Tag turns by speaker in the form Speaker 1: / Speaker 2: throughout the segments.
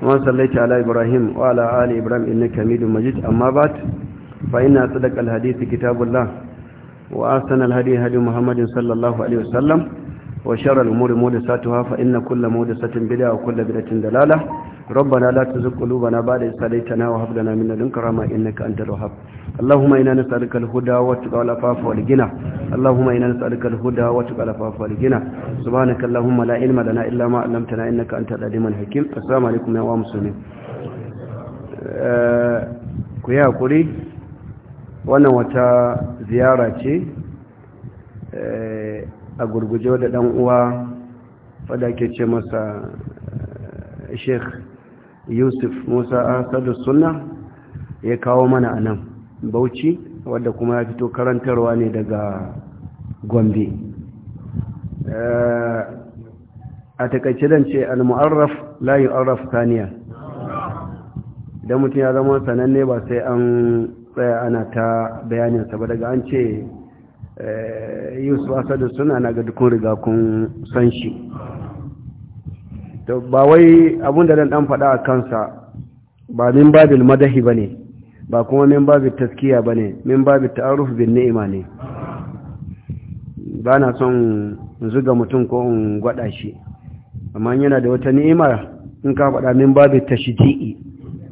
Speaker 1: wa sallaita ala ibrahim wa ali ibrahim inna Kamilu majid amma bat fa inna sadaqal hadith kitabullah wa asnal hadi hadi muhammadin sallallahu alaihi wasallam wa sharral umuri muhdathatuha fa inna kull muhdathatin bid'a wa kull da lala. ربنا لا تزغ قلوبنا بعد إذ هديتنا وهب لنا من لدنك رحمة إنك أنت الوهاب اللهم إنا نسألك الهدى والتقى والعفاف والغنى اللهم إنا نسألك الهدى والتقى والعفاف والغنى سبحانك اللهم لا علم لنا إلا ما علمتنا إنك أنت العليم الحكيم السلام عليكم يا مسلمين ku yi haƙuri wannan wata ziyara ce a gurguje da ɗan uwa wadda ke ce masa sheikh yusuf musa asadu suna ya kawo mana a nan bauchi wadda kuma ya fito karantarwa ne daga gombe eh, a takaice dan ce al-mu'arraf la yu'arraf thaniya idan mutum ya zama sananne ba sai an tsaya ana ta bayanin sa ba daga an ce eh, yusuf asadu suna na ga dukkan riga kun san shi to ba wai abun da dan faɗa a kansa ba min babil madahi bane ba kuma min babil taskiya bane min babil ta'aruf bin ni'ima ne ba na son zuga mutum ko in gwada shi amma yana da wata ni'ima in ka faɗa min babil tashji'i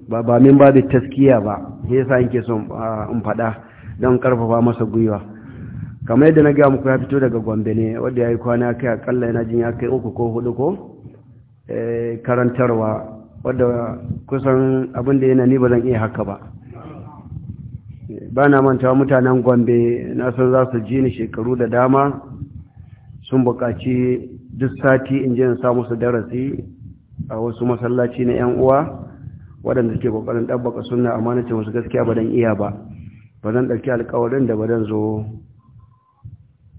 Speaker 1: ba ba min babil taskiya ba yasa yake son in faɗa don karfafa masa gwiwa kamar yadda na gaya muku ya fito daga gombe ne wadda ya yi kwana kai akalla yana jin ya kai uku ko hudu ko Eh, karantarwa wadda kusan abin da yana ni ba zan iya haka ba ba na manta mutanen gombe na san za su ji ni shekaru da dama sun buƙaci duk sati in je in musu darasi a wasu masallaci na 'yan uwa waɗanda ke ƙoƙarin ɗabbaka suna amanacin wasu gaskiya ba don iya ba ba zan ɗauki alkawarin da ba zan zo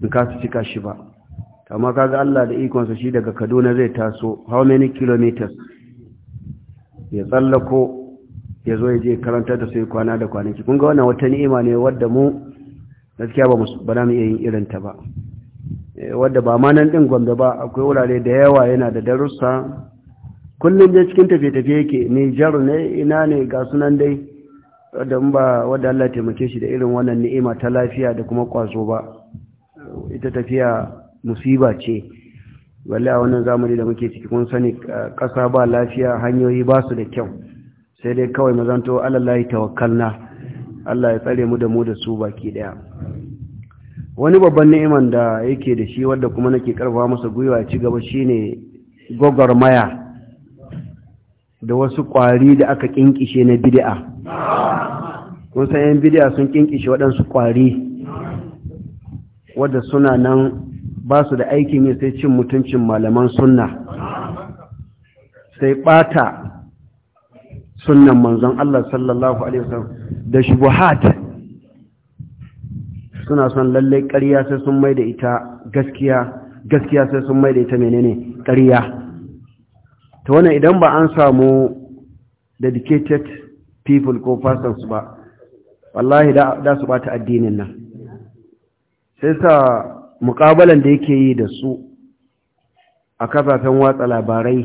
Speaker 1: in kasu cika shi ba amma kaga Allah da ikonsa shi daga Kaduna zai taso how many kilometers ya tsallako ya zo ya je karanta da sai kwana da kwanaki kun ga wannan wata ni'ima ne wadda mu gaskiya ba ba mu iya yin irin ta ba eh, wadda ba ma nan din Gombe ba akwai wurare da yawa yana da darussa kullum dai cikin tafiye-tafiye yake Nijar ne ina ne ga sunan dai wadda ba wadda Allah ya taimake shi da irin wannan ni'ima ta lafiya da kuma kwazo ba eh, ita tafiya musiba ce a wannan zamani da muke ciki kun sani ƙasa ba lafiya hanyoyi ba su da kyau sai dai kawai mazanto alallahi tawakkalna Allah ya tsare mu da mu da su baki daya wani babban ni'iman da yake da shi wadda kuma nake karfafa masa gwiwa ci gaba shine maya da wasu kwari da aka kinkishe na bid'a kun san yan bid'a sun kinkishe waɗansu kwari wadda suna nan ba su da aikin yi sai cin mutuncin malaman sunna sai ɓata sunnan manzon Allah sallallahu Alaihi wasallam da shubuhat suna son lalle ƙarya sai sun mai da ita gaskiya gaskiya sai sun mai da ita menene ƙarya ta wannan idan ba an samu dedicated people ko persons ba wallahi da su bata addinin nan sai sa muƙabalan da yake yi da su a kafafen watsa labarai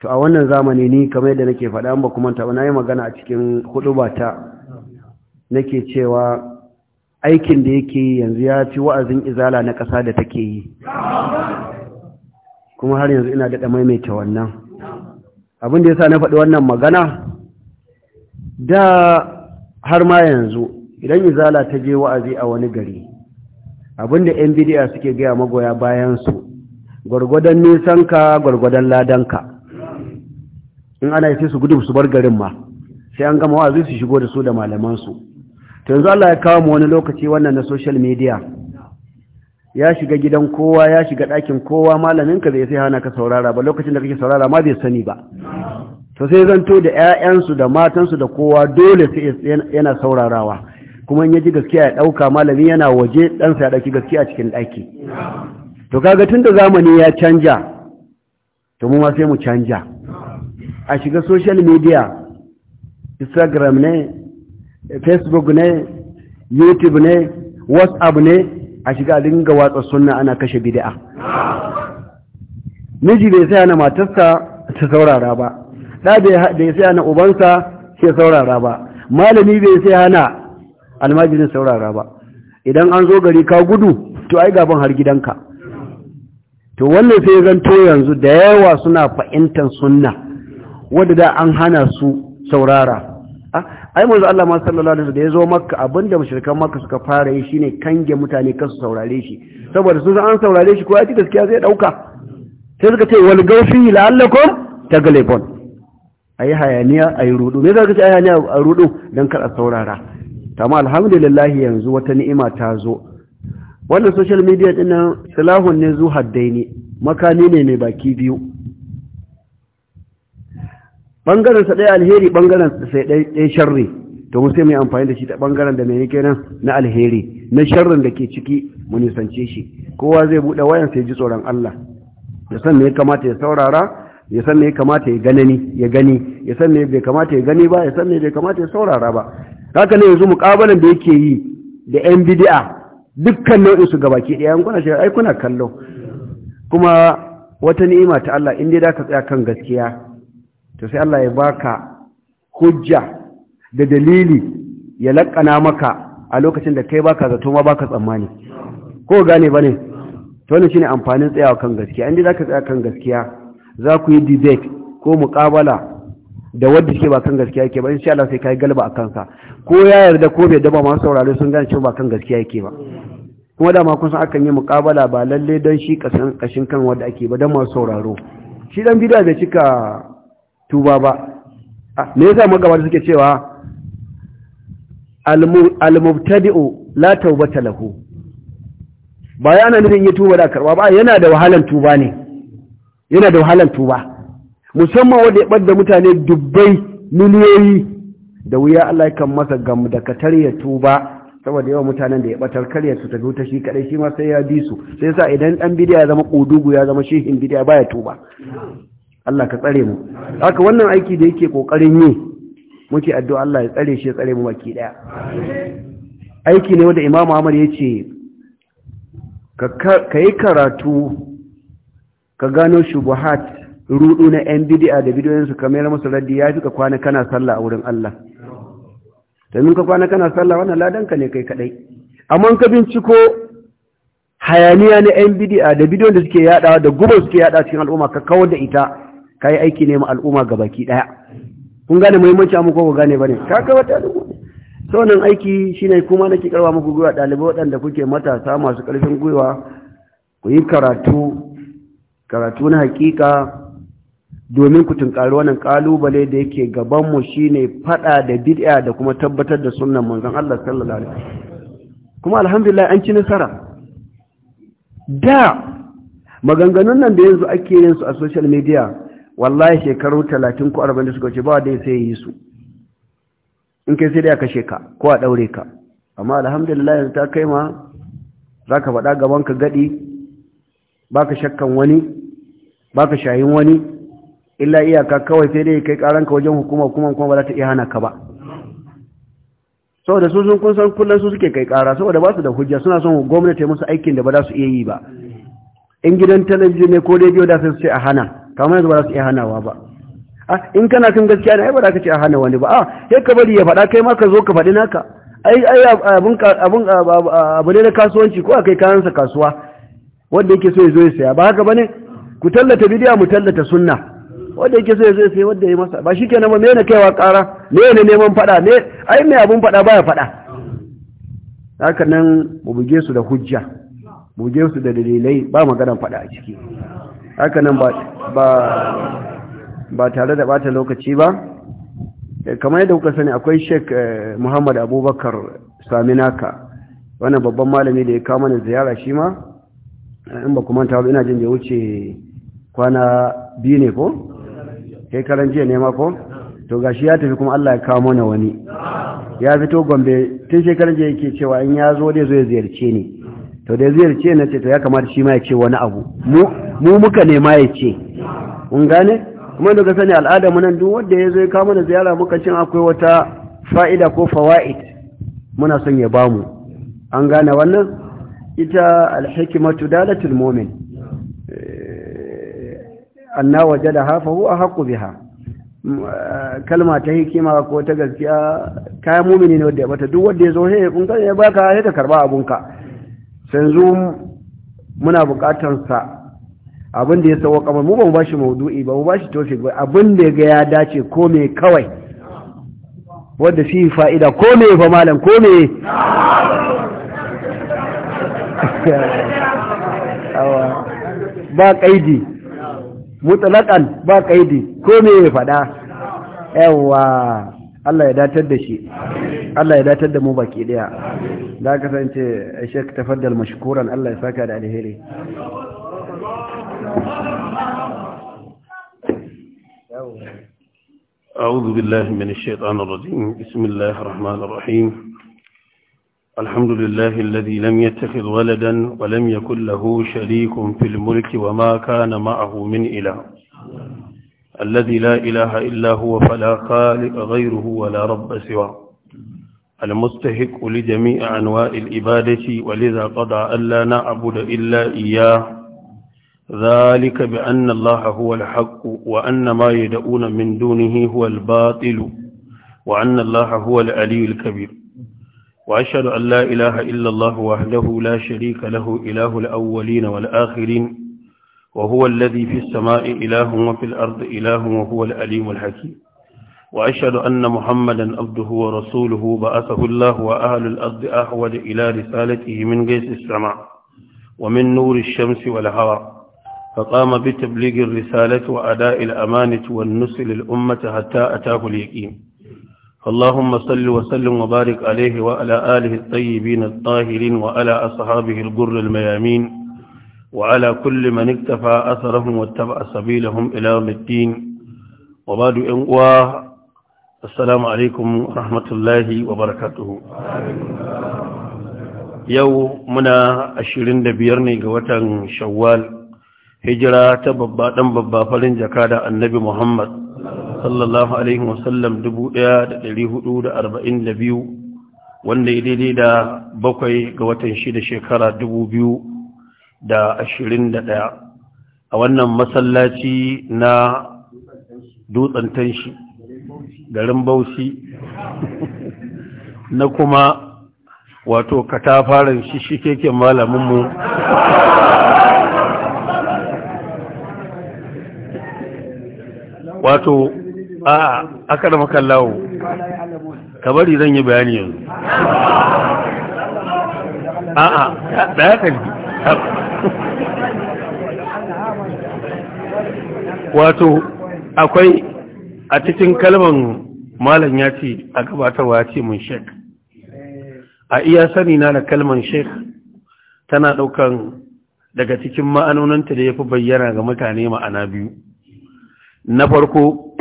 Speaker 1: to a wannan zamani ni kamar yadda nake faɗa ba kuma taɓa na yi magana a cikin huɗubata ta nake cewa aikin da yake yi yanzu ya fi wa'azin izala na ƙasa da take yi kuma har yanzu ina daɗa maimaita wannan abin da ya sa na faɗi wannan magana da har ma yanzu idan izala ta je wa'azi a wani gari abinda yan bidiya suke gaya magoya bayan gwargwadon nisan ka gwargwadon ladan ka in ana yi su gudu su bar garin ma sai an gama wa'azi su shigo da su da malaman su to yanzu Allah ya kawo mu wani lokaci wannan na social media ya shiga gidan kowa ya shiga ɗakin kowa malamin ka zai sai hana ka saurara ba lokacin da kake saurara ma bai sani ba to sai zanto da 'ya'yansu da matansu da kowa dole sai yana saurarawa kuma in ya ji gaskiya ya ɗauka malami yana waje ɗansa ya ɗauki gaskiya cikin ɗaki to kaga tun da zamani ya canja to mu ma sai mu canja a shiga social media instagram ne facebook ne youtube ne whatsapp ne a shiga dinga watsa sunna ana kashe bid'a miji bai sai ana matarsa ta saurara ba da bai sai ana ubansa ke saurara ba malami bai sai ana almajirin saurara ba idan an zo gari ka gudu to ai gaban har gidanka to wannan sai zan to yanzu da yawa suna fa'intan sunna wadda da an hana su saurara ai manzo Allah ma sallallahu alaihi wasallam da yazo makka abinda mushrikan makka suka fara yi shine kange mutane kasu saurare shi saboda sun san an saurare shi ko ai gaskiya zai dauka sai suka ce wal gawfi la'allakum taglibun ayi hayaniya ayi rudu me zaka ce ayi hayaniya a rudu dan kar saurara tamma alhamdulillah yanzu wata ni'ima ta zo wannan social media din nan silahun ne zu haddaini makani ne mai baki biyu bangaren sa ɗaya alheri bangaren sai ɗaya sharri to mu sai mai amfani da shi ta bangaren da mai kenan na alheri na sharrin da ke ciki mu nisance shi kowa zai buɗe wayan sai ji tsoron Allah ya san me ya kamata ya saurara ya san me ya kamata ya gani ya gani ya san me bai kamata ya gani ba ya san me bai kamata ya saurara ba haka ne yanzu mukabalan da yake yi da yan bidi'a dukkan nau'in su gabaki ɗaya kuna shi ai kuna kallo kuma wata ni'ima ta Allah in dai da ka tsaya kan gaskiya to sai Allah ya baka hujja da dalili ya laƙana maka a lokacin da kai baka zato ma baka tsammani ko gane bane to wannan shine amfanin tsayawa kan gaskiya in dai ka tsaya kan gaskiya za ku yi debate ko mukabala da wadda suke ba kan gaskiya yake ba sha Allah sai kai galba akan sa ko ya yarda ko bai daba masu saurare sun gane cewa ba kan gaskiya yake ba kuma da ma kun san akan yi muƙabala ba lalle dan shi kasan kashin kan wanda ake ba dan masu sauraro shi dan bid'a da cika tuba ba ah, me yasa magabata suke cewa al-mubtadi'u la tawbata lahu ba ya ana nufin yi tuba da karba ba yana da wahalan tuba ne yana da wahalan tuba musamman wanda ya da mutane dubbai miliyoyi da wuya Allah kan masa gam da ka tarya tuba saboda yawan mutanen da ya ɓatar, karya su tafi ta shi kadai shi ma sai ya bi su sai sa idan ɗan bidiya ya zama ƙudugu ya zama shehin bidiya baya tuba Allah ka tsare mu haka wannan aiki da yake kokarin yi muke addu'a Allah ya tsare shi ya tsare mu baki daya aiki ne wanda Imam Ahmad ce, ka kai karatu ka gano shubuhat rudu na yan da da bidiyoyinsu kamar musu raddi ya fi kwana kana sallah a wurin Allah domin ka kwana kana sallah wannan ladanka ne kai kadai amma ka binciko hayaniya na yan da bidiyon da suke yadawa da gubar suke yada cikin al'umma ka kawar da ita kai aiki ne ma al'umma gabaki daya kun gane muhimmanci amma ko ku gane bane ka kawar da sauran aiki shine kuma nake karwa muku gwiwa dalibai waɗanda kuke matasa masu ƙarfin gwiwa ku yi karatu karatu na hakika domin ku tunkari wannan kalubale da yake gabanmu shine fada da bid'a da kuma tabbatar da sunan manzon Allah sallallahu alaihi kuma alhamdulillah an ci nasara da maganganun nan da yanzu ake yin su a social media wallahi shekaru 30 ko 40 da suka wuce ba dai sai yi su in kai sai dai aka sheka ko a daure ka amma alhamdulillah yanzu ta kai ma zaka faɗa gaban ka gadi baka shakkan wani baka shayin wani illa iyaka kawai sai dai kai karanka wajen hukuma kuma kuma ba za ta iya hana ka ba saboda su sun kun san kullum su suke kai kara saboda ba su da hujja suna son gwamnati musu aikin da ba za su iya yi ba in gidan talabijin ne ko rediyo da sai su ce a hana kamar yanzu ba za su iya hanawa ba ah, in kana kan gaskiya ne ai ba za ka ce a hana wani ba a ah, sai ka bari ya faɗa kai ma ka zo ka faɗi naka ai ai abun abun abu ne na kasuwanci ko akai kayansa kasuwa wanda yake so ya zo ya saya ba haka bane ku tallata bidiya mu tallata sunna wanda yake so ya zo sai wanda ya masa ba shi kenan ba me ne kaiwa ƙara me ne neman faɗa me ai me abun faɗa baya faɗa haka nan mu buge su da hujja mu buge su da dalilai ba maganar fada a ciki haka nan ba tare da bata lokaci ba eh, kamar yadda kuka sani akwai Sheikh eh, Muhammad Abubakar Saminaka wannan babban malami da ya kawo mana ziyara shi ma eh, in ba kuma ta ina jin da wuce kwana biyu ne ko kai karan jiya ne mako to gashi ya tafi kuma Allah ya kawo mana wani ya fito gombe tun shekaran jiya yake cewa in ya zo dai zo ya ziyarce ni to da ziyarce na ce to ya kamata shi ma ya ce wani abu mu muka nema ya ce kun gane kuma da ka sani al'ada mu nan duk wanda ya zo ya kawo mana ziyara muka cin akwai wata fa'ida ko fawaid muna son ya bamu an gane wannan ita alhikmatu dalatul mu'min anna wajadaha fa huwa haqqu biha mm, uh, kalma ta hikima ko ta gaskiya kayan mumini ne wanda ya bata duk wanda ya zo sai kun ya baka sai ka karba abunka yanzu muna bukatar sa abin da ya sauwa kamar mu ba mu bashi maudu'i ba mu bashi tofi ba abin da ga ya dace ko me kawai wanda fi fa'ida ko me fa malam ko me
Speaker 2: ba kaidi
Speaker 1: mutlaqan ba kaidi ko me ya fada yawa Allah ya datar da shi Allah ya datar da mu baki daya da ka kasance Sheikh tafaddal mashkuran Allah ya saka da alheri أعوذ بالله من الشيطان الرجيم بسم الله الرحمن الرحيم الحمد لله الذي لم يتخذ ولدا ولم يكن له شريك في الملك وما كان معه من إله الذي لا إله إلا هو فلا خالق غيره ولا رب سواه المستحق لجميع أنواع الإبادة ولذا قضى ألا نعبد إلا إياه ذلك بأن الله هو الحق وأن ما يدعون من دونه هو الباطل وأن الله هو العلي الكبير وأشهد أن لا إله إلا الله وحده لا شريك له إله الأولين والآخرين وهو الذي في السماء إله وفي الأرض إله وهو الأليم الحكيم وأشهد أن محمدا عبده ورسوله بعثه الله وأهل الأرض أحود إلى رسالته من قيس السماء ومن نور الشمس والهواء فقام بتبليغ الرسالة وأداء الأمانة والنسل للأمة حتى أتاه اليقين اللهم صل وسلم وبارك عليه وعلى آله الطيبين الطاهرين وعلى أصحابه الجر الميامين وعلى كل من اكتفى أثرهم واتبع سبيلهم إلى يوم الدين وبعد أنقوى السلام عليكم ورحمة الله وبركاته yau muna ashirin da biyar ne ga watan shawwal hijira ta babba ɗan babba farin jaka da annabi muhammad sallallahu alaihi wasallam 1442 wanda ya daidai da bakwai ga watan shida shekara 2021 a wannan masallaci na dutsen tanshi garin bausi na kuma wato katafaren shi shi keke malaminmu
Speaker 2: wato a aka da makallawo
Speaker 1: ka zan yi bayani yanzu a da ya wato akwai
Speaker 2: a cikin kalman
Speaker 1: malam ya ce a gabatarwa ya ce mun shek a iya sani na da kalman shek tana ɗaukan daga cikin ma'anonanta da ya fi bayyana ga mutane ma'ana biyu na farko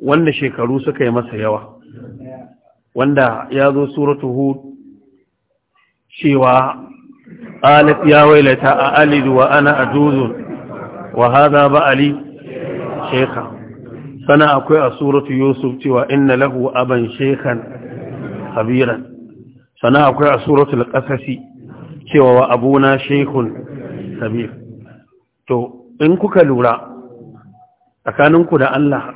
Speaker 1: wanda shekaru suka yi masa yawa wanda ya zo suratu hud cewa alif ya wailata a alidu wa ana ajuzun wa haza ba ali sheka sana akwai a suratu yusuf cewa inna lahu aban shekan Habira. sana akwai a suratu al-qasasi cewa wa abuna shekun kabir to in kuka lura tsakaninku da Allah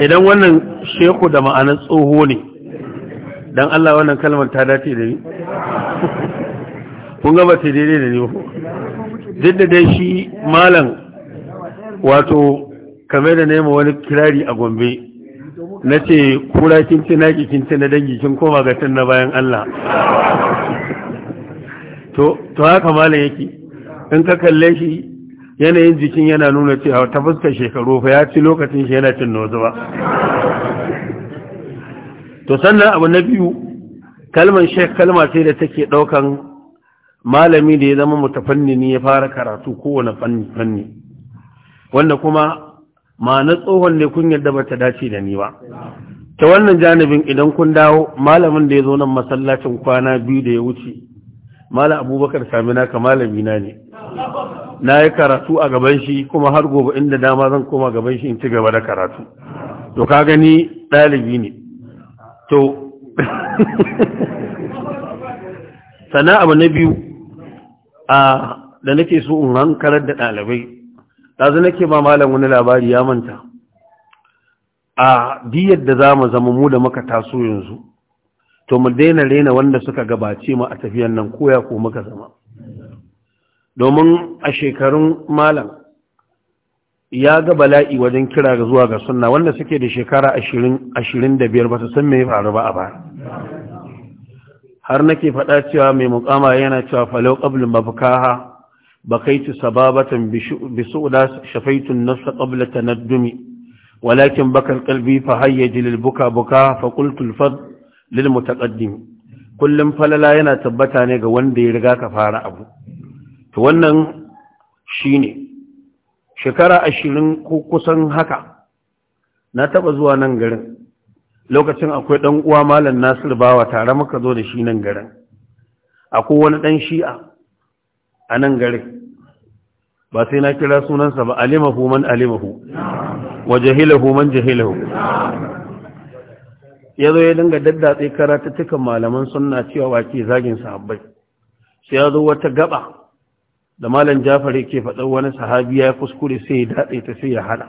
Speaker 1: idan wannan sheku da ma'anar tsoho ne don Allah wannan kalmar ta dace da ni kun gaba ta daidai da ni duk da dai shi malam
Speaker 2: wato
Speaker 1: kame da nema wani kirari a gombe na ce kura kinci naki kinci na dangi kin koma ga na bayan Allah to haka malam yake in ka kalle shi yanayin jikin yana nuna cewa ta fuskar shekaru fa ya ci lokacin shi yana cin nozuwa to sannan abu na biyu kalmar shek kalma ce da take ɗaukan malami da ya zama mutafanni ne ya fara karatu kowane fanni wanda kuma ma na tsohon ne kun yadda ba ta dace da ni ba ta wannan janibin idan kun dawo malamin da ya zo nan masallacin kwana biyu da ya wuce mala abubakar samina ka malami na ne na yi karatu a gaban shi kuma har gobe inda dama zan koma gaban shi in ci gaba da karatu to ka gani ɗalibi ne to sana abu na biyu a da nake so in hankalar da ɗalibai ɗazu nake ba malam wani labari ya manta a diyar da za mu zama mu da muka taso yanzu to mu daina rena wanda suka gabace mu a tafiyan nan koya ko muka zama domin a shekarun malam ya ga bala'i wajen kira ga zuwa ga sunna wanda suke da shekara ashirin da biyar ba su san mai faru ba a ba har nake faɗa cewa mai mukama yana cewa falau ƙablin mafakaha ba kai ci sababatan bisu da shafaitun nasa ƙabla ta naddumi walakin bakar ƙalbi fa hayyaji lilbuka buka fa kultul fadl lil mutaqaddim kullum falala yana tabbata ne ga wanda ya riga ka fara abu to wannan shine shekara ashirin ko kusan haka na taba zuwa nan garin lokacin akwai ɗan uwa malam Nasir Bawa tare muka zo da shi nan garin akwai wani ɗan shi'a a nan garin ba sai na kira sunansa ba alimahu man alimahu wa jahilahu man jahilahu ya zo ya dinga daddatse karatattukan malaman sunna cewa wake zagin sahabbai sai ya zo wata gaba da malam jafar yake faɗa wani sahabi ya kuskure sai ya dade ta sai ya haɗa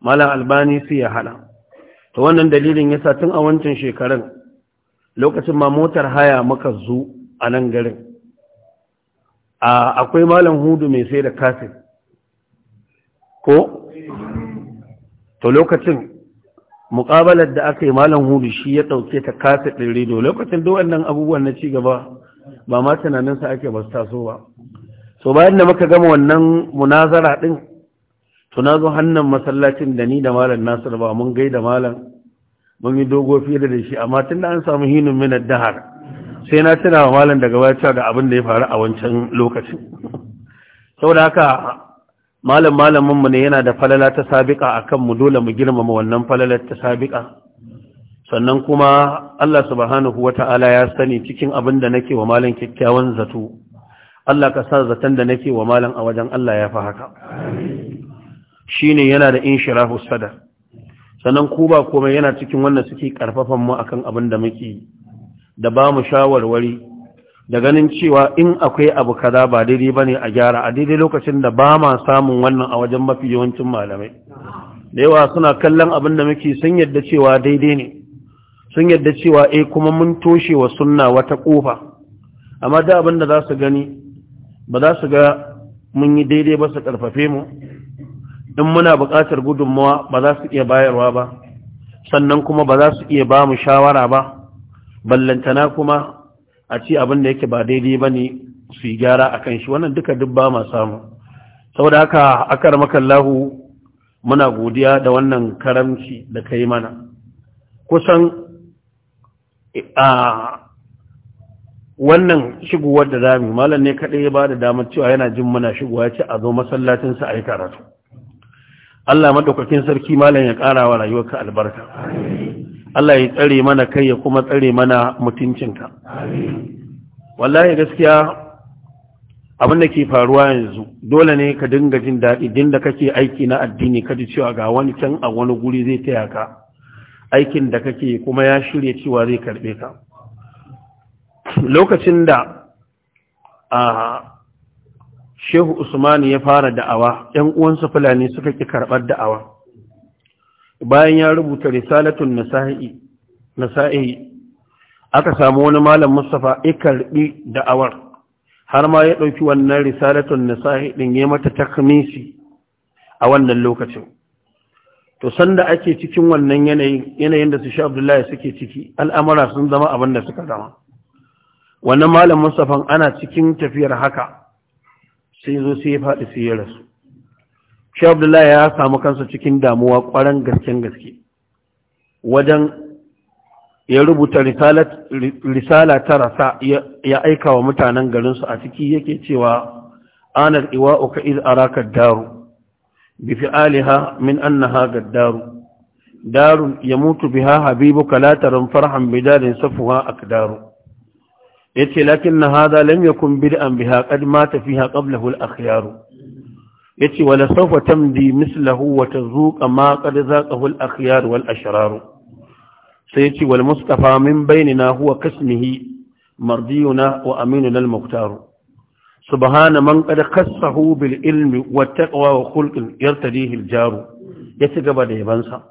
Speaker 1: malam albani sai ya haɗa to wannan dalilin yasa tun a wancan shekarun lokacin ma motar haya maka zo a nan garin akwai malam hudu mai sai da kasin ko to lokacin muƙabalar da aka yi malam hudu shi ya ɗauke ta kasa ɗin rido lokacin da wannan abubuwan na ci gaba ba ma tunaninsa ake ba su taso ba so bayan da muka gama wannan munazara ɗin to na zo hannun masallacin da ni da malam nasir ba mun gai da malam mun yi dogo fiye da shi amma tun da an samu hinin minar dahar sai na tuna wa malam daga baya da abin da ya faru a wancan lokacin saboda haka malam malamin mu ne yana da falala ta sabiqa akan mu dole mu girmama wannan falalar ta sabiqa sannan kuma Allah subhanahu wata'ala ya sani cikin abin da nake wa malam kyakkyawan zato Allah ka sa zaton da nake wa malam a wajen Allah ya fa haka shine yana da inshirahu sadar sannan ku ba komai yana cikin wannan suke karfafan mu akan abin da muke da ba mu shawarwari da ganin cewa in akwai abu kaza ba daidai bane a gyara a daidai lokacin da ba ma samun wannan a wajen mafi yawancin malamai da yawa suna kallon abin da muke sun yadda cewa daidai ne sun yadda cewa eh kuma mun toshe wa sunna wata kofa amma da abin da za su gani ba za su ga mun yi daidai ba su karfafe mu in muna buƙatar gudunmawa ba za su iya bayarwa ba sannan kuma ba za su iya ba mu shawara ba ballantana kuma a ci abin da yake ba daidai ba ne su yi gyara a kan shi wannan duka duk ba ma samu Sau da haka akar makallahu muna godiya da wannan karamci da ka yi mana kusan a wannan shigowar da zami malam ne kaɗai ya ba da damar cewa yana jin muna shigowa ya ce a zo masallacinsa a yi karatu Allah maɗaukakin sarki malam ya ƙara wa rayuwarka albarka Allah ya tsare mana kai ya kuma tsare mana mutuncinka wallahi gaskiya abin da ke faruwa yanzu dole ne ka dinga jin daɗi din da kake aiki na addini ka ji cewa ga wani can a wani guri zai taya ka aikin da kake kuma ya shirya cewa zai karɓe ka lokacin da a shehu Usmanu ya fara da'awa 'yan uwansa fulani suka ki karɓar da'awa bayan ya rubuta risalatun nasa'i nasa'i aka samu wani malam Mustafa ya karbi awar, har ma ya ɗauki wannan risalatun nasa'i din ya mata takmisi a wannan lokacin to sanda ake cikin wannan yanayin da su sha Abdullahi suke ciki al'amara sun zama abin da suka zama wannan malam Mustafa ana cikin tafiyar haka sai zo sai ya faɗi sai ya rasu shi ya samu kansa cikin damuwa ƙwarar gasken gaske wajen ya rubuta risala ta rasa ya aika wa mutanen garinsu a ciki yake cewa anar iwa uka iz araka daru bi fi'aliha min annaha gaddaru darun mutu biha habibu la taram farhan bidarin safuha akdaru yace lakinna hadha lam yakun bid'an biha qad mata fiha qablahu al-akhyar yace wala sawfa tamdi mislahu wata zuƙa ma qad zaqahu wal ashiraru sai yace wal mustafa min na huwa kasmihi mardiyuna wa na al-muqtar subhana man qad khassahu bil ilmi wat taqwa wa khulqin yartadihi al Ya ci gaba da yabansa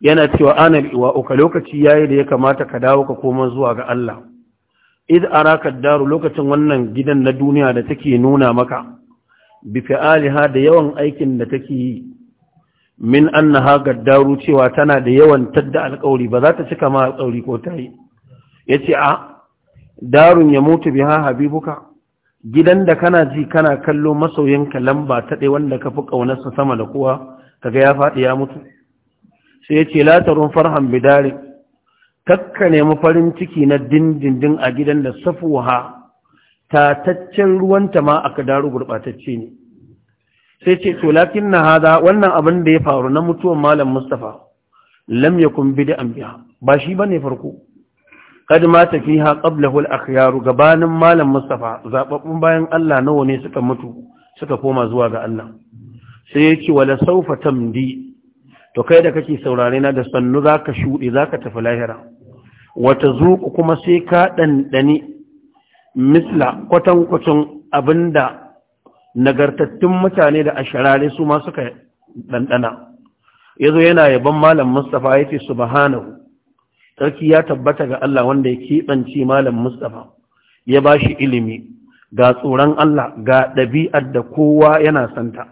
Speaker 1: yana cewa ana wa uka lokaci yayi da ya kamata ka dawo ka koma zuwa ga Allah id araka daru lokacin wannan gidan na duniya da take nuna maka bi da yawan aikin da take yi min annaha gaddaru cewa tana da yawan tadda alƙawari ba za ta cika ma alƙawari ko ta yi yace a darun ya mutu biha habibuka gidan da kana ji kana kallo masoyinka lamba ta ɗaya wanda ka fi ƙaunarsa sama da kowa kaga ya faɗi ya mutu sai ya ce latarun farhan bidari kakka nemi farin ciki na dindindin a gidan da safuwa tataccen ruwanta ma aka daru gurɓatacce ne sai ce to lakin na hada wannan abin da ya faru na mutuwan malam mustafa lam yakun bid'an biya ba shi bane farko kad ta fiha qablahu al-akhyar gabanin malam mustafa zababbun bayan Allah nawa ne suka mutu suka koma zuwa ga Allah sai yace wala sawfa tamdi to kai da kake saurare na da sannu zaka shuɗe zaka tafi lahira wata zuku kuma sai ka dandane misla kwatankwacin da nagartattun mutane da asharare su ma suka ɗanɗana ya zo yana yaban malam mustapha ya ce su subhanahu sarki ya tabbata ga Allah wanda ya keɓance malam mustapha ya ba shi ilimi ga tsoron Allah ga ɗabi'ar da kowa yana santa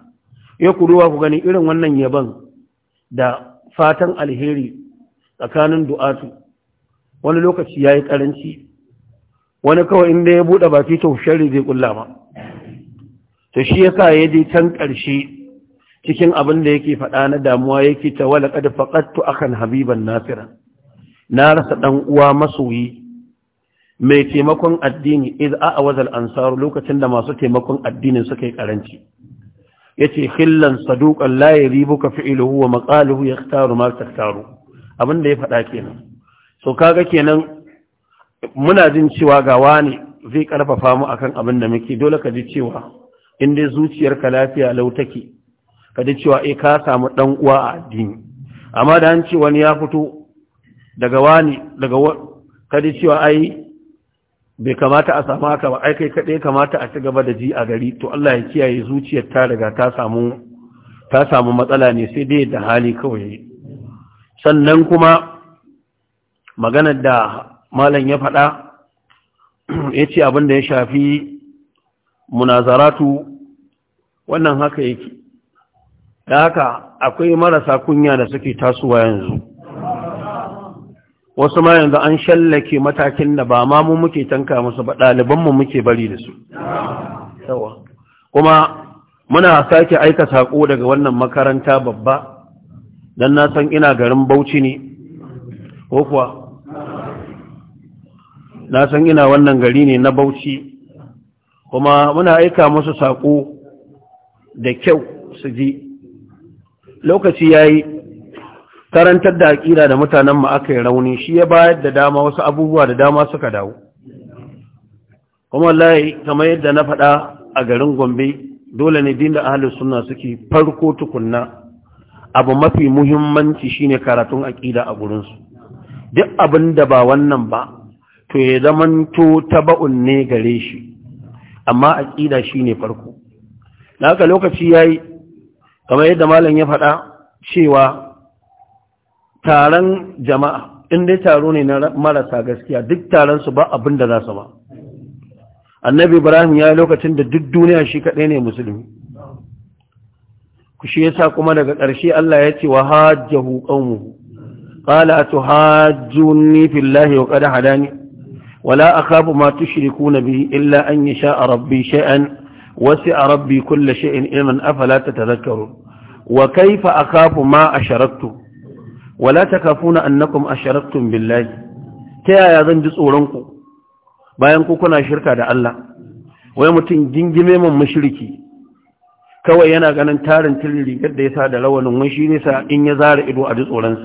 Speaker 1: ya kuruwa ku gani irin wannan yaban da fatan alheri tsakanin du'atu wani lokaci ya yi ƙaranci wani kawai inda ya buɗe baki to shari zai kulla ba. to shi yasa ya ji can ƙarshe cikin abin da yake faɗa na damuwa yake ta wala kada faqattu akan habiban nasira na rasa dan uwa masoyi mai taimakon addini iz a wazal ansar lokacin da masu taimakon addinin suka yi karanci yace khillan saduqan la yaribuka fi'luhu wa maqaluhu yaktaru ma taktaru da ya faɗa kenan so kaga kenan muna jin cewa ga wani zai karfafa mu akan abin da muke dole ka ji cewa in dai zuciyarka lafiya lau take ka ji cewa eh ka samu dan uwa a addini amma da an ce wani ya fito daga wani daga ka ji cewa ai bai kamata a samu haka ba ai kai kaɗai kamata a ci gaba da ji a gari to Allah ya kiyaye zuciyar ta riga ta samu ta samu matsala ne sai dai da hali kawai sannan kuma maganar da malam ya faɗa ya ce abin da ya shafi munazaratu wannan haka yake da haka akwai marasa kunya da suke tasowa yanzu wasu ma yanzu an shallake matakin da ba ma mu muke tanka musu ba ɗalibanmu muke bari da su kuma muna sake aika sako daga wannan makaranta babba don na san ina garin bauchi ne ko kuwa na san ina wannan gari ne na bauchi kuma muna aika musu saƙo da kyau su ji lokaci ya yi karantar da aƙira da mutanen aka yi rauni shi ya bayar da dama wasu abubuwa da dama suka dawo kuma layi kamar yadda na faɗa a garin gombe dole ne din da ahalin suna suke farko tukunna abu mafi muhimmanci shine karatun aƙida a gurinsu duk abinda ba wannan ba to ya to taba'un ne gare shi amma a shi shine farko Na haka lokaci ya yi kamar yadda malam ya faɗa cewa taron jama'a in dai taro ne na marasa gaskiya duk taron su ba abin da za su ba annabi ibrahim ya yi lokacin da duk duniya shi kaɗai ne musulmi shi sa kuma daga ƙarshe Allah ya ce wa hajjahu a qala atuhajjuni fillahi wa ƙada hadani ولا أخاف ما تشركون به إلا أن يشاء ربي شيئا وسع ربي كل شيء علما أفلا تتذكرون وكيف أخاف ما أشركتم ولا تخافون أنكم أشركتم بالله تيا يظن جزء لنكم bayan ku kuna shirka da Allah wai mutum gingime man kawai yana ganin tarin tilili yadda da yasa da rawanin wani shi ne sa in ya zara ido a ji tsoron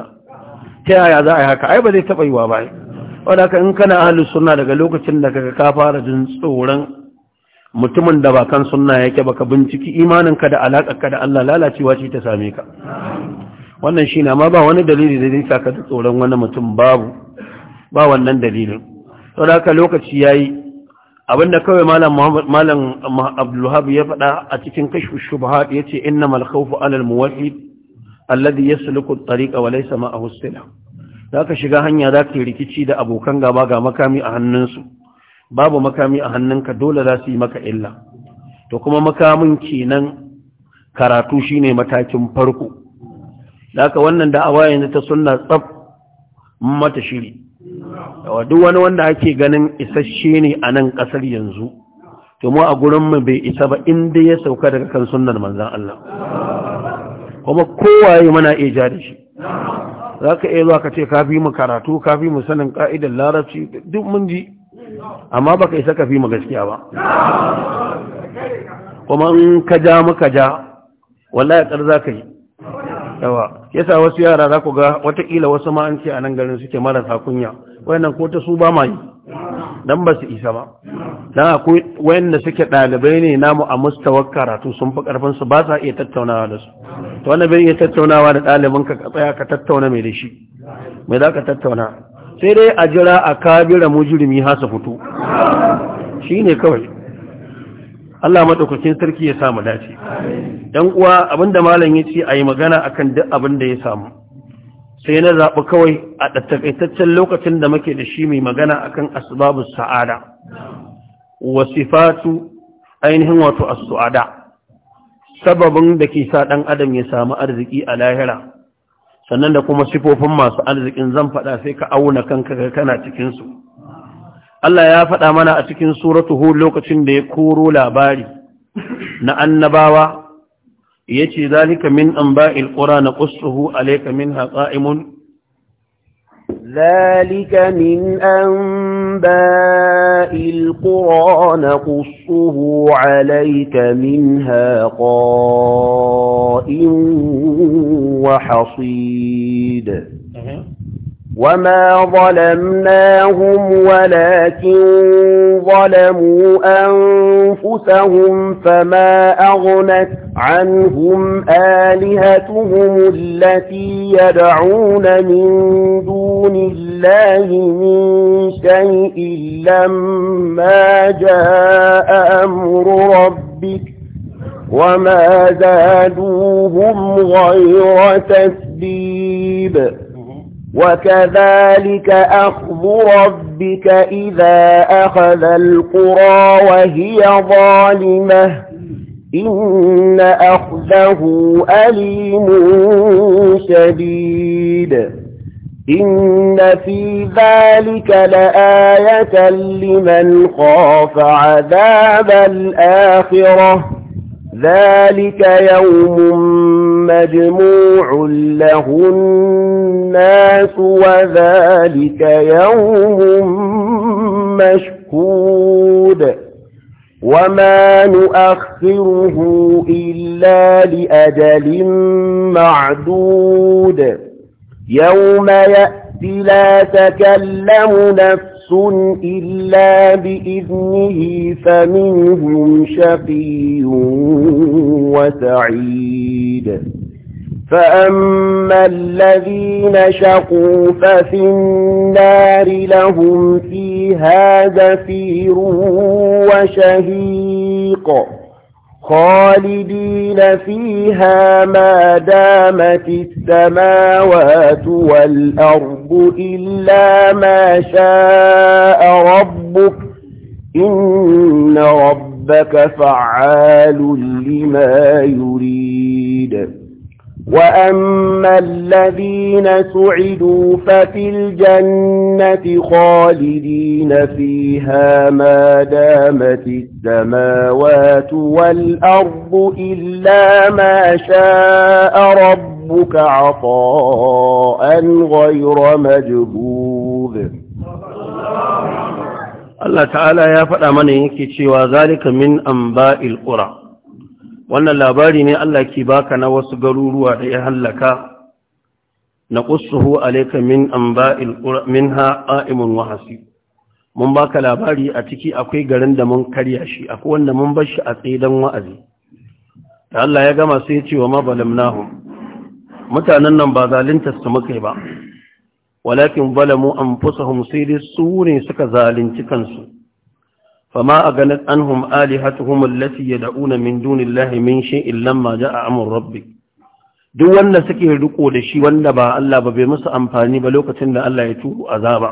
Speaker 1: ta yaya za a yi haka ai ba zai taba yiwa ba wadaka in kana ahalin suna daga lokacin da kaga ka fara jin tsoron mutumin da ba kan sunna yake baka binciki imaninka da alakarka da Allah lalacewa ce ta same ka wannan shi na amma ba wani dalili da zai saka tsoron wani mutum babu ba wannan dalilin saboda lokaci yayi abinda kawai malam Muhammad malam ya faɗa a cikin kashfu shubhat yace innamal khawfu alal muwahhid alladhi yasluku at-tariqa wa laysa ma'ahu as za ka shiga hanya za ka yi rikici da abokan gaba ga makami a hannunsu babu makami a hannunka dole za su yi maka illa to kuma makamin kenan karatu shine matakin farko da ka wannan da'awa yanzu ta suna tsab mata shiri duk wani wanda ake ganin isasshe ne a nan ƙasar yanzu to mu a gurinmu bai isa ba inda ya sauka daga kan sunan manzan Allah kuma kowaye mana iya ja da shi za ka iya zuwa ka ce ka fi mu karatu ka fi mu sanin ka'idar larabci duk mun ji amma ba ka isa ka fi mu gaskiya ba kuma in ka ja muka ja wallahi ya za ka yi yawa yasa wasu yara za ku ga watakila wasu ma'anci a nan garin suke marasa kunya wayannan ko ta su ba ma yi dan ba su isa ba dan akwai wayanda suke dalibai ne namu a mustawar karatu sun fi karfin su ba sa iya tattaunawa da su to wannan bai iya tattaunawa da dalibin ka tsaya ka tattauna mai da shi mai za ka tattauna sai dai a jira a kabira mujrimi ha su fito shine kawai Allah madaukakin sarki ya samu dace dan uwa abinda malam yace ayi magana akan duk abin da ya samu sai na zaɓi kawai a takaitaccen lokacin da muke da shi mai magana a kan asibabin sa'ada wasu fatu ainihin wato a suada sababin da ke sa ɗan adam ya samu arziki a lahira sannan da kuma sifofin masu arzikin zan faɗa sai ka auna kanka kana cikinsu. Allah ya faɗa mana a cikin suratu hu lokacin da ya koro labari na annabawa يأتي ذلك من أنباء القرآن قصه عليك منها قائم
Speaker 3: ذلك ذلك من أنباء القرآن قصه عليك منها قائم وحصيد وما ظلمناهم ولكن ظلموا أنفسهم فما أغنت عنهم آلهتهم التي يدعون من دون الله من شيء لما جاء أمر ربك وما زادوهم غير تسبيب وكذلك أخذ ربك إذا أخذ القرى وهي ظالمة إن أخذه أليم شديد إن في ذلك لآية لمن خاف عذاب الآخرة ذلك يوم مجموع له الناس وذلك يوم مشهود وما نؤخره إلا لأجل معدود يوم يأتي لا تكلم نفس نفس إلا بإذنه فمنهم شقي وسعيد فأما الذين شقوا ففي النار لهم فيها زفير وشهيق خالدين فيها ما دامت السماوات والأرض الحق إلا ما شاء ربك إن ربك فعال لما يريد وأما الذين سعدوا ففي الجنة خالدين فيها ما دامت السماوات والأرض إلا ما شاء ربك عطاء غير مجبوب
Speaker 1: الله تعالى يا فلا من وذلك من أنباء القرى wannan labari ne Allah ke baka na wasu garuruwa da ya hallaka na ƙusuhu alaika min an min ha'imun wahasi mun baka labari a ciki akwai garin da mun karya shi akwai wanda mun bar shi a tsidan wa'azi da Allah ya gama sai ya ce wa mabalamnahum mutanen nan ba zalunta su muka ba walakin balamu anfusahum sai dai su ne suka zalunci kansu فما أغنت عنهم آلهتهم التي يدعون من دون الله من شيء لما a أمر ربك duk wanda suke riko da shi wanda ba Allah ba bai musu amfani ba lokacin da Allah ya turo azaba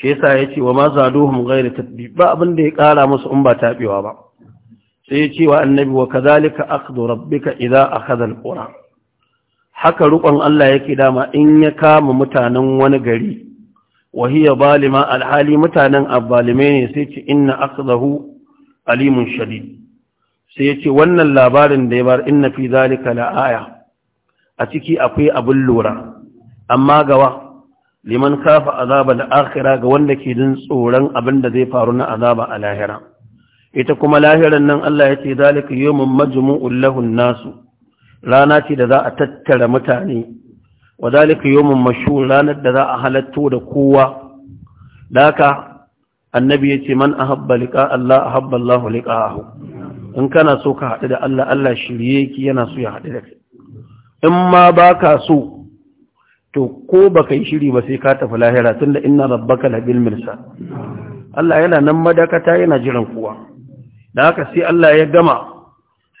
Speaker 1: shi yasa yace wa ma zaduhum ghayra tatbib ba abin ya kara musu in ba taɓewa ba sai ya ce wa annabi wa kadhalika akhdhu rabbika idza akhadha alqura haka rukon Allah ya ki dama in ya kama mutanen wani gari وهي بالما الحالي متانا الظالمين سيتي إن أخذه أليم شديد سيتي وأن اللابار ديبار إن في ذلك A أتكي أقوي أبو lura. أما قوى liman kafa azaba da akhira ga wanda ke jin tsoron abin da zai faru na azaba a lahira ita kuma lahiran nan Allah ce zalika yawmun majmu'ul lahu rana ce da za a tattara mutane wa zalika yawmun mashhur ranar da za a halatto da kowa daka annabi yace man ahabba liqa Allah ahabba Allah liqahu in kana so ka haɗu da Allah Allah shirye ki yana so ya haɗu da kai in ma baka so to ko baka yi shiri ba sai ka tafi lahira tunda inna rabbaka labil mirsa Allah yana nan madakata yana jiran kowa da haka sai Allah ya gama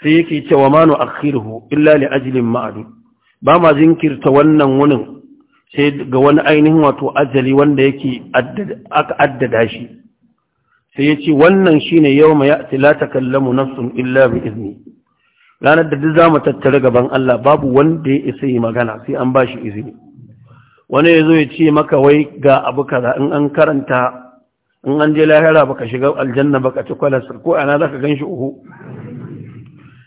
Speaker 1: sai yake cewa manu akhiruhu illa li ajlin ma'dud ba ma zinkirta wannan wunin sai ga wani ainihin wato ajali wanda yake aka addada shi sai ya ce wannan shi ne yau mai ya'ati la takallamu sun illa bi izini ranar da duk za mu tattara gaban Allah babu wanda ya isa yi magana sai an ba shi izini wani ya zo ya ce maka wai ga abu kaza in an karanta in an je lahira baka shiga aljanna baka ci kwalasar ko ana zaka gan shi uhu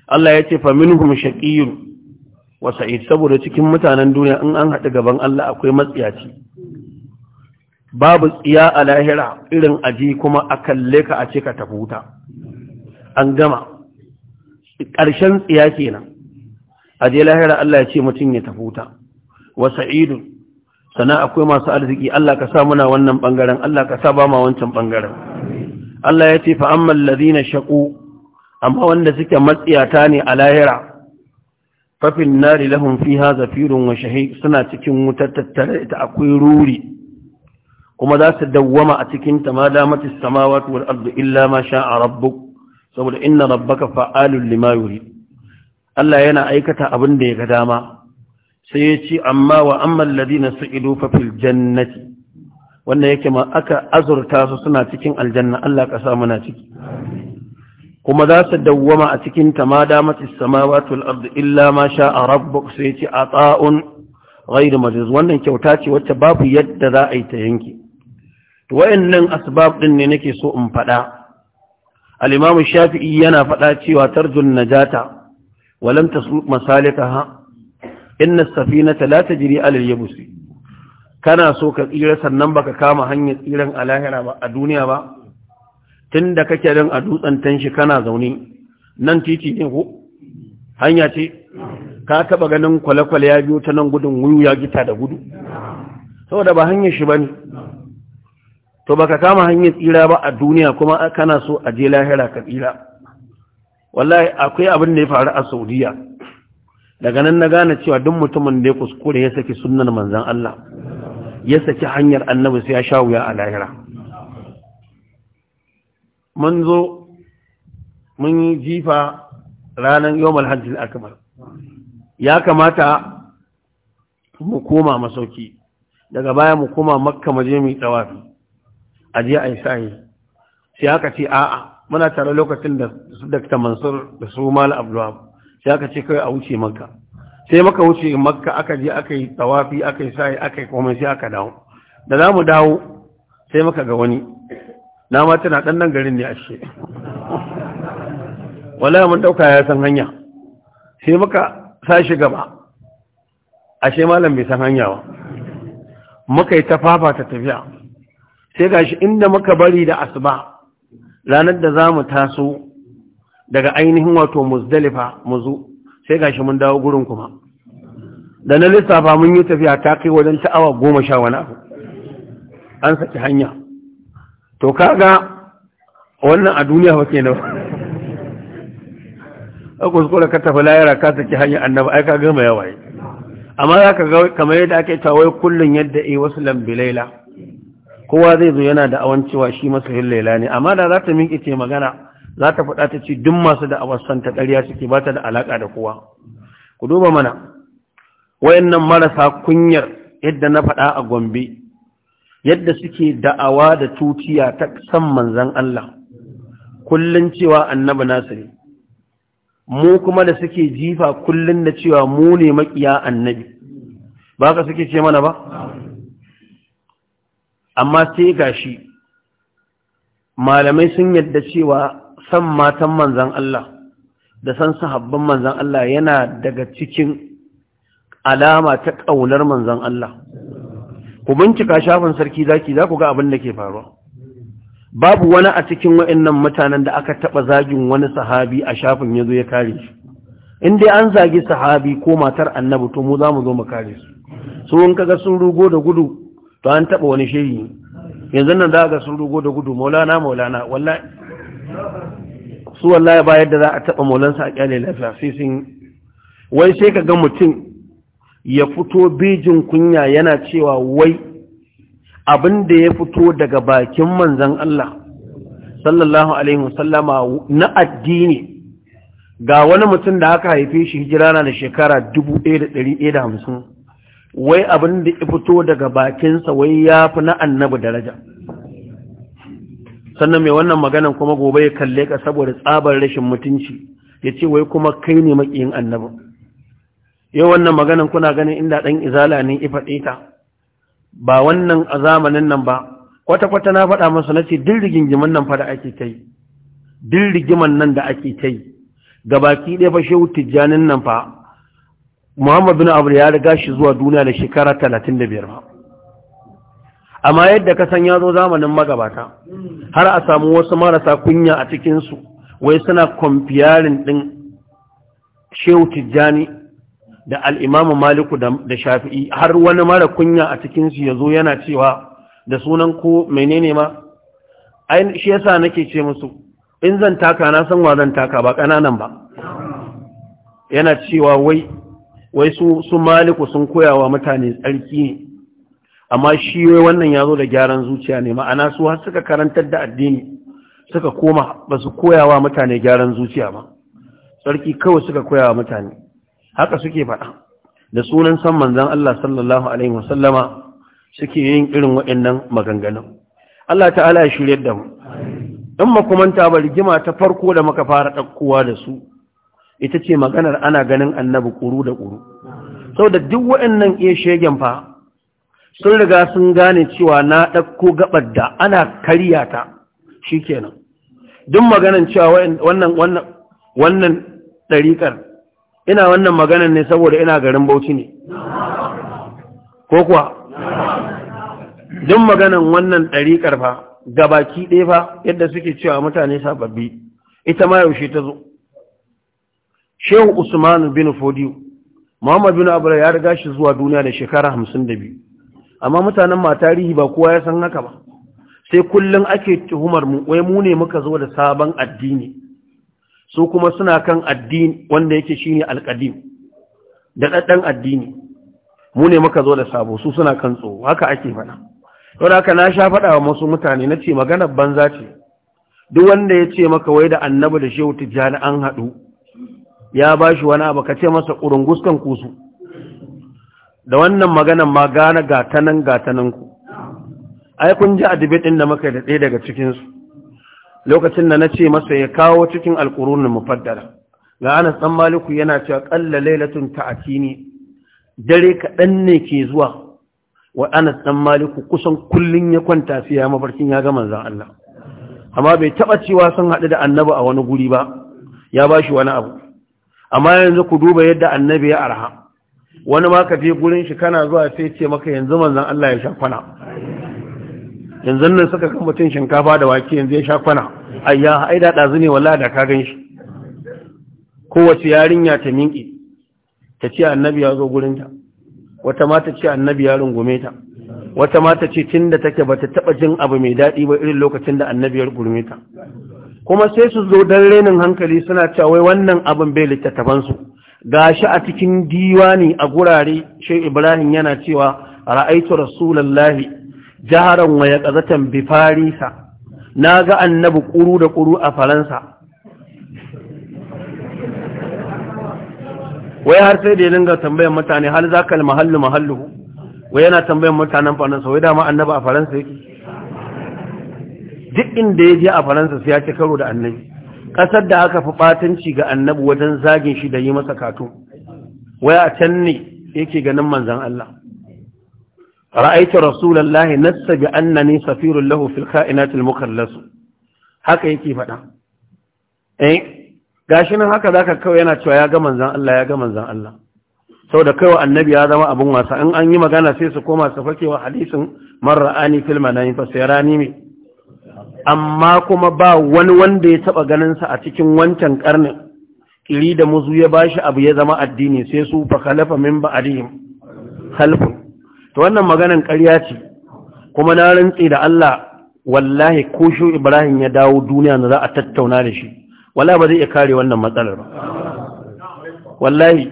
Speaker 1: Allah ya ce fa minhum shaqiyyun wa sa'id saboda cikin mutanen duniya in an haɗu gaban Allah akwai matsiyaci babu tsiya a lahira irin aji kuma a kalle ka a ce ka tafi wuta an gama ƙarshen tsiya kenan aje lahira Allah ya ce mutum ya tafi wuta wa sa'idu sana akwai masu arziki Allah ka sa muna wannan bangaren Allah ka sa ba ma wancan bangaren Allah ya ce fa amma ladina shaqu amma wanda suke matsiyata ne a lahira fafin nari lahun fi haza firin wa shahi suna cikin wutar tattare ta akwai ruri kuma za su dawwama a cikin ta ma damatis samawati wal ardu illa ma a rabbuk saboda inna rabbaka fa'alul lima yuri Allah yana aikata abin da ya ga dama sai ya ce amma wa amman ladina su'idu fa fil jannati wanda yake ma aka azurta su suna cikin aljanna Allah ka sa muna ciki kuma za su dawwama a cikin ta ma damati samawati wal illa ma sha'a rabbuk sai a ata'un ghayr majuz wannan kyauta ce wacce babu yadda za a yi ta yanke to wayannan asbab din ne nake so in faɗa al-imam shafi'i yana faɗa cewa tarjun najata wa lam tasluq masalikaha inna safinata la tajri ala al-yabsi kana so ka tsira sannan baka kama hanyar tsiran a lahira ba a duniya ba tun da kake rin a dutsen tanshi kana zaune nan titi ne ko hanya ce ka taba ganin kwale-kwale ya biyo ta nan gudun wuyu ya gita da gudu saboda ba hanyar shi ba ne. to baka kama hanyar tsira ba a duniya kuma kana so a je lahira ka tsira wallahi akwai abin da ya faru a saudiya daga nan na gane cewa duk mutumin da ya kuskure ya saki sunnar manzan Allah ya saki hanyar annabi sai ya sha wuya a lahira mun zo mun yi jifa ranar yawon hajjil akamar ya kamata mu koma masauki daga baya mu koma makka maje mai tsawafi a jiya a yi sa'i sai aka ce a'a muna tare lokacin da su dakta mansur da su mala abdullab sai aka ce kawai a wuce makka sai maka wuce makka aka je aka yi tsawafi aka yi sa'i aka yi komai sai aka dawo da za mu dawo sai maka ga wani na ma tana ɗannan garin ne ashe wala mun ɗauka ya san hanya sai muka sashi gaba ashe malam bai san hanya ba muka yi ta tafiya sai gashi inda muka bari da asuba ranar da za mu taso daga ainihin wato muzdalifa muzu sai gashi mun dawo gurin kuma da na lissafa mun yi tafiya ta kai wajen ta'awa goma sha wani abu an saki hanya to kaga wannan a duniya ba kenan a kuskure ka tafi layara ka saki hanyar annaba ai ka gama yawaye amma za ka ga kamar yadda ake wai kullum yadda yi wasu laila. kowa zai zo yana da awan cewa shi hin laila ne amma da za ta miƙe ce magana za ta faɗa ta ci duk masu da awassan santa ƙarya suke ba ta da alaƙa da kowa ku duba mana wayannan marasa kunyar yadda na faɗa a gombe yadda suke da'awa da tuciya ta san manzan Allah kullun cewa annabi nasiri mu kuma da suke jifa kullun da cewa mu ne makiya annabi ba ka suke ce mana ba amma sai gashi malamai sun yadda cewa san matan manzan Allah da san sahabban manzan Allah yana daga cikin alama ta ƙaunar manzan Allah ku bincika shafin sarki zaki za ku ga abin da ke faruwa babu wani a cikin wa'annan mutanen da aka taba zagin wani sahabi a shafin yazo ya kare shi in dai an zagi sahabi ko matar annabi to mu za mu zo mu kare su su in kaga sun rugo da gudu to an taba wani shehi yanzu nan za ga sun rugo da gudu maulana maulana wallahi su wallahi ba yadda za a taba maulansa a kyale lafiya sai sun wai sai ka ga mutum ya fito bijin kunya yana cewa wai abin da ya fito daga bakin manzan Allah sallallahu alaihi wasallama na addini ga wani mutum da aka haife shi hijira na da shekara 1150 wai abin da ya fito daga bakinsa wai ya fi na annabi daraja sannan mai wannan maganan kuma gobe ya kalle ka saboda tsabar rashin mutunci ya ce wai kuma kai ne makiyin annabin yau wannan maganin kuna ganin inda ɗan izala ne ifaɗe ta ba wannan a zamanin nan ba kwata-kwata na faɗa masa na ce duk rigingiman nan fara ake ta yi duk rigiman nan da ake ta yi gabaki ɗaya fa shehu tijjanin nan fa muhammad bin abu ya riga shi zuwa duniya da shekara talatin da biyar ba amma yadda ka san ya zo zamanin magabata har a samu wasu marasa kunya a cikinsu wai suna kwamfiyarin ɗin shehu tijjani da al'imamu maliku da shafi'i har wani mara kunya a cikinsu ya zo yana cewa da sunan ko menene ma Ai shi yasa nake ce musu in zan taka na san wa zan taka ba ƙananan ba yana cewa wai wai su maliku sun koya wa mutane tsarki ne amma shi wai wannan ya zo da gyaran zuciya ne ma'ana su har suka karantar da addini suka koma ba su koya wa mutane gyaran zuciya ba tsarki kawai suka wa mutane haka suke faɗa da sunan san manzan Allah sallallahu alaihi wasallama suke yin irin waɗannan maganganun Allah ta'ala ya shirye da mu in makumanta ba rigima ta farko da muka fara ɗaukowa da su ita ce maganar ana ganin annabi kuru da kuru. sau da duk waɗannan iya shegen fa sun riga sun gane cewa na ɗauko gabar da ana karya ta shi kenan duk maganar cewa wannan wannan wannan ɗariƙar ina wannan maganan ne saboda ina garin bauchi ne ko kuwa duk maganan wannan ɗariƙar ba, ga baki ɗaya fa yadda suke cewa mutane sababbi ita ma yaushe ta zo shehu usman bin Fodiyu, Muhammadu bin abu ya riga shi zuwa duniya da shekara hamsin da biyu amma mutanen ma tarihi ba kowa ya san haka ba sai kullum ake tuhumar mu wai mu ne muka zo da sabon addini su kuma suna kan addini wanda yake ne alƙadim da daddan addini mu ne muka zo da sabo su suna kan tso haka ake faɗa yau haka na sha faɗa wa masu mutane na ce maganar banza ce duk wanda ya ce maka wai da annabi da shehu tijjani an haɗu ya ba shi wani abu ka ce masa ƙurunguskan kusu da wannan maganan ma gane gatanan gatanan ku ai kun ji adibin ɗin da muka da ɗaya daga cikinsu lokacin da na ce masa ya kawo cikin alƙurunin mufaddala ga anas dan maliku yana cewa qalla lailatun ta'atini dare kaɗan ne ke zuwa wa anas dan maliku kusan kullun ya kwanta sai ya mafarkin ya ga manzon Allah amma bai taba cewa sun haɗu da annabi a wani guri ba ya bashi wani abu amma yanzu ku duba yadda annabi ya arha wani ma ka je gurin shi kana zuwa sai ce maka yanzu manzon Allah ya sha kwana. yanzu nan suka kan mutum shinkafa da wake yanzu ya sha kwana ayya ai da ɗazu ne wallahi da ka gan shi kowace yarinya ta minki ta ce annabi ya zo gurinta wata ma ta ce annabi ya rungume ta wata ma ta ce tun da take ba ta taɓa jin abu mai daɗi ba irin lokacin da annabi ya rungume ta kuma sai su zo don renin hankali suna cewa wai wannan abin bai littattafansu ga shi a cikin diwani a gurare shi ibrahim yana cewa ra'aitu rasulallahi jaharan waya ƙazatan bi farisa na ga annabi ƙuru da ƙuru a faransa wai har sai da ya linga tambayan mutane hal za ka mahallu mahallu wai yana tambayan mutanen faransa wai dama annabi a faransa yake duk inda ya je a faransa sai ya ci karo da annabi ƙasar da aka fi ɓatanci ga annabi wajen zagin shi da yi masa kato wai a can ne yake ganin manzan Allah ra'aytu rasulullahi nassa bi annani safirun lahu fil ka'inat al mukallas haka yake faɗa eh gashi nan haka zaka kawai cewa ya ga manzon Allah ya ga manzon Allah saboda kaiwa annabi ya zama abin wasa in an yi magana sai su koma su fakewa hadisin marra'ani fil manami fa sayarani me amma kuma ba wani wanda ya taba ganin sa a cikin wancan karnin kiri da muzu ya ba bashi abu ya zama addini sai su fa khalafa min ba'dihim khalfun to wannan maganan ƙarya ce kuma na rantse da Allah wallahi ko shi Ibrahim ya dawo duniya na za a tattauna da shi wallahi ba zai iya kare wannan matsalar ba wallahi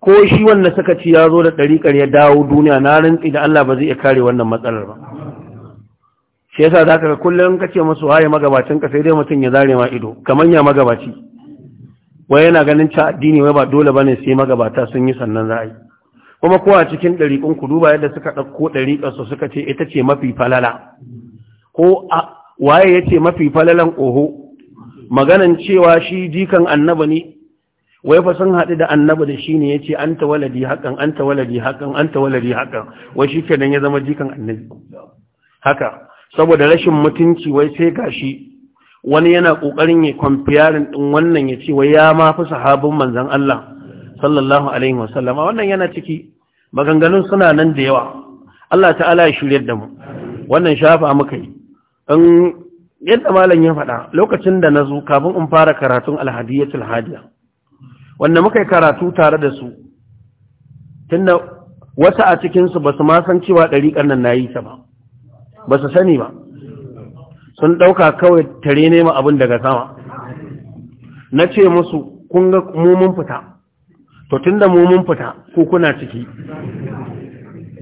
Speaker 1: ko shi wanda suka ci ya zo da ɗariƙar ya dawo duniya na rantsi da Allah ba zai iya kare wannan matsalar ba shi yasa za ka kullum ka ce waye magabacin ka sai dai mutum ya zare ma ido kaman ya magabaci wai yana ganin ta addini wai ba dole bane sai magabata sun yi sannan za a yi kuma kowa cikin ɗariƙun ku duba yadda suka ɗauko ɗariƙarsu suka ce ita ce mafi falala ko waye ya ce mafi falalan ƙoho? maganan cewa shi jikan annaba ne wai fa sun haɗu da annaba da shi ne ya ce an ta haƙan an ta haƙan an ta haƙan wai shi kenan ya zama jikan annabi haka saboda rashin mutunci wai sai shi, wani yana ƙoƙarin ya kwamfiyarin ɗin wannan ya ce wai ya ma fi sahabin manzan Allah sallallahu alaihi wasallam wannan yana ciki maganganun suna nan da yawa Allah ta'ala ya shiryar da mu wannan shafa muka yi in yadda malam ya faɗa lokacin da na zo kafin in fara karatun alhadiyatul hadiya wanda muka yi karatu tare da su tunda wasu a cikinsu ba su ma san cewa ɗariƙar nan na yi ta ba ba su sani ba sun ɗauka kawai tare nema abin daga sama na ce musu kun ga mumun fita to tun mu mun fita ko kuna ciki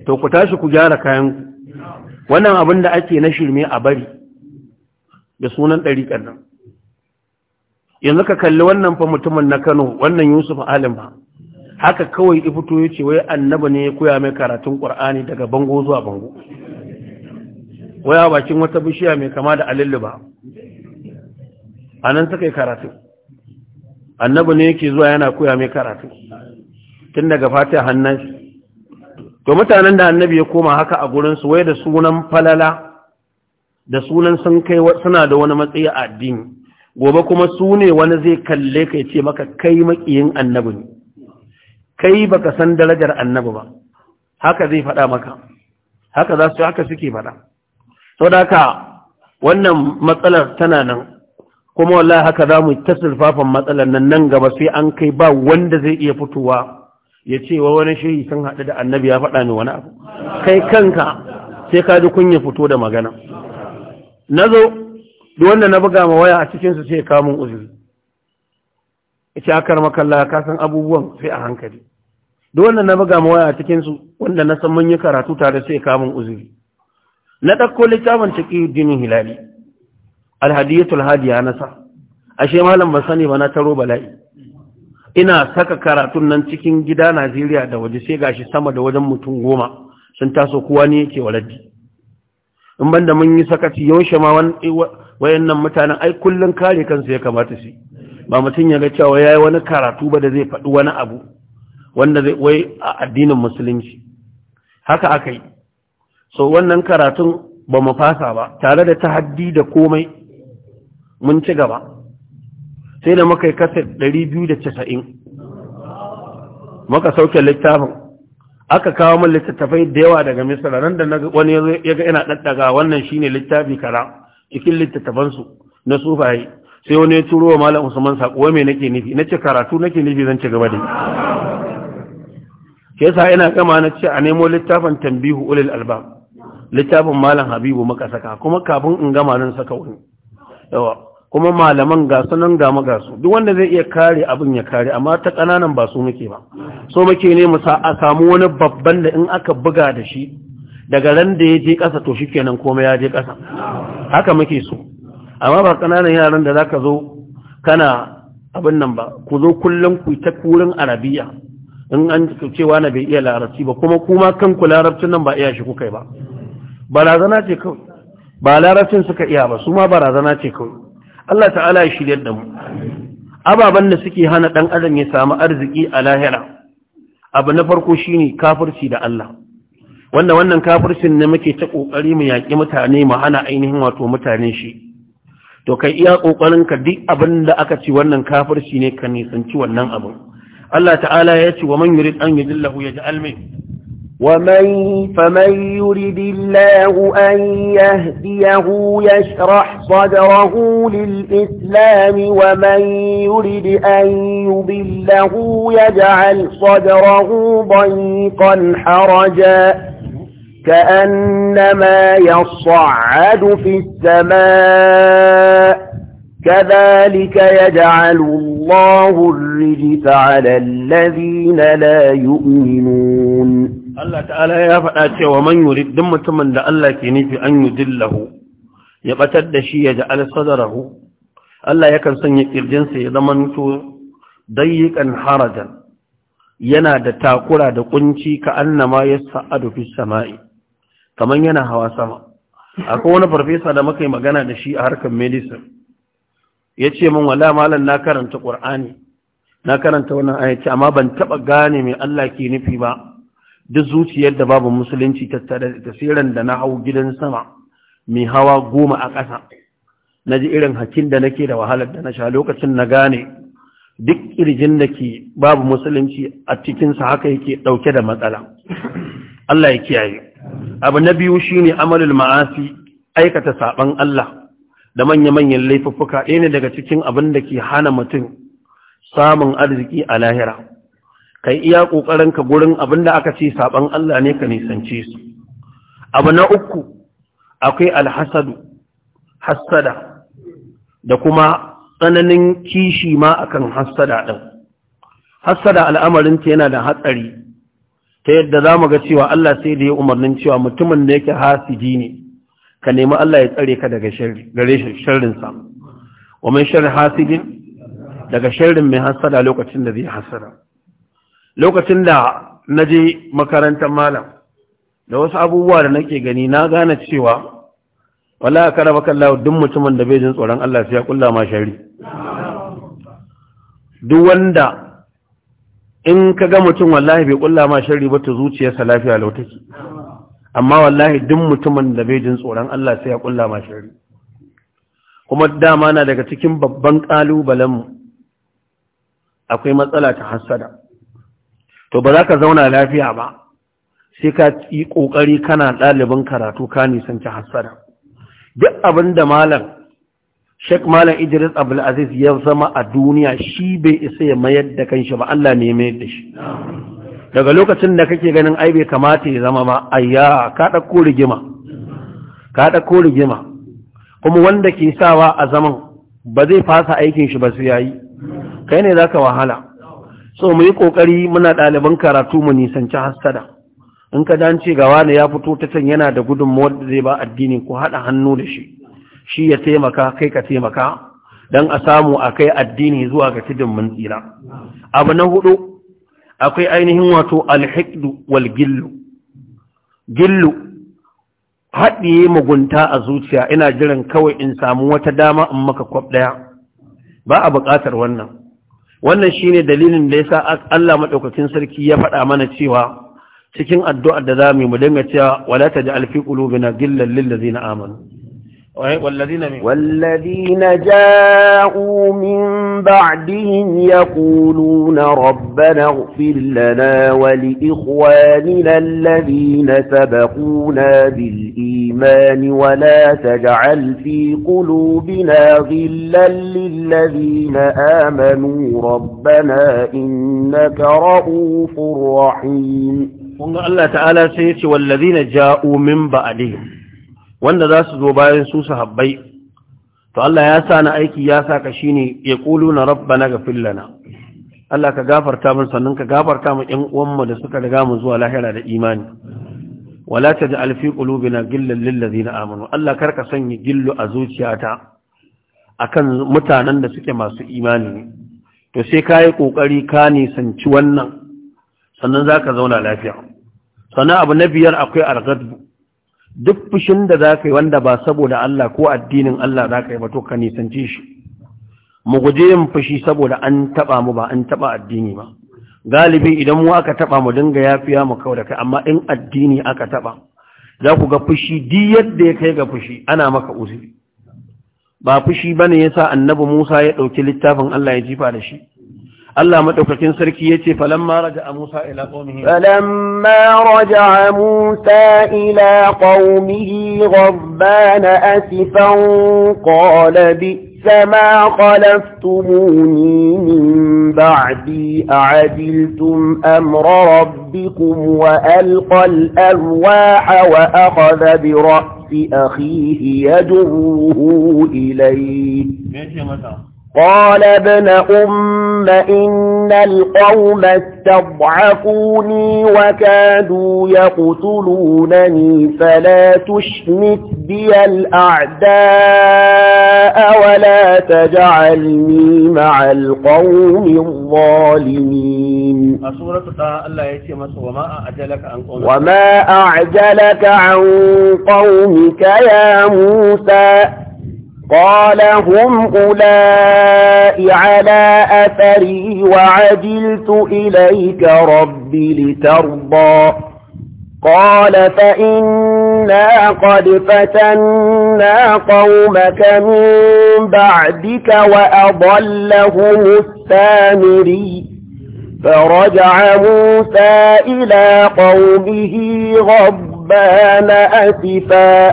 Speaker 1: to ku tashi ku gyara kayan wannan abin da ake na shirme a bari da sunan ɗariƙar nan yanzu ka kalli wannan fa mutumin na Kano wannan Yusuf Alim haka kawai ifito ce wai annabi ne ya koya mai karatun ƙwar'ani daga bango zuwa bango waya bakin wata bishiya mai kama da a nan suka yi karatu annabi ne yake zuwa yana koya mai karatu tun daga fatiha hannan to mutanen da annabi ya koma haka a gurin su wai da sunan falala da sunan sun kai suna da wani matsayi a addini gobe kuma su ne wani zai kalle ka ce maka kai makiyin annabi ne kai baka san darajar annabi ba haka zai faɗa maka haka za su haka suke faɗa saboda haka wannan matsalar tana nan kuma wallahi haka za mu ta sulfafan matsalar nan nan gaba sai an kai ba wanda zai iya fitowa ya ce wa wani shehi sun haɗu da annabi ya faɗa mai wani abu kai kanka sai ka ji kunya fito da magana na zo wanda na buga ma waya a cikinsu sai kamun uzuri ita akar makalla ka san abubuwan sai a hankali duk wanda na buga ma waya a cikinsu wanda na san mun yi karatu tare sai kamun uzuri na ɗauko littafin cikin dinin hilali alhadiyatul hadiya na sa ashe malam ban sani ba na taro bala'i ina saka karatun nan cikin gida Najeriya da waje sai gashi sama da wajen mutum goma sun taso kowa ne yake waladi in banda mun yi sakaci yaushe ma eh, wayannan mutanen ai kullun kare kansu ya kamata su ba mutum ya ga cewa yayi wani karatu ba da zai faɗi wani abu wanda zai wai a addinin musulunci haka aka yi so wannan karatun ba mu fasa ba tare da tahaddi da komai mun ci gaba sai da muka yi kasar 290 muka sauke littafin aka kawo min littattafai da yawa daga misira nan da wani ya ga ina ɗaɗɗaga wannan shine littafi kara cikin littattafansu na sufaye sai wani ya turo wa malam usman saƙo mai nake nufi na ce karatu nake nufi zan ci gaba da ke sa ina gama na ce a nemo littafin tambihu ulil albab littafin malam habibu makasaka kuma kafin in gama nan saka wani yawa kuma malaman ga sunan ga magasu duk wanda zai iya kare abin ya kare amma ta kananan ba su muke ba so muke ne mu sa a samu wani babban da in aka buga da shi daga ran da ya je ƙasa to kenan komai ya je ƙasa haka muke so amma ba kananan yaran da zaka zo kana abin nan ba ku zo kullum ku ta kurin arabiya in an cewa na bai iya larabci ba kuma kuma kanku larabcin nan ba iya shi kuka ba barazana ce kawai ba larabcin suka iya ba su ma barazana ce kawai Allah ta'ala ya shirya da mu ababen da suke hana ɗan adam ya samu arziki a lahira abu na farko shine kafirci da Allah wanda wannan kafircin ne muke ta kokari mu yaƙi mutane mu hana ainihin wato mutane shi to kai iya kokarin ka duk abin da aka ci wannan kafirci ne ka nisanci wannan abin Allah ta'ala ya ce wa man yurid an yudillahu yaj'al min ومن فمن يرد
Speaker 3: الله أن يهديه يشرح صدره للإسلام ومن يرد أن يضله يجعل صدره ضيقا حرجا كأنما يصعد في السماء كذلك يجعل الله الرجس على الذين لا يؤمنون
Speaker 1: Allah ta'ala ya faɗa cewa man yuri duk mutumin da Allah ke nufi an yudillahu ya batar da shi ya ja'al sadarahu Allah yakan sanya kirjinsa ya zama nuto dayyikan harajan yana da takura da ƙunci ka annama ya sa'adu fi sama'i kaman yana hawa sama akwai wani farfesa da muka yi magana da shi a harkar medicine ya ce min wala malam na karanta ƙur'ani na karanta wannan ayyaci, amma ban taɓa gane mai Allah ke nufi ba duk zuciyar da babu musulunci tattare da tasirin da na hau gidan sama mai hawa goma a ƙasa na ji irin hakin da nake da wahalar da na sha lokacin na gane duk ƙirjin da ke babu musulunci a cikinsa haka yake ɗauke da matsala Allah ya kiyaye abu na biyu shine amalul ma'asi aikata saban Allah da manya-manyan laifuffuka ɗaya ne daga cikin abin da ke hana mutum samun arziki a lahira kai iya ƙoƙarinka gurin abin da aka ce saɓan Allah ne ka nisance su abu na uku akwai alhasadu hassada da kuma tsananin kishi ma akan hassada ɗin hassada al'amarinta yana da hatsari ta yadda za mu ga cewa Allah sai da ya umarnin cewa mutumin da yake hasidi ne ka nemi Allah ya tsare ka daga sharrin sa wa min sharri hasidin daga sharrin mai hasada lokacin da zai hasada lokacin da na je makarantar malam da wasu abubuwa da nake gani na gane cewa wala ka raba kallahu duk mutumin da bai jin tsoron Allah sai ya kulla ma shari duk wanda in ka ga mutum wallahi bai kulla ma shari ba ta zuciyarsa lafiya lautaki amma wallahi duk mutumin da bai jin tsoron Allah sai ya kulla ma shari kuma dama na daga cikin babban kalubalen mu akwai matsala ta hasada to ba za ka zauna lafiya ba sai ka yi kokari kana ɗalibin karatu ka ta hasada duk abin da malam Sheikh Malam Idris Abdul Aziz ya zama a duniya shi bai isa ya mayar da kanshi ba Allah ne ya mayar da shi daga lokacin da kake ganin ai bai kamata ya zama ba ayya ka ɗauko rigima ka rigima kuma wanda ke sawa a zaman ba zai fasa aikin shi ba sai yayi kai ne zaka wahala so mu yi kokari muna ɗalibin karatu mu nisanci hassada in ka dace ga wani ya fito ta can yana da mu wanda zai ba addini ko haɗa hannu da shi shi ya taimaka kai ka taimaka dan a samu a kai addini zuwa ga tudun mun tsira abu na hudu akwai ainihin wato alhikdu wal gillu gillu haɗiye mugunta a zuciya ina jiran kawai in samu wata dama in maka kwab ɗaya ba a buƙatar wannan wannan shine dalilin da yasa Allah madaukakin sarki ya faɗa mana cewa cikin addu'ar da za mu dinga cewa wala da fi qulubina ghillan zai na amanu والذين, من
Speaker 3: والذين جاءوا من بعدهم يقولون ربنا اغفر لنا ولإخواننا الذين سبقونا بالإيمان ولا تجعل في قلوبنا غلا للذين آمنوا ربنا إنك رؤوف
Speaker 1: رحيم الله تعالى سيتي والذين جاءوا من بعدهم wanda za su zo bayan su sahabbai to Allah ya sa na aiki ya sa ka shine ya kulu na rabbana gafir lana Allah ka gafarta mun sannan ka gafarta mu ɗan mu da suka riga mu zuwa lahira da imani wala taj'al fi qulubina gillan lil ladina amanu Allah kar ka sanya gillu a zuciyata akan mutanen da suke masu imani to sai kai kokari ka nisanci wannan sannan zaka zauna lafiya sannan abu na biyar akwai argadbu duk fushin da za ka yi wanda ba saboda Allah ko addinin Allah za ka yi mato ka nisanci shi mu guje yin fushi saboda an taɓa mu ba an taɓa addini ba galibi idan mu aka taɓa mu dinga yafiya mu kawai da kai amma in addini aka taɓa za ku ga fushi duk yadda ya kai ga fushi ana maka uzuri ba fushi ba bane yasa annabi Musa ya ɗauki littafin Allah ya jifa da shi الله مدوكين سركيتي فلما رجع موسى إلى قومه
Speaker 3: فلما رجع موسى إلى قومه غضبان أسفا قال بئس ما خلفتموني من بعدي أعدلتم أمر ربكم وألقى الألواح وأخذ برأس أخيه يجره إليه قال ابن أم إن القوم استضعفوني وكادوا يقتلونني فلا تشمت بي الأعداء ولا تجعلني مع القوم الظالمين وما أعجلك عن قومك يا موسى قال هم أولاء على أثري وعجلت إليك رب لترضى قال فإنا قد فتنا قومك من بعدك وأضلهم السامري فرجع موسى إلى قومه غضبان أسفا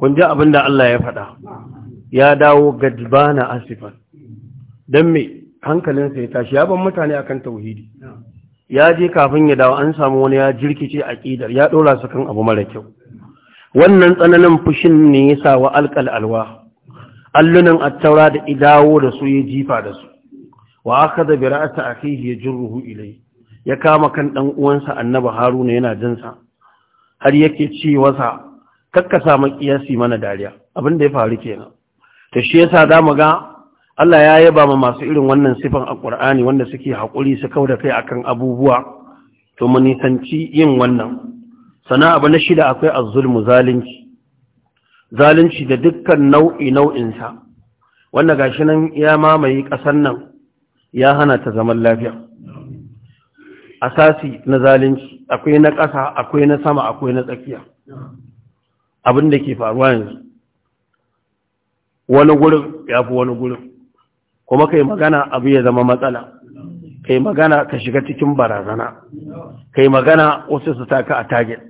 Speaker 1: كن جاء بنا da Allah ya dawo gadbana sifar don me hankalinsa ya tashi ya ban mutane akan tauhidi ya je kafin ya dawo an samu wani ya jirkice ƙidar ya ɗora su kan abu mara kyau wannan tsananin fushin ne ya sa wa alƙal alwa allunan attaura da idawo da su ya jifa da su wa aka a bi ya akhihi ruhu ilai ya kama kan ɗan uwansa annabi haruna yana jinsa har yake ce wasa kakka samu ƙiyasi mana dariya abin da ya faru kenan ta shi yasa za mu ga Allah ya yaba ma masu irin wannan sifan a ƙur'ani wanda suke haƙuri su kauda kai akan abubuwa to mu nisanci yin wannan sana abu na shida akwai zulmu zalunci zalunci da dukkan nau'i nau'in sa wanda gashi nan ya mamaye ƙasar nan ya hana ta zaman lafiya asasi na zalunci akwai na ƙasa akwai na sama akwai na tsakiya abin da ke faruwa yanzu wani gurin ya fi wani gurin kuma kai magana abu ya zama matsala kai magana ka shiga cikin barazana kai magana wasu su taka a target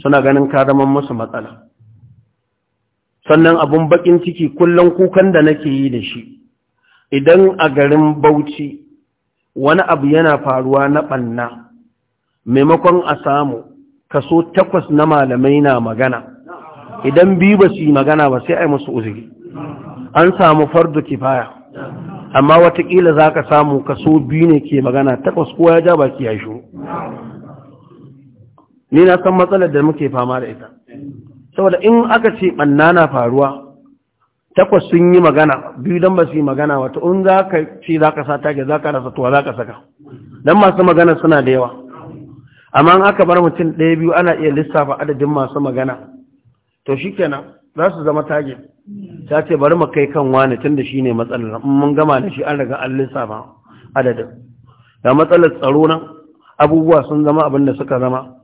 Speaker 1: suna ganin ka zama musu matsala sannan abun bakin ciki kullum kukan da nake yi da shi idan a garin bauchi wani abu yana faruwa na ɓanna maimakon a samu kaso takwas na malamai na magana idan biyu ba su yi magana ba sai a yi musu uzuri an samu fardu kifaya amma watakila za ka samu kaso biyu ne ke magana takwas ko ya ja baki ya shuru ni na san matsalar da muke fama da ita saboda in aka ce ɓanna na faruwa takwas sun yi magana biyu don ba su yi magana wata in za ka ce za ka sa tage za ka rasa tuwa za ka saka don masu magana suna da yawa amma in aka bar mutum ɗaya biyu ana iya lissafa adadin masu magana to shi kenan za su zama tage ta ce bari mu kai kan wani tun da shi ne matsalar mun gama da shi an riga an lissafa adadin da matsalar tsaro nan abubuwa sun zama abin da suka zama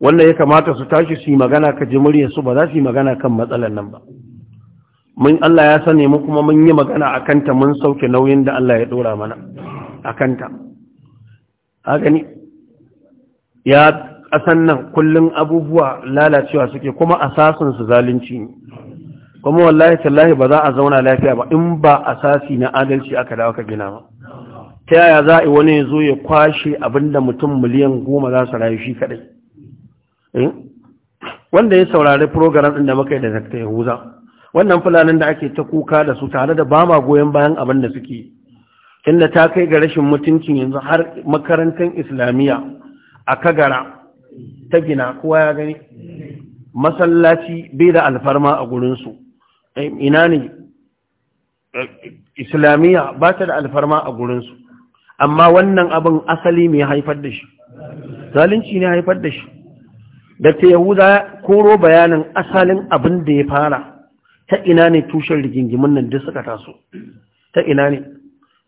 Speaker 1: wanda ya kamata su tashi su yi magana ka ji muryarsu ba za su yi magana kan matsalar nan ba mun Allah ya sani mu kuma mun yi magana a kanta mun sauke nauyin da Allah ya dora mana a kanta a gani ya ƙasan nan kullum abubuwa lalacewa suke kuma asasinsu zalunci ne kuma wallahi tallahi ba za a zauna lafiya ba in ba asasi na adalci aka dawo ka gina ba ta yaya za a yi wani ya zo ya kwashe abinda mutum miliyan goma za su rayu shi kaɗai eh? wanda ya saurari program ɗin da muka yi da zakta yahuza wannan fulanin da ake ta kuka da su tare da ba ma goyon bayan abin da suke inda ta kai ga rashin mutuncin yanzu har makarantar islamiyya a kagara ta gina kowa ya gani masallaci bai da alfarma a gurinsu ina ne islamiyya ba ta da alfarma a gurinsu amma wannan abin asali mai haifar da shi zalunci ne haifar da shi da ta yahuda koro bayanin asalin abin da ya fara ta ina ne tushen rigingimin nan duk suka taso ta ina ne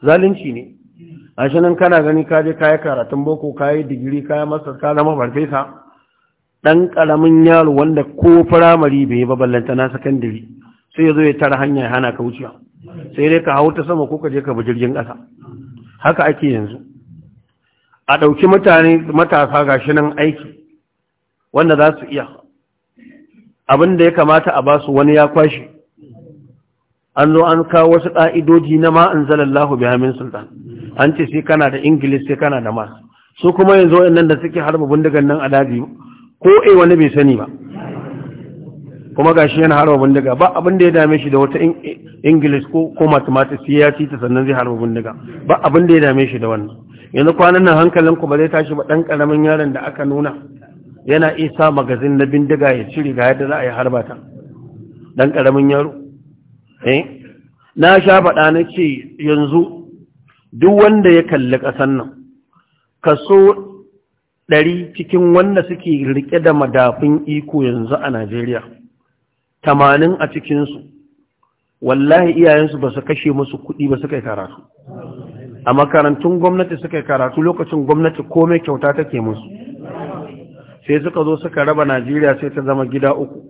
Speaker 1: zalunci ne a shi nan kana gani kaje kayi karatun boko kayi digiri kayi masar ka zama farfesa ɗan ƙaramin yaro wanda ko firamare bai yi ba ballanta na sakandare sai ya zo ya tara hanya hana ka wucewa, sai dai ka hau ta sama ko ka je ka bi jirgin ƙasa haka ake yanzu a ɗauki mutane matasa shi nan aiki wanda za su iya abin da ya kamata a basu wani ya kwashe an zo an kawo wasu ƙa'idoji na ma'an zalallahu bihamin sultan an ce sai kana da ingilis sai kana da masu su kuma yanzu nan da suke harba bindigan nan a daji ko e wani bai sani ba kuma gashi yana harba bindiga ba abin da ya dame shi da wata ingilis ko ko mathematics ya ci ta sannan zai harba bindiga ba abin da ya dame shi da wannan yanzu kwanan nan hankalin ku ba zai tashi ba dan karamin yaron da aka nuna yana isa magazin na bindiga ya cire ga yadda za a yi harba ta dan karamin yaro eh na sha faɗa na ce yanzu duk wanda ya kalli ƙasar nan kaso ɗari cikin wanda suke rike da madafin iko yanzu a Najeriya tamanin a cikinsu wallahi iyayensu ba su kashe musu kuɗi ba suka karatu a makarantun gwamnati suka karatu lokacin gwamnati komai kyauta take musu sai suka zo suka raba najeriya sai ta zama gida uku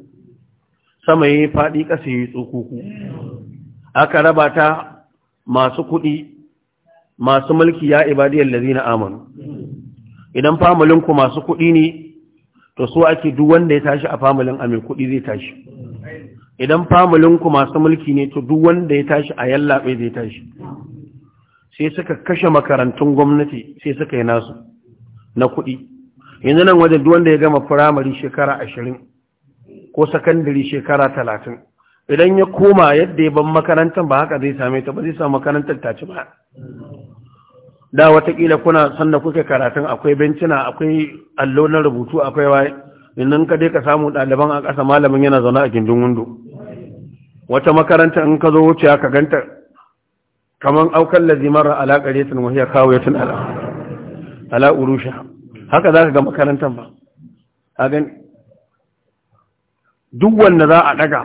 Speaker 1: sama ya yi faɗi ƙasa yi tsokoku aka raba ta masu kuɗi masu mulki ya ibadiyar na amanu idan famulinku masu kuɗi ne to so ake duk wanda ya tashi a famulin amin kuɗi zai tashi idan famulinku masu mulki ne to duk wanda ya tashi a yallaɓe zai tashi sai suka kashe makarantun gwamnati sai suka yi nasu na kuɗi yanzu nan wajen duk wanda ya gama firamare shekara ashirin ko sakandare shekara talatin idan ya koma yadda ya ban makarantar ba haka zai same ta ba zai samu makarantar ta ci ba da watakila kuna sanda kuke karatun akwai bencina akwai allo na rubutu akwai waye yanzu ka dai ka samu ɗaliban a ƙasa malamin yana zaune a gindin windo wata makaranta in ka zo wuce ka ganta kaman aukan lazimar ala qaryatin wa hiya khawiyatun ala ala urusha haka zaka ga makarantan ba a gani duk wanda za a daga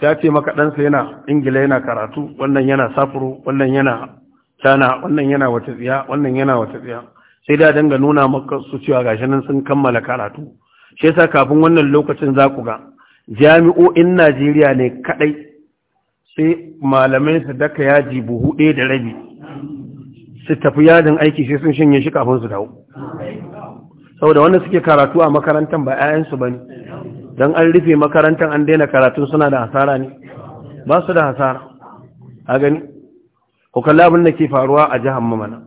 Speaker 1: ya ce maka ɗansa yana ingila yana karatu wannan yana safuro wannan yana tana, wannan yana wata tsiya wannan yana wata tsiya sai da danga nuna maka su cewa gashi nan sun kammala karatu shi yasa kafin wannan lokacin za ku ga jami'o'in Najeriya ne kaɗai sai malamai su daka yaji buhu ɗaya da rabi su tafi yajin aiki sai sun shanye shi kafin su dawo saboda wanda suke karatu a makarantar ba 'ya'yansu ba ne don an rufe makarantar an daina karatun suna da hasara ne ba su da hasara a gani ku kalla abin da ke faruwa a jihar mamana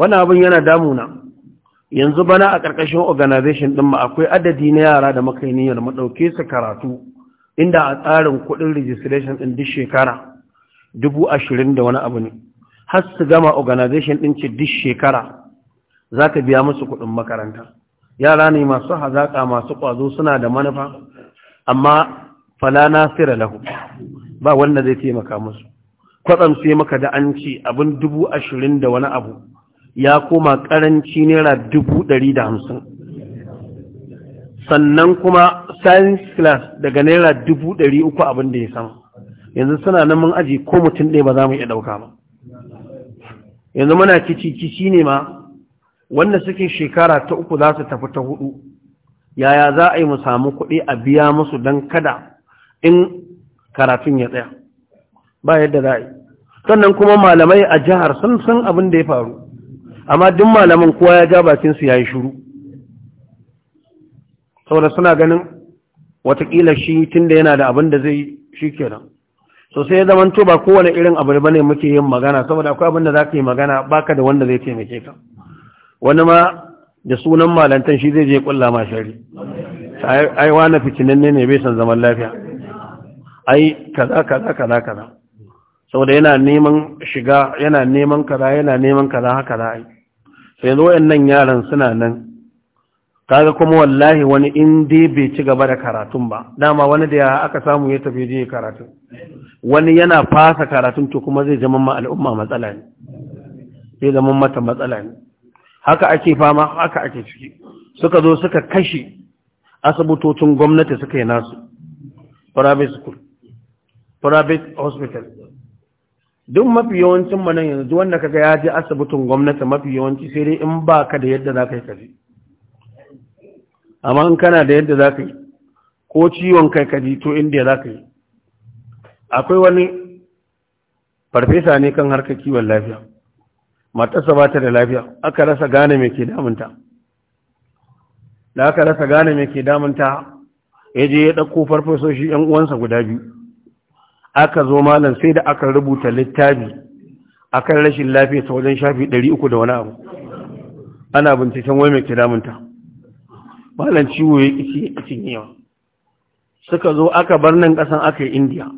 Speaker 1: Wani abin yana damuna yanzu bana a ƙarƙashin organization ɗin ma akwai adadi na yara da muka yi mu su karatu inda a tsarin kuɗin registration ɗin duk shekara dubu ashirin da wani abu ne har su gama organization ɗin ce duk shekara za ka biya musu kuɗin makaranta yara ne masu hazaƙa masu ƙwazo suna da manufa amma fala na fira lahu ba wanda zai taimaka musu kwatsam sai maka da an ci abin dubu ashirin da wani abu ya koma ƙaranci naira dubu ɗari da hamsin sannan kuma science class daga naira dubu ɗari uku abin da ya sama. yanzu suna nan mun aji ko mutum ɗaya ba za mu iya ɗauka ba yanzu muna kici kici ne ma wanda suke shekara ta uku za su tafi ta hudu yaya za a yi mu samu kuɗi a biya musu don kada in karatun ya tsaya ba yadda za a yi sannan kuma malamai a jihar sun san abin da ya faru amma duk malamin kowa ya ja bakin su yayi shiru saboda suna ganin watakila shi tunda yana da abin da zai shi kenan so sai zaman to ba kowane irin abu ne bane muke yin magana saboda akwai abin da zaka yi magana baka da wanda zai taimake ka wani ma da sunan malantan shi zai je kulla ma shari ai wani fitinanne ne bai san zaman lafiya ai kaza kaza kaza kaza saboda yana neman shiga yana neman kaza yana neman kaza haka za a sai wayannan yaran suna nan kaga kuma wallahi wani in dai bai ci gaba da karatun ba dama wani da aka samu ya tafi je karatu wani yana fasa karatun to kuma zai zama ma al'umma matsala ne zai zama mata matsala ne haka ake fama haka ake ciki suka zo suka kashe asibitocin gwamnati suka yi nasu private school private hospital duk mafi yawancin manan yanzu wanda kaga ya je asibitin gwamnati mafi yawanci sai dai in ba ka da yadda za ka yi kaji amma in kana da yadda za ka yi ko ciwon kai kaji to inda za ka yi akwai wani farfesa ne kan harkar kiwon lafiya matarsa ba ta da lafiya aka rasa gane mai ke damunta da aka rasa gane mai ke damunta ya je ya ɗauko farfesoshi ‘yan uwansa guda biyu aka zo malam sai da aka rubuta littafi akan rashin lafiya ta wajen shafi 300 da wani abu ana binciken wai mai kidamunta malam ciwo ya ƙi a cinyewa suka zo aka bar nan ƙasan aka yi indiya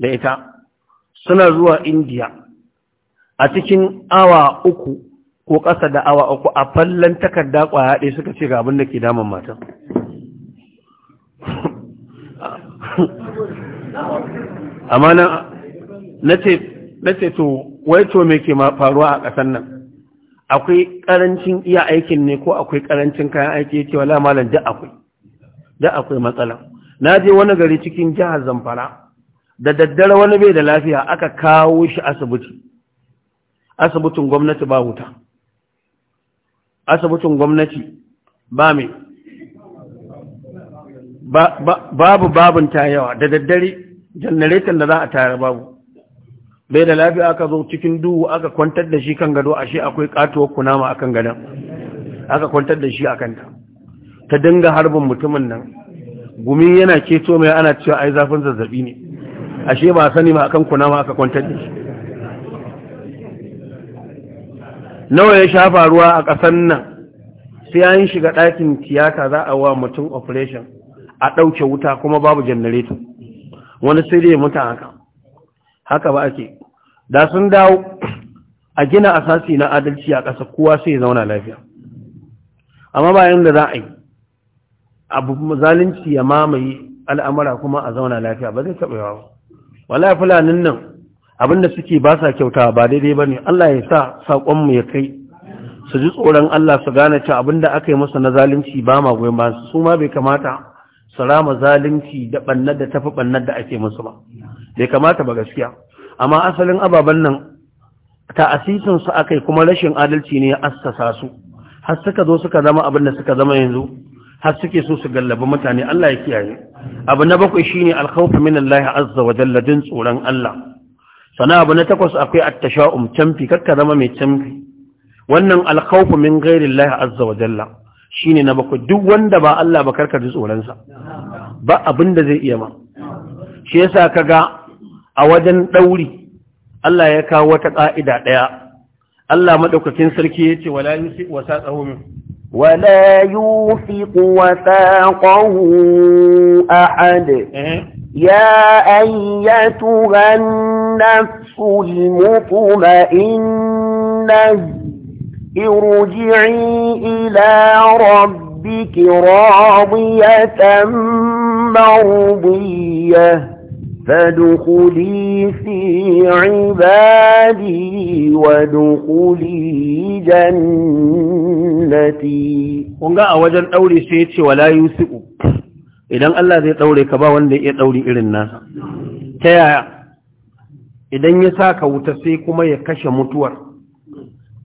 Speaker 1: da ita suna zuwa indiya a cikin awa uku ko ƙasa da awa uku a fallon takarda ƙwaya ɗaya suka ce ga abin da ke damun matan amma na ce to wai to me ke ma faruwa a ƙasar nan akwai ƙarancin iya aikin ne ko akwai ƙarancin kayan aiki yake wala malam da akwai da akwai matsala na je wani gari cikin jihar zamfara da daddare wani bai da lafiya aka kawo shi asibiti asibitin gwamnati ba wuta asibitin gwamnati ba mai babu babun ta yawa, da daddare janareton da za a tara babu bai da lafiya aka zo cikin duhu aka kwantar da shi kan gado ashe akwai katuwar kunama akan gadon aka kwantar da shi akan ta ta dinga harbin mutumin nan gumi yana keto mai ana cewa ai zafin zazzabi ne ashe ba sani ma akan kunama aka kwantar da shi nawa ya shafa ruwa a ƙasan nan sai an shiga ɗakin tiyata za a wa mutum operation a ɗauke wuta kuma babu janareto wani sai dai mutu haka haka ba ake da sun dawo a gina asasi na adalci a ƙasa kowa sai zauna lafiya amma bayan da za a yi abu zalunci ya mamaye al'amara kuma a zauna lafiya ba zai taɓa yawa wala fulanin nan abinda suke ba sa kyauta ba daidai ba ne Allah ya sa saƙonmu ya kai su ji tsoron Allah su gane cewa abinda aka yi masa na zalunci ba ma goyon ba su ma bai kamata sarama zalunci da ɓannar da tafi bannar da ake musu ba bai kamata ba gaskiya amma asalin ababen nan ta'asisin su akai kuma rashin adalci ne ya assasa su har suka zo suka zama abin da suka zama yanzu har suke so su gallaba mutane Allah ya kiyaye abu na bakwai shine alkhawfu min Allah azza wa jalla din tsoron Allah sana abu na takwas akwai at-tasha'um canfi kakka zama mai tamfi. wannan alkhawfu min ghairi Allah azza wa jalla shine na bakwai duk wanda ba Allah ba karka ji tsoronsa ba abin da zai iya ma shi yasa ka ga a wajen ɗauri Allah ya kawo wata ƙa'ida ɗaya Allah maɗaukakin sarki ya ce wala yusi wasa eh? ya
Speaker 3: ولا يوثق وثاقه su yi أيتها na المطمئنة ارجعي إلى ربك راضية مرضية فادخلي في عبادي وادخلي
Speaker 1: جنتي ونقع وجن أولي سيتي ولا يوثق إذا الله ذي تولي كبا واندي يتولي إلي الناس كيا إذا يساك وتسيك ما يكش متور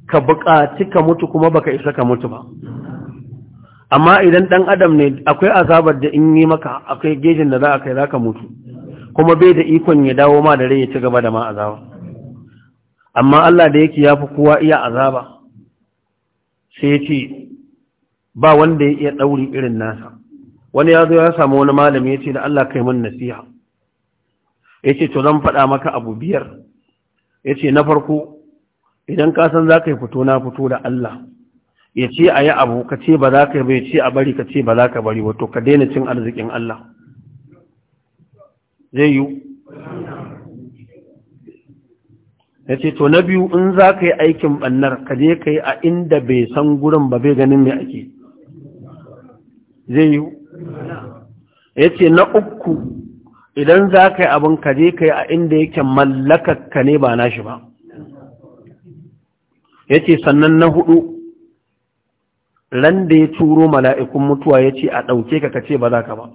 Speaker 1: ka buƙaci ka mutu kuma baka isa ka mutu ba amma idan ɗan adam ne akwai azabar da in yi maka akwai gejin da za a kai za ka mutu kuma bai da ikon ya dawo ma da rai ya ci gaba da ma azaba amma Allah da yake ya fi kowa iya azaba sai ya ce ba wanda ya iya ɗauri irin nasa wani ya zo ya samu wani malami ya ce da Allah kai min nasiha ya ce to zan faɗa maka abu biyar ya ce na farko idan ka san za ka yi fito na fito da Allah ya ce a yi abu ka ce ba za ka yi ba ya ce a bari ka ce ba za ka bari wato ka daina cin arzikin Allah zai yi ya ce to na biyu in za ka yi aikin bannar ka je ka yi a inda bai san gurin ba bai ganin mai ake zai yi ya ce na uku idan za ka yi abin ka je ka yi a inda yake mallakar ka ne ba nashi ba ya ce sannan na hudu randa ya turo mala'ikun mutuwa ya ce a ɗauke ka kace ba za ka ba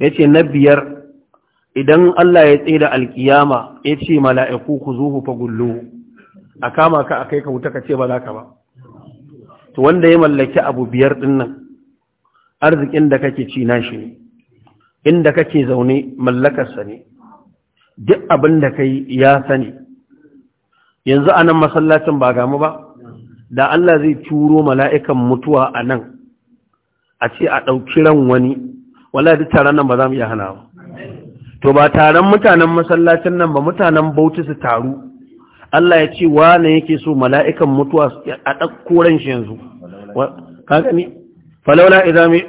Speaker 1: ya ce na biyar idan Allah ya tsaye da alkiyama ya ce mala'iku ku zuhu fa gullo a kama ka a kai ka wuta kace ce ba za ka ba to wanda ya mallaki abu biyar ɗinnan arzikin da kake ci nashi ne inda kake zaune mallakarsa ne duk abin da kai ya sani yanzu a nan masallacin ba gamu ba da Allah zai turo mala'ikan mutuwa a nan a ce a ɗauki ran wani wala da taron nan ba za mu iya hana ba to ba taron mutanen masallacin nan ba mutanen bauchi su taru Allah ya ce wane yake so mala'ikan mutuwa a ɗauko ran shi yanzu falaula idami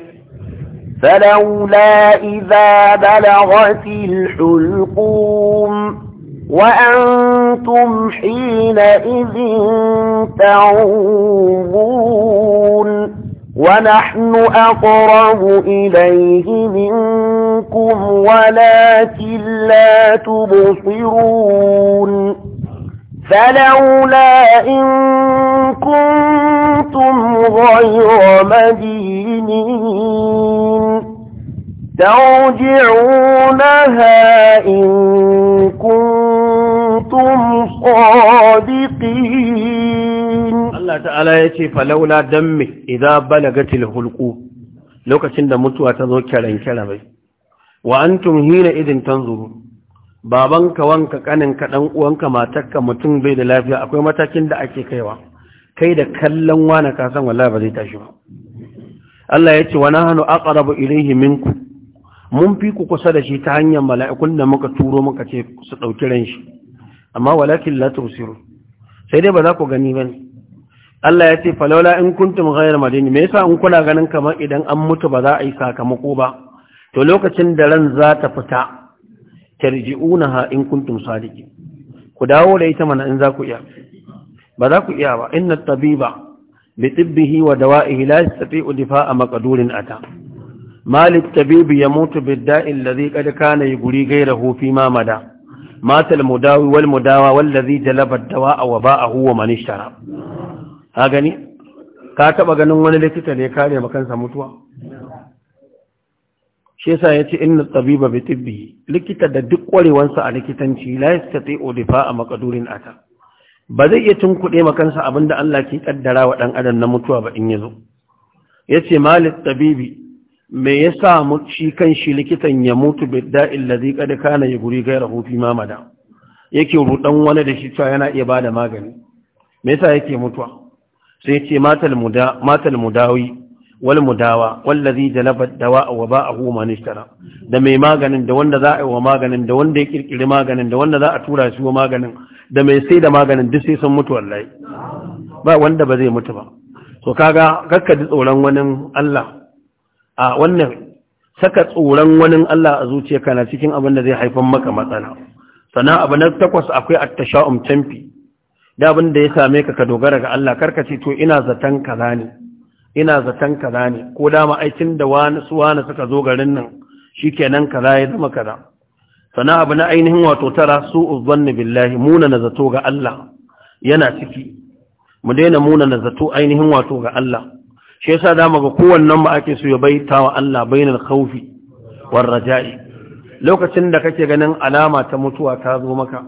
Speaker 1: فلولا إذا بلغت الحلقوم
Speaker 3: وأنتم حينئذ تعوبون ونحن أقرب إليه منكم ولكن لا تبصرون فلولا إن كنتم غير مدينين ترجعونها إن كنتم صادقين
Speaker 1: الله تعالى يتي فلولا دمه إذا بلغت الهلقو لو كسند متوى تذكر إن كلمه وأنتم هنا إذن تنظرون babanka wanka kaninka dan uwanka matarka mutum bai da lafiya akwai matakin da ake kaiwa kai da kallon wana ka san wallahi ba zai tashi ba Allah ya ce wa nahnu aqrabu ilayhi minkum mun fi ku kusa da shi ta hanyar mala'ikun da muka turo muka ce su ɗauki ran shi amma walakin la sai dai ba za ku gani ne. Allah ya ce falaula in kuntum ghayra madini me yasa in kuna ganin kamar idan an mutu ba za a yi sakamako ba to lokacin da ran za ta fita tarji'unaha in kuntum sadiqin ku dawo da ita mana in za ku iya ba za ku iya ba inna tabiba bi tibbihi wa dawa'ihi la yastati'u difa'a maqdurin ata malik tabibi ya mutu bidda ladhi zai kana yuguri guri fi ma mamada, mata al-mudawi wal mudawa wallazi jalaba ad-dawa'a wa ba'ahu wa man ishtara ha gani ka ganin wani likita ne kare makansa mutuwa shi yasa yace inna tabiba bi tibbi likita da duk kwarewansa a likitanci la yastati'u a maqdurin ata ba zai iya tunkuɗe makansa abinda Allah ke kaddara wa dan adam na mutuwa ba in yazo yace malik tabibi me yasa mu shi kan shi likitan ya mutu bidda'il ladhi qad kana yuguri ghayrahu fi mamada yake rudan wani da shi cewa yana iya bada magani me yasa yake mutuwa sai ce matal muda matal mudawi wal mudawa wallazi jalaba dawa wa ba'ahu man ishtara da mai maganin da wanda za a yi wa maganin da wanda ya kirkiri maganin da wanda za a tura shi wa maganin da mai sai da maganin duk sai sun mutu wallahi ba wanda ba zai mutu ba to kaga kakka ji tsoron wani Allah a wannan saka tsoron wani Allah a zuciyarka na cikin abin da zai haifar maka matsala sannan abu na takwas akwai at-tasha'um tamfi da abin da ya same ka ka dogara ga Allah karka ce to ina zaton kaza ne ina zaton kaza ne ko da ma'aikin da wani su wani suka zo garin nan shikenan kaza ya zama kaza sannan abu na ainihin wato tara su zanni billahi muna na zato ga Allah yana ciki mu daina muna na zato ainihin wato ga Allah shi yasa da ga kowannen ba ake so ya baita wa Allah bainal khawfi war raja'i lokacin da kake ganin alama ta mutuwa ta zo maka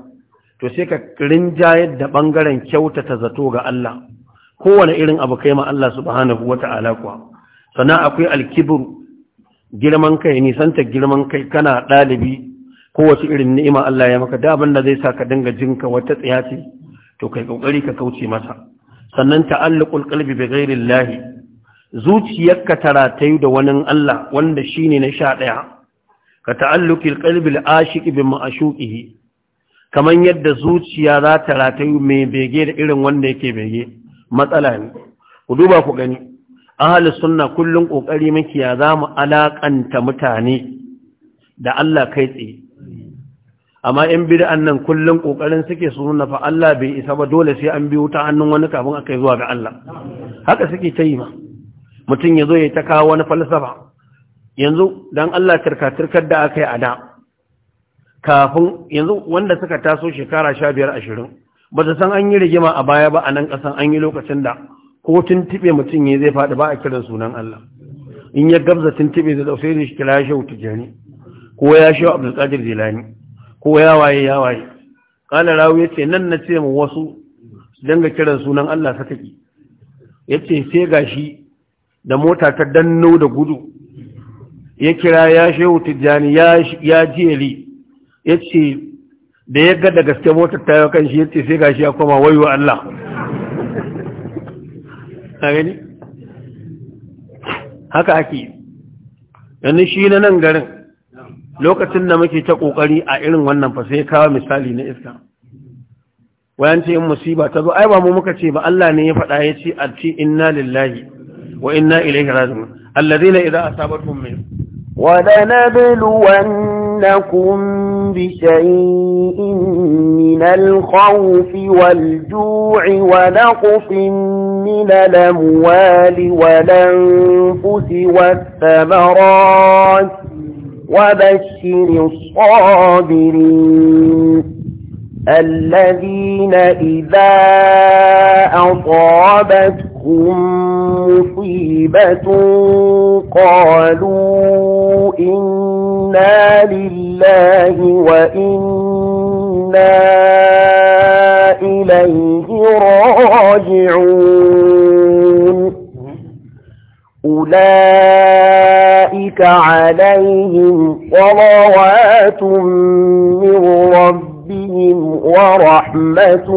Speaker 1: to sai ka rinjayar da bangaren kyautata zato ga Allah kowane irin abu kai ma Allah subhanahu wata'ala kuwa sannan akwai alkibr girman kai nisanta girman kai kana dalibi kowace irin ni'ima Allah ya maka daban da zai sa ka dinga jinka wata tsiyaci to kai kokari ka kauce masa sannan ta'alluqul qalbi bi ghairi zuciyarka ta ratayu da wani Allah wanda shi ne na sha ɗaya ka ta'alluki ƙalbil ashiki bin bi ma'shuqihi Kamar yadda zuciya za ta ratayu mai bege da irin wanda yake bege matsala ne ku duba ku gani ahli sunna kullun ƙoƙari makiya ya zamu alaƙanta mutane da Allah kai tsaye amma in bid'an nan kullum ƙoƙarin suke su nuna fa Allah bai isa ba dole sai an biyo ta hannun wani kafin aka yi zuwa ga Allah haka suke ta yi ma mutum ya zo ya ta kawo wani falsafa yanzu don Allah turka-turkar da aka yi a da kafin yanzu wanda suka taso shekara sha biyar ashirin ba ta san an yi rigima a baya ba a nan ƙasan an yi lokacin da ko tuntuɓe mutum ya zai faɗi ba a kiran sunan Allah in ya gabza tuntuɓe da ɗausai da shi kira ya shehu jani ko ya shehu tsajir jilani ko ya waye ya waye ƙala rawu ya ce nan na ce mu wasu su dinga kiran sunan Allah sakaki ya ce sai gashi da mota ta danno da gudu ya kira ya shehu tijjani ya jeli ya ce da ya ga da gaske motar ta yi kan shi ya ce sai gashi ya koma wayo Allah a gani haka ake yanni shi na nan garin lokacin da muke ta ƙoƙari a irin wannan fa sai kawo misali na iska wayan ce in musiba ta zo ai ba mu muka ce ba Allah ne ya faɗa ya ce a ce inna lillahi وإنا إليه راجعون الذين إذا أصابتهم منه
Speaker 3: ولنبلونكم بشيء من الخوف والجوع ونقص من الأموال والأنفس والثمرات وبشر الصابرين الذين إذا أصابتهم مصيبة قالوا إنا لله وإنا إليه راجعون أولئك عليهم صلوات من ربهم ربهم ورحمة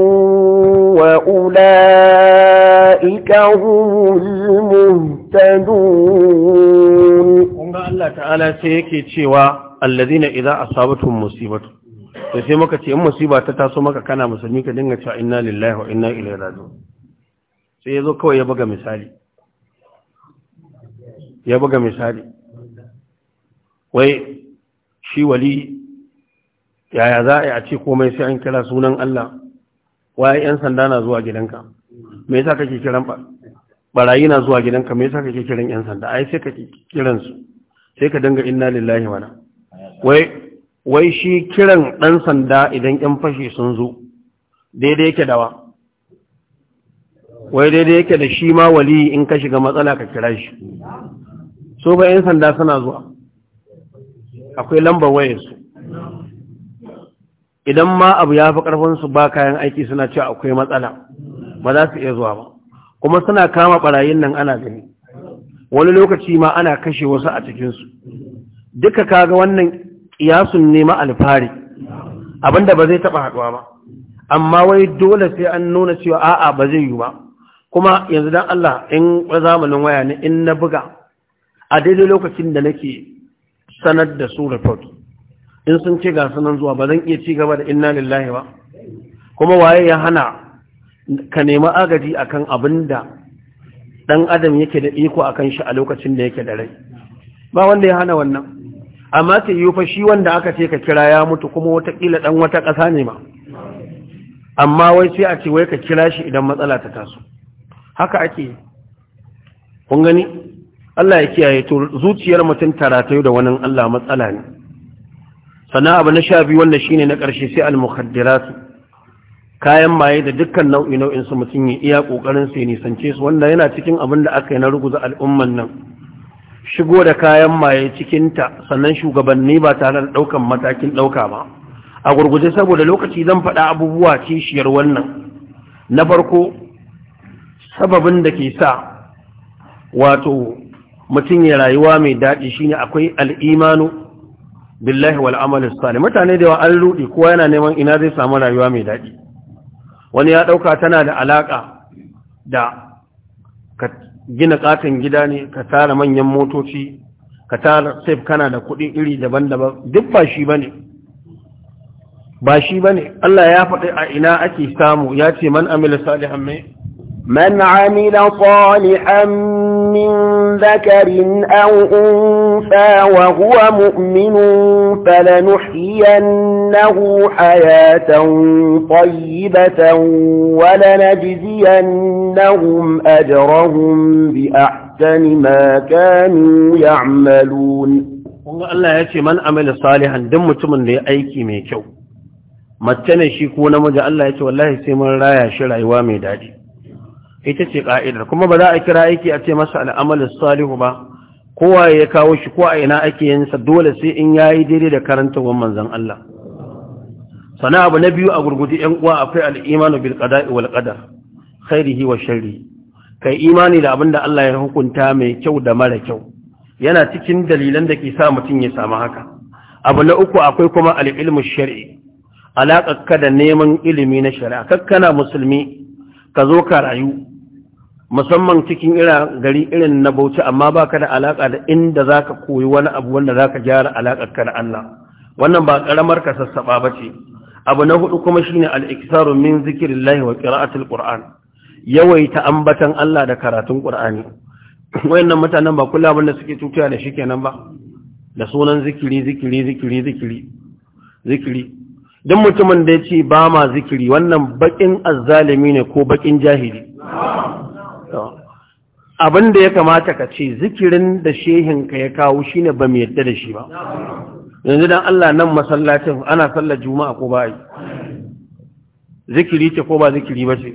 Speaker 3: وأولئك هم المهتدون الله
Speaker 1: تعالى سيكي تشيوى الذين إذا أصابتهم مصيبة da sai maka ce in musiba ta so maka kana musulmi ka dinga cewa inna lillahi wa inna ilaihi raji'un sai kawai ya buga misali ya buga misali wai shi wali yaya za a a ce komai sai an kira sunan Allah waye yan sanda na zuwa gidanka me yasa kake kiran barayi na zuwa gidanka me yasa kake kiran yan sanda ai sai kake kiran su sai ka danga inna lillahi wala wai wai shi kiran dan sanda idan yan fashi sun zo daidai yake dawa wai daidai yake da shi ma wali in ka shiga matsala ka kira shi so ba yan sanda suna zuwa akwai lambar wayarsu idan ma abu ya fi ƙarfinsu ba kayan aiki suna cewa akwai matsala ba za su iya zuwa ba kuma suna kama ɓarayin nan ana gani wani lokaci ma ana kashe wasu a cikinsu duka kaga wannan ƙiyasun nema alfari abinda ba zai taɓa haɗuwa ba amma wai dole sai an nuna cewa a'a ba zai yi ba kuma yanzu dan Allah in zamanin waya ne in na buga a daidai lokacin da nake sanar da su report in sun ce ga sunan zuwa ba zan iya ci gaba da inna lillahi ba kuma waye ya hana ka nemi agaji akan abin da dan adam yake da iko akan shi a lokacin da yake da rai ba wanda ya hana wannan amma ta yi fa shi wanda aka ce ka kira ya mutu kuma watakila ɗan wata ƙasa ne ma amma wai sai a ce wai ka kira shi idan matsala ta taso haka ake kun gani Allah ya kiyaye to zuciyar mutum tara da wani Allah matsala ne sannan abu na sha biyu wanda shine na ƙarshe sai al-mukhaddirat kayan maye da dukkan nau'i nau'in su mutum ya iya kokarin sai nisance su wanda yana cikin abin da aka yi na ruguza al'umman nan shigo da kayan maye cikin ta sannan shugabanni ba tare da daukan matakin dauka ba a gurguje saboda lokaci zan faɗa abubuwa kishiyar wannan na farko sababin da ke sa wato mutum ya rayuwa mai daɗi shine akwai al'imanu billahi wal amalin salih mutane da yawa an rudi kowa yana neman ina zai samu rayuwa mai daɗi wani ya ɗauka tana da alaƙa da ka gina ƙaton gida ne ka tara manyan motoci ka tara saif kana da kuɗi iri daban-daban duk ba shi ba ne ba shi ba Allah ya faɗi a ina ake samu ya ce man amila salihan mai
Speaker 3: من عمل صالحا من ذكر أو أُنْثَى وهو مؤمن فلنحيينه حياة طيبة ولنجزينهم أجرهم بأحسن ما كانوا
Speaker 1: يعملون الله يأتي من عمل صالحا من لأيك ميكو ما كون مجا الله يأتي والله سيمن رايا شرعي وامي داجي ita ce ƙa'idar kuma ba za a kira aiki a ce masa al'amalin salihu ba kowa ya kawo shi ko a ina ake yin sa dole sai in ya yi daidai da wa manzon Allah sana abu na biyu a gurguje yan uwa a akwai al'imanu bil qada'i wal qadar khairihi wa sharri kai imani da abinda Allah ya hukunta mai kyau da mara kyau yana cikin dalilan da ke sa mutum ya samu haka abu na uku akwai kuma al'ilmu shari'i ka da neman ilimi na shari'a kakkana musulmi ka zo ka rayu musamman cikin ira gari irin na bauchi amma baka da alaka da inda zaka koyi wani abu wanda zaka gyara alakar ka da Allah wannan ba karamar ka ba ce. abu na hudu kuma shine al-iktaru min zikrillahi wa qira'atil qur'an yawaita ambatan Allah da karatun qur'ani wayannan mutanen ba kula wanda suke tutuya da shi kenan ba da sunan zikiri zikiri zikiri zikiri zikiri dan mutumin da yace ba ma zikiri wannan baƙin azzalimi ne ko bakin jahili abin da ya kamata ka ce zikirin da shehin ka ya kawo shi ne, ba mu yadda da shi ba yanzu don Allah nan masallacin ana sallar juma'a ko ba yi zikiri ce ko ba zikiri ba ce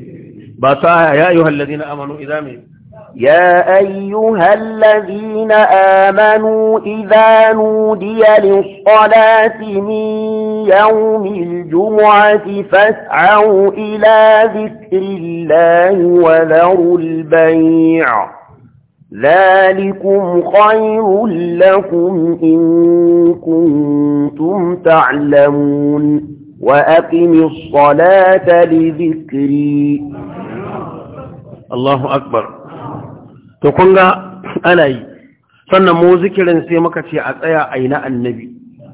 Speaker 1: ba sa ya ayyuhal ladina amanu idza min يا أيها الذين آمنوا
Speaker 3: إذا نودي للصلاة من يوم الجمعة فاسعوا إلى ذكر الله وذروا البيع ذلكم خير لكم إن كنتم تعلمون وأقم الصلاة لذكري
Speaker 1: الله أكبر to kun ga ana yi sannan mu zikirin sai muka ce a tsaya a ina annabi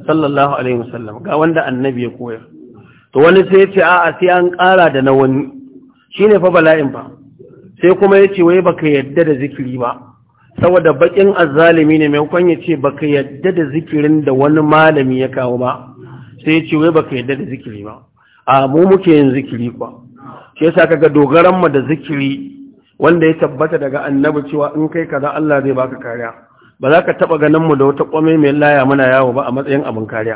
Speaker 1: sallallahu alaihi wasallam ga wanda annabi ya koyar to wani sai ce a sai an ƙara da na wani Shi ne fa bala'in fa sai kuma ya ce wai baka yadda da zikiri ba saboda bakin azzalimi ne kwan ya ce baka yadda da zikirin da wani malami ya kawo ba sai ya ce wai baka yadda da zikiri ba a mu muke yin zikiri kwa shi yasa kaga dogaran mu da zikiri wanda ya tabbata daga annabi cewa in kai kaza Allah zai baka kariya ba za ka taba ganin mu da wata kwame mai laya muna yawo ba a matsayin abin kariya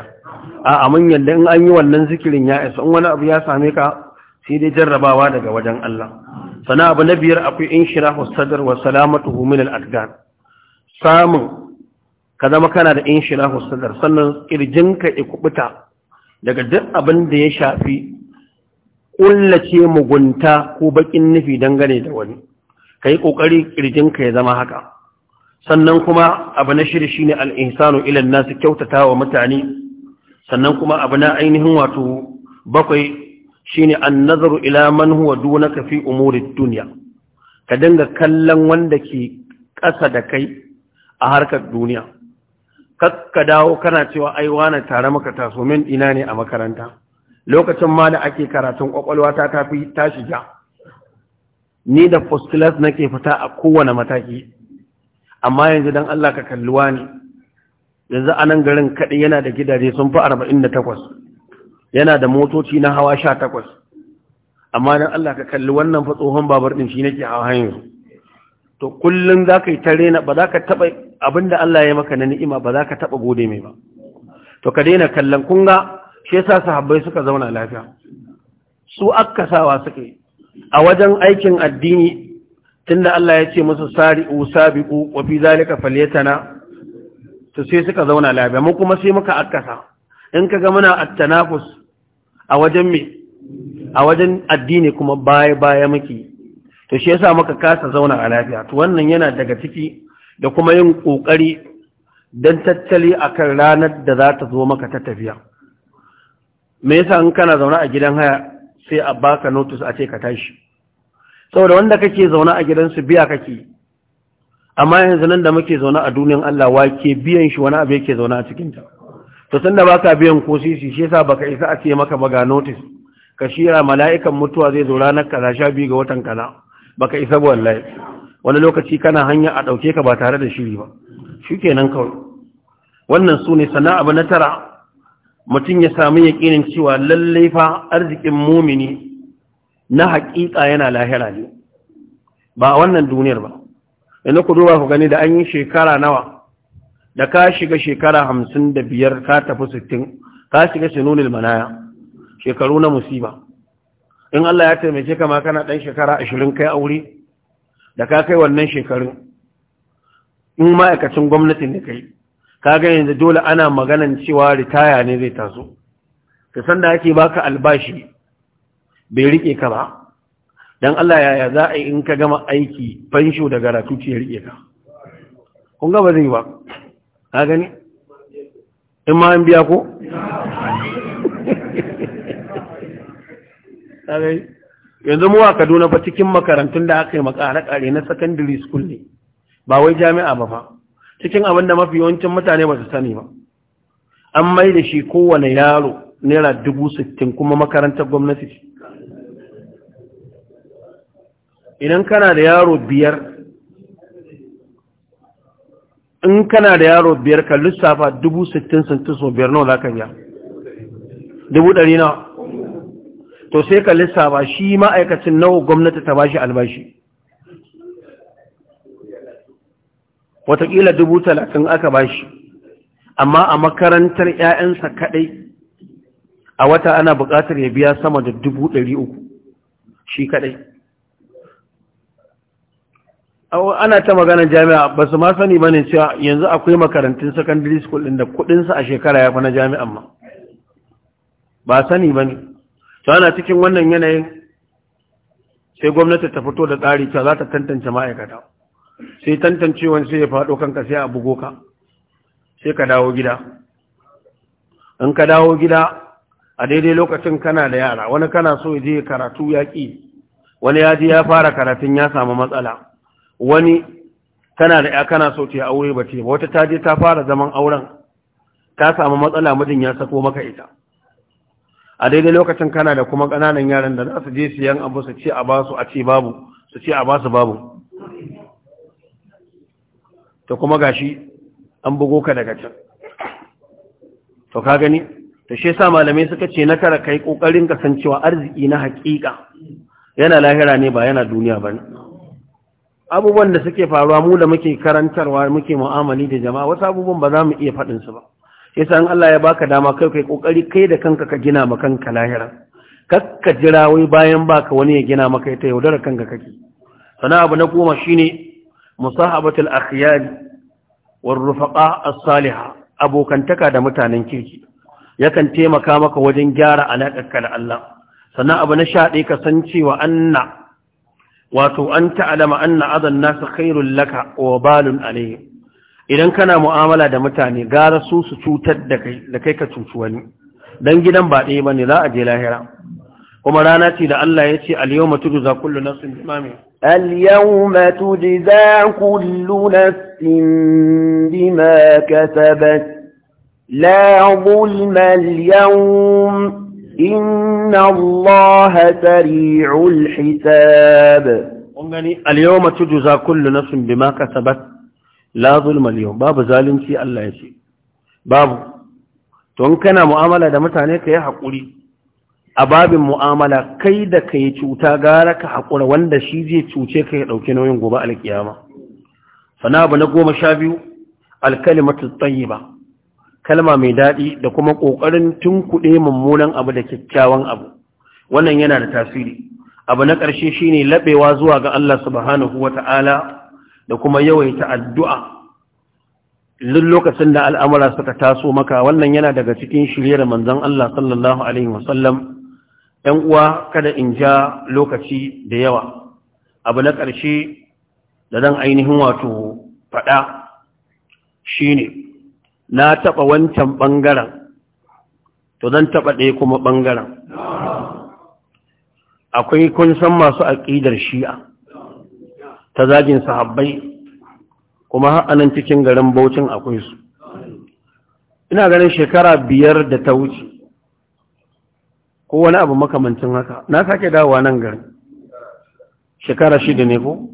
Speaker 1: a amin yadda in an yi wannan zikirin ya isa in wani abu ya same ka sai dai jarrabawa daga wajen Allah sana abu na biyar akwai shira sadr wa salamatu humin samun ka zama kana da shira sadr sannan kirjinka ya kubuta daga duk abin da ya shafi kullace mugunta ko bakin nufi dangane da wani ka yi ƙoƙari ƙirjinka ya zama haka sannan kuma abu na shirya shi ne al'insanu ilan nasu kyautata wa mutane sannan kuma abu na ainihin wato bakwai shi ne an nazaru ila huwa duna ka fi umurin duniya ka dinga kallon wanda ke ƙasa da kai a harkar duniya ka dawo kana cewa aiwana na tare maka taso min ina ne a makaranta lokacin ma da ake karatun ƙwaƙwalwa ta tafi ta shiga ni da first class nake fita a kowane mataki amma yanzu dan Allah ka kalluwa ne yanzu a garin kaɗai yana da gidaje sun fi arba'in da takwas yana da motoci na hawa sha takwas amma dan Allah ka kalli wannan fa tsohon babar ɗin shi nake a hanyar. to kullum za ka yi ba za ka taɓa abinda Allah ya maka na ni'ima ba za ka taɓa gode mai ba to ka daina kallon kunga shi yasa sahabbai suka zauna lafiya su akkasawa suke a wajen aikin addini tunda Allah ya ce musu sari'u sabiqu wa fi zalika falyatana to sai suka zauna lafiya mu kuma sai muka akasa in kaga muna at-tanafus a wajen me a wajen addini kuma baya baya muke to shi yasa muka kasa zauna a lafiya to wannan yana daga ciki da kuma yin kokari dan tattali akan ranar da za ta zo maka ta tafiya me yasa in kana zauna a gidan haya sai a baka notice a ce ka tashi saboda wanda kake zauna a gidansu biya kake amma yanzu nan da muke zauna a duniyan Allah wake biyan shi wani abu yake zauna a cikin ta to tunda baka biyan ko sisi shi yasa baka isa a ce maka ba ga notice ka shira mala'ikan mutuwa zai zo ranar kaza sha biyu ga watan kaza baka isa ba wallahi wani lokaci kana hanya a ɗauke ka ba tare da shiri ba nan kawai wannan su ne sana'a ba na tara mutum ya sami yaƙinin cewa lallai fa arzikin mumini na haƙiƙa yana lahira ne ba a wannan duniyar ba yana ku duba ku gani da an yi shekara nawa da ka shiga shekara hamsin da biyar ka tafi sittin ka shiga sinunil manaya shekaru na musiba in Allah ya taimake ka ma kana ɗan shekara ashirin kai aure da ka kai wannan shekarun in ma'aikacin gwamnatin da kai kaga yanzu dole ana maganan cewa ritaya ne zai taso ka san da ake baka albashi bai rike ka ba dan Allah yaya za a yi in ka gama aiki fansho da garatu ce rike ka kun ga ba zai ba ka gani in ma an biya ko yanzu mu a Kaduna ba cikin makarantun da aka yi makare-kare na secondary school ne ba wai jami'a ba fa cikin abin da mafi yawancin mutane ba su sani ba an mai da shi kowane yaro naira dubu sittin kuma makarantar gwamnati ce idan kana da yaro biyar in kana da yaro biyar ka lissafa dubu sittin sittin so biyar nawa za ka biya dubu ɗari nawa to sai ka lissafa shi ma'aikacin nawa gwamnati ta bashi albashi watakila dubu talatin aka bashi amma a makarantar 'ya'yansa kaɗai a wata ana buƙatar ya biya sama da dubu ɗari uku shi kaɗai ana ta maganar jami'a ba su ma sani ba ne cewa yanzu akwai makarantun secondary school ɗin da kuɗinsa a shekara ya fi na jami'an ma ba sani ba ne to ana cikin wannan yanayin sai gwamnati ta fito da tsari cewa za ta tantance ma'aikata sai tantancewan sai ya faɗo kanka sai a bugo ka sai ka dawo gida in ka dawo gida a daidai lokacin kana da yara wani kana so ya je karatu yaƙi wani ya je ya fara karatun ya samu matsala wani kana da ya kana so ta aure ba ce wata ta je ta fara zaman auren ta samu matsala mijin ya sako maka ita a daidai lokacin kana da kuma ƙananan yaran da za su je siyan abu su ce a basu a ce babu su ce a basu babu to kuma gashi an bugo ka daga can to ka gani to shi yasa malamai suka ce na kara kai kokarin kasancewa arziki na haƙiƙa yana lahira ne ba yana duniya bane abubuwan da suke faruwa mu da muke karantarwa muke mu'amali da jama'a wasu abubuwan ba za mu iya faɗin su ba yasa in Allah ya baka dama kai kai kokari kai da kanka ka gina ma kanka lahira kakka jira wai bayan baka wani ya gina maka ita yaudara kanka kake sana abu na goma shine musahabatul akhyar war rufaqa as-salihah abokantaka da mutanen kirki yakan taimaka maka wajen gyara alaƙarka da Allah sannan abu na shaɗe ka cewa anna wato an ta'alama anna adan nasu khairul laka wa balun alayhi idan kana mu'amala da mutane gara su su cutar da kai ka cuci wani dan gidan ba ɗaya bane za a je lahira kuma rana ce da Allah ya ce al-yawma tujza kullu nafsin bima
Speaker 3: al-yawma tujza kullu nafsin bima kasabat la zulma al-yawm
Speaker 1: inna Allah sari'ul hisab ungani al-yawma tujza kullu nafsin bima kasabat la zulma al-yawm babu zalunci Allah ya ce babu to in kana mu'amala da mutane ka yi haƙuri a babin mu'amala kai da ka yi cuta gara ka haƙura wanda shi zai cuce ka ya ɗauki nauyin gobe alƙiyama sana abu na goma sha biyu alkalimatu ba, kalma mai daɗi da kuma ƙoƙarin tun tunkuɗe mummunan abu da kyakkyawan abu wannan yana da tasiri abu na ƙarshe shi ne laɓewa zuwa ga Allah subhanahu ta'ala da kuma yawaita addu'a duk lokacin da al'amura suka taso maka wannan yana daga cikin da manzon Allah sallallahu alaihi sallam ‘yan uwa kada in ja lokaci da yawa abu na ƙarshe da zan ainihin wato faɗa shi ne na taɓa wancan ɓangaren to zan taɓa ɗaya kuma ɓangaren akwai kun san masu aƙidar shi'a ta zagin sahabbai kuma anan cikin garin baucin akwai su ina ganin shekara biyar da ta wuce ko wani abu makamancin haka na sake dawowa nan gari shekara shida ne ko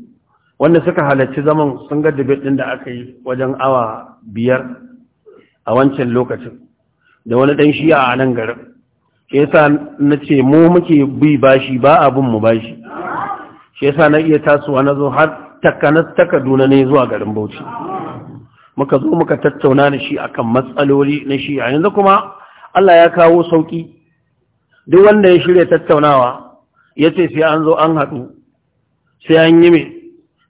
Speaker 1: wanda suka halarci zaman sun ga debate din da aka yi wajen awa biyar a wancan lokacin da wani dan shi a nan garin shi yasa na ce mu muke bi bashi ba abin mu bashi shi yasa na iya tasowa na zo har takanas ta Kaduna ne zuwa garin Bauchi muka zo muka tattauna da shi akan matsaloli na shi yanzu kuma Allah ya kawo sauki duk wanda ya shirya tattaunawa ya ce sai an zo an haɗu sai an yi mai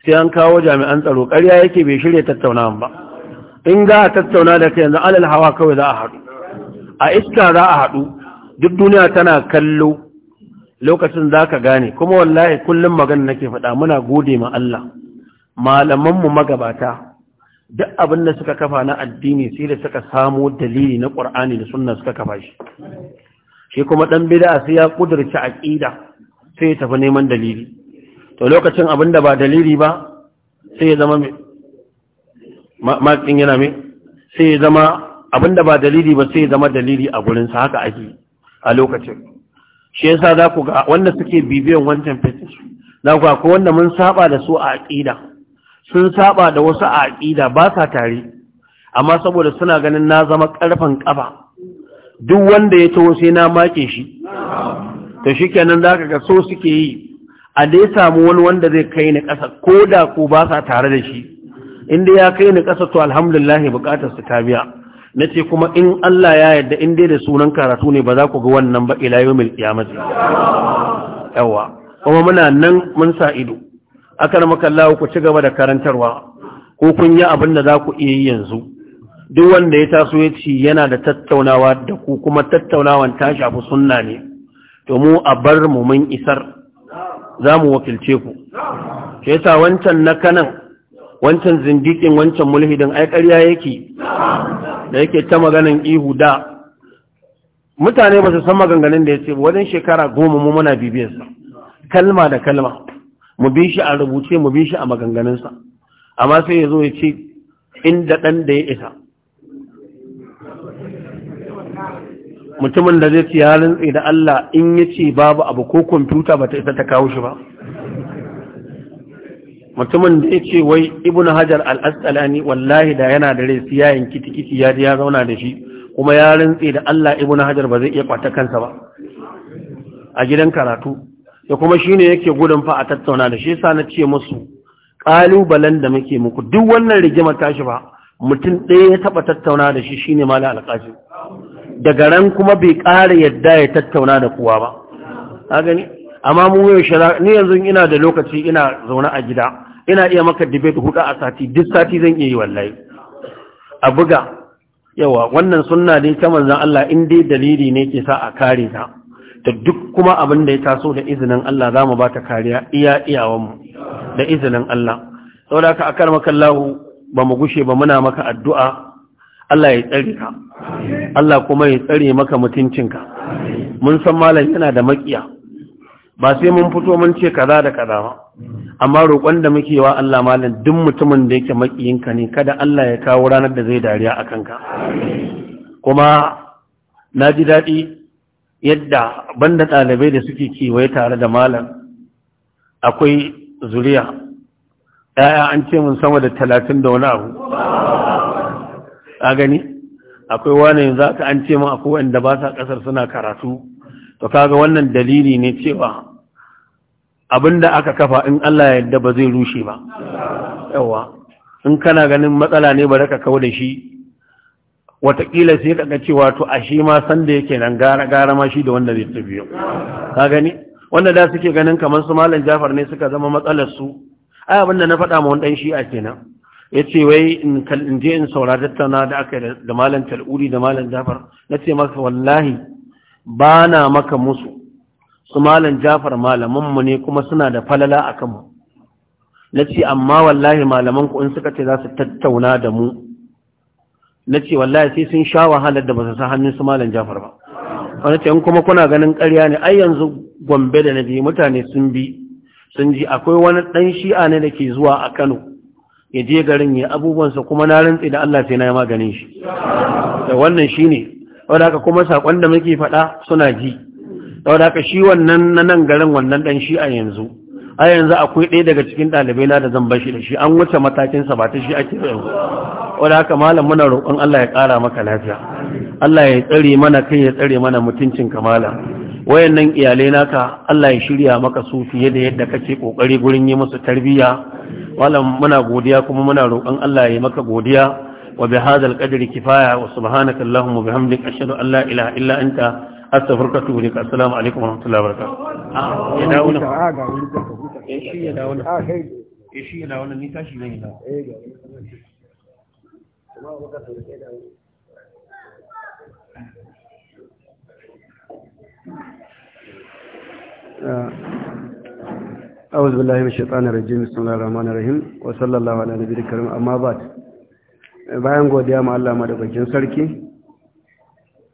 Speaker 1: sai an kawo jami'an tsaro ƙarya yake bai shirya tattaunawa ba in za a tattauna da kai yanzu alal hawa kawai za a haɗu a iska za a haɗu duk duniya tana kallo lokacin za ka gane kuma wallahi kullum magana nake faɗa muna gode ma Allah malamanmu magabata duk abin da suka kafa na addini sai da suka samo dalili na ƙur'ani da sunna suka kafa shi shi kuma ɗan bida sai ya ƙudurci ƙida, sai ya tafi neman dalili to lokacin abin da ba dalili ba sai ya zama makin yana mai sai ya zama abin da ba dalili ba sai ya zama dalili a gurinsa haka ake a lokacin shi yasa za ku ga wanda suke bibiyan wancan fetish za ku ga ko wanda mun saba da su a aƙida sun saba da wasu a aƙida ba sa tare amma saboda suna ganin na zama ƙarfin ƙafa duk wanda ya taho sai na make shi to shikenan zaka ga so suke yi a dai samu wani wanda zai kai ni ƙasa ko da ko ba sa tare da shi inda ya kai ni ƙasa to alhamdulillah buƙatar su ta biya na ce kuma in Allah ya yarda in dai da sunan karatu ne ba za ku ga wannan ba ila yawmil qiyamati yawa kuma muna nan mun sa ido akan makallawo ku ci gaba da karantarwa ko kun yi abin da za ku iya yi yanzu duk wanda ya taso ya ci yana da tattaunawa da ku kuma tattaunawan ta shafi sunna ne to mu a bar mu mun isar za mu wakilce ku Ke ta wancan na kanan wancan zindikin wancan mulhidin ai ƙarya yake da yake ta maganin ihu da mutane ba su san maganganun da ya ce wajen shekara goma mu muna bibiyarsa kalma da kalma mu bi shi a rubuce mu bi shi a maganganunsa amma sai ya zo ya ce inda ɗan da ya isa mutumin da zai ci, ya rantse da Allah in ya ce babu abu ko kwamfuta ba ta isa ta kawo shi ba mutumin da ya ce wai ibn hajar al-asqalani wallahi da yana da rai ya yanki tikiti ya ya zauna da shi kuma ya rintse da Allah ibn hajar ba zai iya kwata kansa ba a gidan karatu ya kuma shine yake gudun fa a tattauna da shi yasa na ce musu kalubalen da muke muku duk wannan rigima tashi ba mutum ɗaya ya taɓa tattauna da shi shine mala alƙashi daga ran kuma bai ƙara yadda ya tattauna da kuwa ba a gani amma mu shara ni yanzu ina da lokaci ina zaune a gida ina iya maka debate hudu a sati duk sati zan iya yi wallahi a buga yawa wannan sunna dai ta manzan Allah in dai dalili ne ke sa a kare ta da duk kuma abin da ya taso da izinin Allah za mu ba ta kariya iya iyawan da izinin Allah saboda haka akar maka Allah ba mu gushe ba muna maka addu'a Allah ya tsare ka Allah kuma ya tsare maka mutuncinka mun san malam yana da makiya ba sai mun fito mun ce kaza da kaza ba amma roƙon da muke wa Allah malam duk mutumin da yake makiyinka ne kada Allah ya kawo ranar da zai dariya a kanka kuma na ji daɗi yadda banda ɗalibai da suke kewaye tare da malam akwai zuriya 'ya'ya an ce mun sama da talatin da wani abu ka gani akwai wani yanzu aka an ce ma akwai wanda ba sa kasar suna karatu to kaga wannan dalili ne cewa abinda aka kafa in Allah ya yarda ba zai rushe ba yawa in kana ganin matsala ne ba ka kawo da shi watakila sai ka ga cewa to a shi ma san da yake nan gara gara ma shi da wanda zai tafiyo ka gani wanda da suke ganin kamar su malam Jafar ne suka zama matsalar su ai abinda na faɗa ma wani dan shi'a kenan ya ce wai in je in saura tattauna da aka yi da malam tal'uri da malam jafar na ce masa wallahi ba na maka musu su malam jafar malamanmu ne kuma suna da falala a kanmu na ce amma wallahi malamanku in suka ce za su tattauna da mu na ce wallahi sai sun sha wahalar da ba su sa hannun su malam jafar ba wani ce in kuma kuna ganin ƙarya ne ai yanzu gombe da na je mutane sun bi sun ji akwai wani ɗan shi'a ne da ke zuwa a kano ya je garin ya abubuwansa kuma na rantsi da Allah sai na yi maganin shi da wannan shi ne wadda aka kuma saƙon da muke faɗa suna ji da wadda aka shi wannan na nan garin wannan ɗan shi a yanzu a yanzu akwai ɗaya daga cikin ɗalibai na da zan shi da shi an wuce matakinsa ba ta shi ake yanzu wadda aka malam muna roƙon Allah ya ƙara maka lafiya Allah ya tsare mana kai ya tsare mana mutuncin kamala wayannan iyalai naka Allah ya shirya maka su fiye da yadda kake kokari gurin yi musu tarbiyya wallan muna godiya kuma muna roƙon Allah ya maka godiya wa bi hadzal qadri kifaya wa subhanaka allahumma bihamdika ashhadu an la ilaha illa anta astaghfiruka wa atubu ilaik assalamu alaikum wa rahmatullahi wa barakatuh ya dawo na ah, shi ya dawo na shi ya dawo na ni tashi zan yi eh ga أعوذ بالله من الشيطان الرجيم بسم الله الرحمن الرحيم وصلى الله على نبي الكريم أما بعد bayan godiya ma Allah madaukakin sarki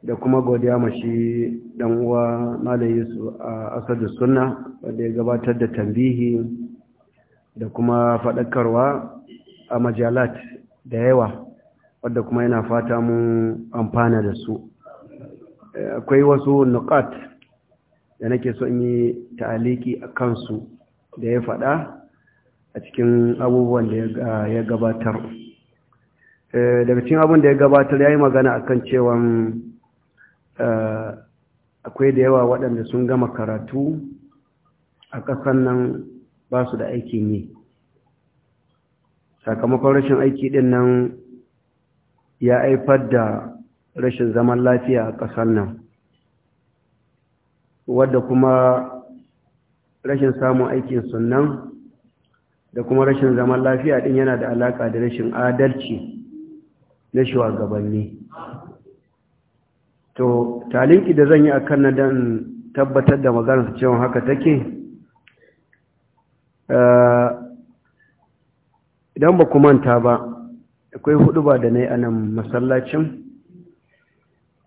Speaker 1: da kuma godiya ma shi dan uwa Malam Yusuf a Asadu Sunna wanda ya gabatar da tambihi da kuma faɗakarwa a majalat da yawa wadda kuma yana fata mun amfana da su akwai wasu nuqat da nake son yi ta'aliki a kansu da ya faɗa a cikin abubuwan da ya gabatar eh, daga cikin abin da ya gabatar ya yi magana a kan cewan eh, akwai da yawa waɗanda sun gama karatu a ƙasar nan ba su da aiki yi sakamakon rashin aiki ɗin nan ya haifar da rashin zaman lafiya a ƙasar nan wadda kuma rashin samun aikin sunan da kuma rashin zaman lafiya din yana da alaƙa da rashin adalci na shugabanni to talinki da zan yi a kan dan tabbatar da maganar cewa haka take eh, idan ba ku manta ba akwai huduba da na yi a nan masallacin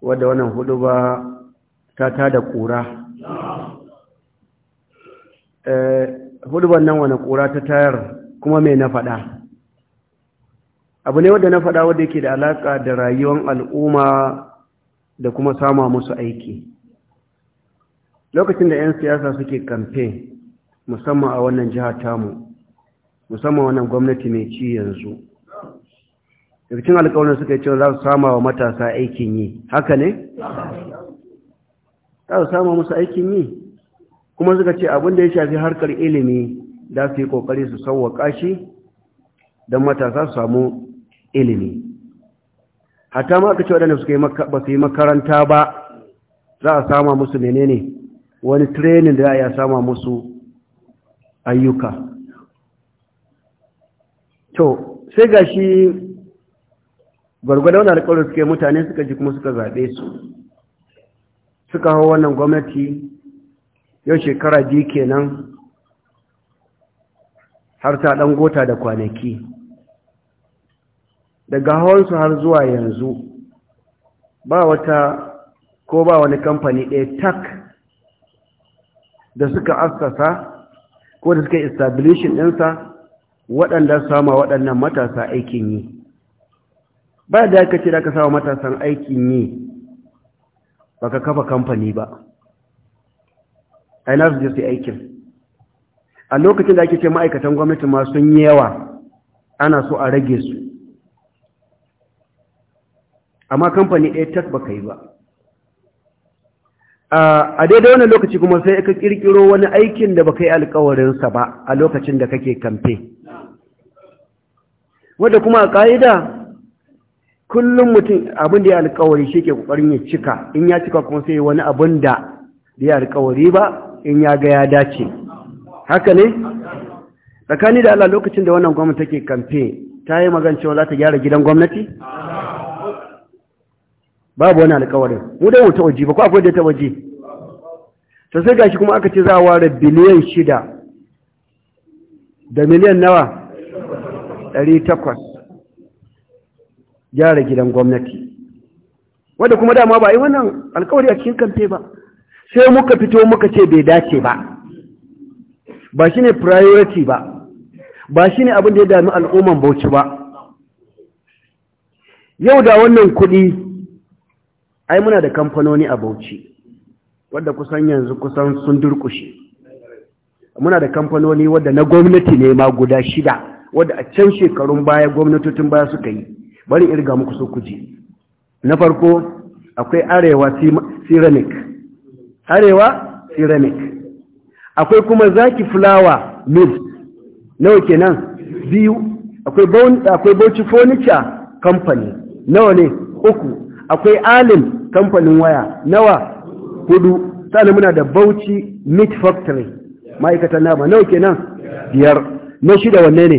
Speaker 1: wadda wannan huduba ta tada ƙura Eh, hudubar nan wani ƙura ta tayar kuma mai na faɗa abu ne wadda na fada wadda yake da alaka da rayuwar al'umma da kuma sama musu aiki lokacin da 'yan siyasa suke kamfe musamman a wannan jihar tamu musamman wannan gwamnati mai ci yanzu daga alkawarin alƙawarin suka yi cewa za su sama wa matasa aikin yi haka ne? za su samu musu aikin yi kuma suka ce abin da ya shafi harkar ilimi da su yi kokari su sauwaka shi don matasa su samu ilimi Hata ma aka ce waɗanda su yi makaranta ba za a sama musu menene wani training da ya sama musu ayyuka to sai ga shi gwargwadon alƙawarin suke mutane suka ji kuma suka zaɓe su suka hau wannan gwamnati yau shekara biyu kenan har ta ɗan gota da kwanaki daga hawansu har zuwa yanzu ba wata ko ba wani kamfani ɗaya tak da suka assasa ko da suka yi establishin ɗinsa waɗanda sama waɗannan matasa aikin yi ba da aka ce da aka sama matasan aikin yi baka kafa kamfani ba ai na su je aikin a lokacin da ake ce ma'aikatan gwamnati ma sun yi yawa ana so a rage su amma kamfani ɗaya tas ka yi ba a daidai wani lokaci kuma sai ka kirkiro wani aikin da baka yi alkawarinsa ba a lokacin da kake kamfe wadda kuma a ƙa'ida kullum mutum abin da ya alkawari shi ke kokarin ya cika in ya cika kuma sai wani abin da ya alkawari ba in ya ga ya dace haka ne tsakani da Allah lokacin da wannan gwamnati take kamfe ta yi magancewa cewa za ta gyara gidan gwamnati babu wani alkawari mu dai wuta waje ba ko akwai da ta waje to sai gashi kuma aka ce za a ware biliyan shida da miliyan nawa ɗari takwas gyara gidan gwamnati wadda kuma dama ba yi wannan alkawari a cikin kamfe ba sai muka fito muka ce bai dace ba ba shi ne priority ba ba shi ne abin da ya dami al'umman bauchi ba yau da wannan kuɗi ai muna da kamfanoni a bauchi wadda kusan yanzu kusan sun durkushe muna da kamfanoni wadda na gwamnati ne ma guda shida wadda a can shekarun baya gwamnatocin baya suka yi bari irga muku ku ji na farko akwai arewa ceramic arewa ceramic akwai kuma zaki flower mil nawa kenan biyu akwai akwai bauchi furniture company nawa ne uku akwai alim kamfanin waya nawa hudu Sani muna da bauchi meat factory ma'aikatan nama nawa kenan biyar na shida wanne ne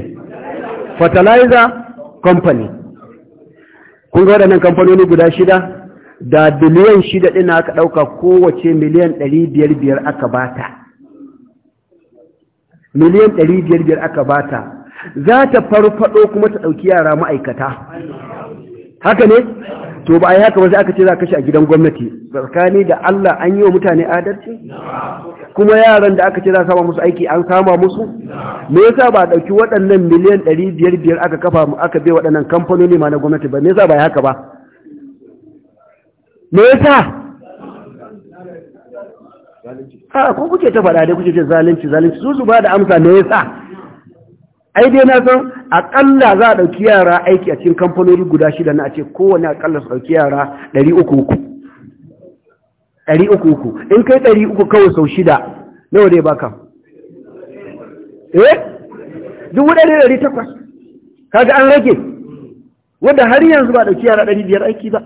Speaker 1: fertilizer company kun ga waɗannan kamfanoni guda shida da biliyan shida ɗin na aka ɗauka kowace miliyan ɗari biyar biyar aka bata miliyan ɗari biyar biyar aka bata za ta farfaɗo kuma ta ɗauki yara ma'aikata haka ne to ba a yi haka ba sai aka ce za ka a gidan gwamnati tsakani da Allah an yi wa mutane adalci kuma yaran da aka ce za sama musu aiki an sama musu me yasa ba dauki waɗannan miliyan 500 aka kafa mu aka bai waɗannan kamfanoni ma na gwamnati ba me yasa ba ya haka ba me yasa a ko kuke ta faɗa dai kuke ce zalunci zalunci su su ba da amsa me yasa ai dai na san akalla za a ɗauki yara aiki a cikin kamfanoni guda shida na a ce kowane akalla su ɗauki yara ɗari uku uku ɗari uku uku in kai ɗari uku kawai sau shida nawa dai baka eh dubu ɗari ɗari takwas kaga an rage wanda har yanzu ba ɗauki yara ɗari biyar aiki ba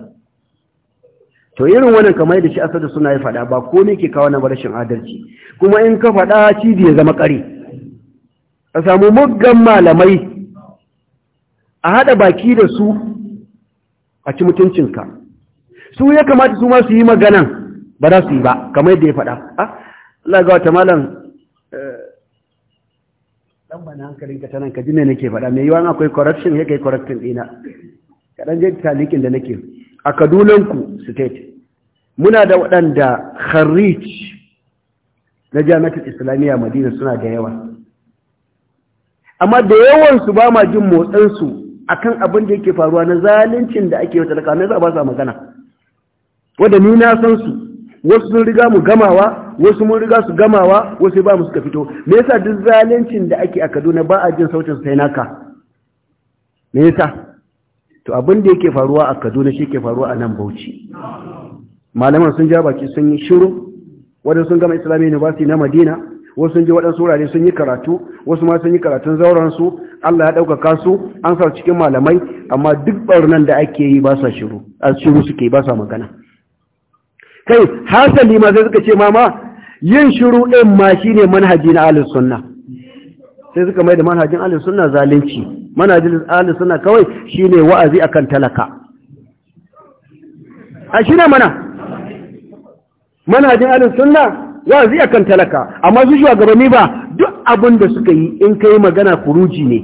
Speaker 1: to irin wannan kamar da shi asar da suna ya faɗa ba ko ne ke kawo na rashin adalci kuma in ka faɗa cibiyar zama ƙari a samu muggan malamai a haɗa baki da su a ci mutuncinka su ya kamata su ma yi maganan ba za su yi ba kamar yadda ya faɗa ah, Allah ga wata malam ɗan eh, ba na hankalin ka tanan kaji ne nake faɗa mai yiwuwa akwai corruption ya kai corruption ɗina kaɗan jai talikin da nake a kadunanku state muna da waɗanda kharij na jami'ar islamiyya madina suna da yawa amma da yawansu ba ma jin motsinsu akan abin da yake faruwa na zaluncin da ake wata talakawa za ba sa magana wanda ni na san su wasu sun riga mu gamawa wasu mun riga su gamawa wasu ba mu suka fito me yasa duk zaluncin da ake a Kaduna ba a jin sautin sai naka me yasa to abin da yake faruwa a Kaduna shi ke faruwa a nan Bauchi malaman sun ja baki sun yi shiru wadda sun gama Islamic University na Madina wasu sun waɗansu wurare sun yi karatu wasu ma sun yi karatun zauransu Allah ya ɗaukaka su an sa cikin malamai amma duk barnan da ake yi ba sa shiru a shiru suke ba sa magana kai hasali ma sai suka ce mama yin shiru ɗin ma shine manhaji na alis sunna sai suka mai da manhajin alis sunna zalunci manhajin alis sunna kawai shine wa'azi a kan talaka a shine mana manhajin alis sunna wa'azi akan talaka amma su shugabanni ba duk abin da suka yi in kai magana kuruji ne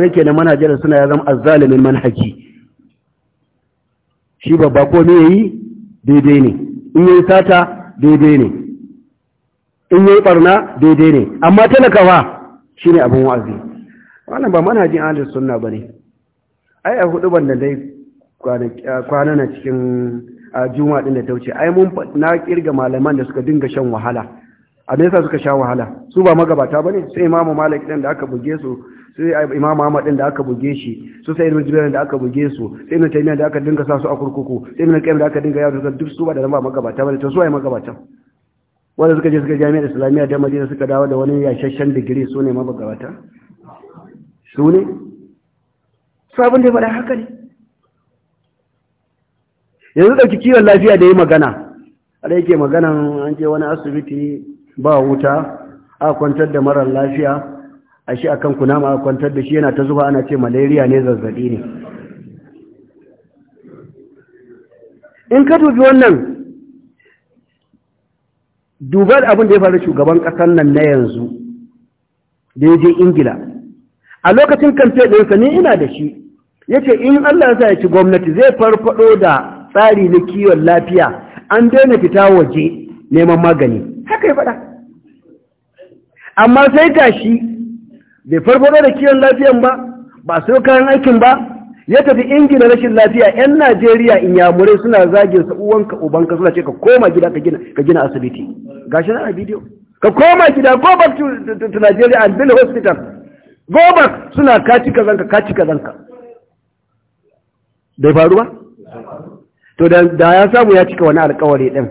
Speaker 1: ke kenan manhajar suna ya zama azalimin manhaji shi babba ko me yi daidai ne in yi sata daidai ne in yi barna daidai ne amma talaka shi shine abin wa'azi wannan ba alis suna ba ne ai a hudu ban da dai kwanana cikin a juma'a din da ta wuce ai mun na kirga malaman da suka dinga shan wahala a me yasa suka sha wahala su ba magabata bane sai imamu malik din da aka buge su sai imamu ahmad din da aka buge shi su sai ibn jubair da aka buge su sai ibn taymiya da aka dinga sa su a kurkuku sai ibn qayyim da aka dinga yawo da duk su ba da ba magabata bane to su ai magabata wanda suka je suka jami'a islamiyya da madina suka dawo da wani yashashen digiri su ne magabata su ne sabon da faɗa haka ne yanzu ɗauki kiwon lafiya da yi magana har yake maganan an je wani asibiti ba wuta a kwantar da marar lafiya a shi akan kunama a kwantar da shi yana ta zuba ana ce malaria ne zazzabi ne in ka dubi wannan dubar abin da ya faru shugaban ƙasar nan na yanzu da ya je ingila a lokacin kamfe ɗinsa ni ina da shi ya ce in allah ya sa ya ci gwamnati zai farfaɗo da tsari na kiwon lafiya an daina fita waje neman magani haka ya faɗa amma sai gashi bai farfado da kiwon lafiyan ba ba su kayan aikin ba ya tafi ingila rashin lafiya 'yan najeriya in yamurai suna zagin sa uwanka ubanka suna ce ka koma gida ka gina asibiti shi na a bidiyo ka koma gida go back to nigeria and build hospital go back suna kaci kazanka kaci kazanka bai faru ba to da ya samu ya cika wani alkawari din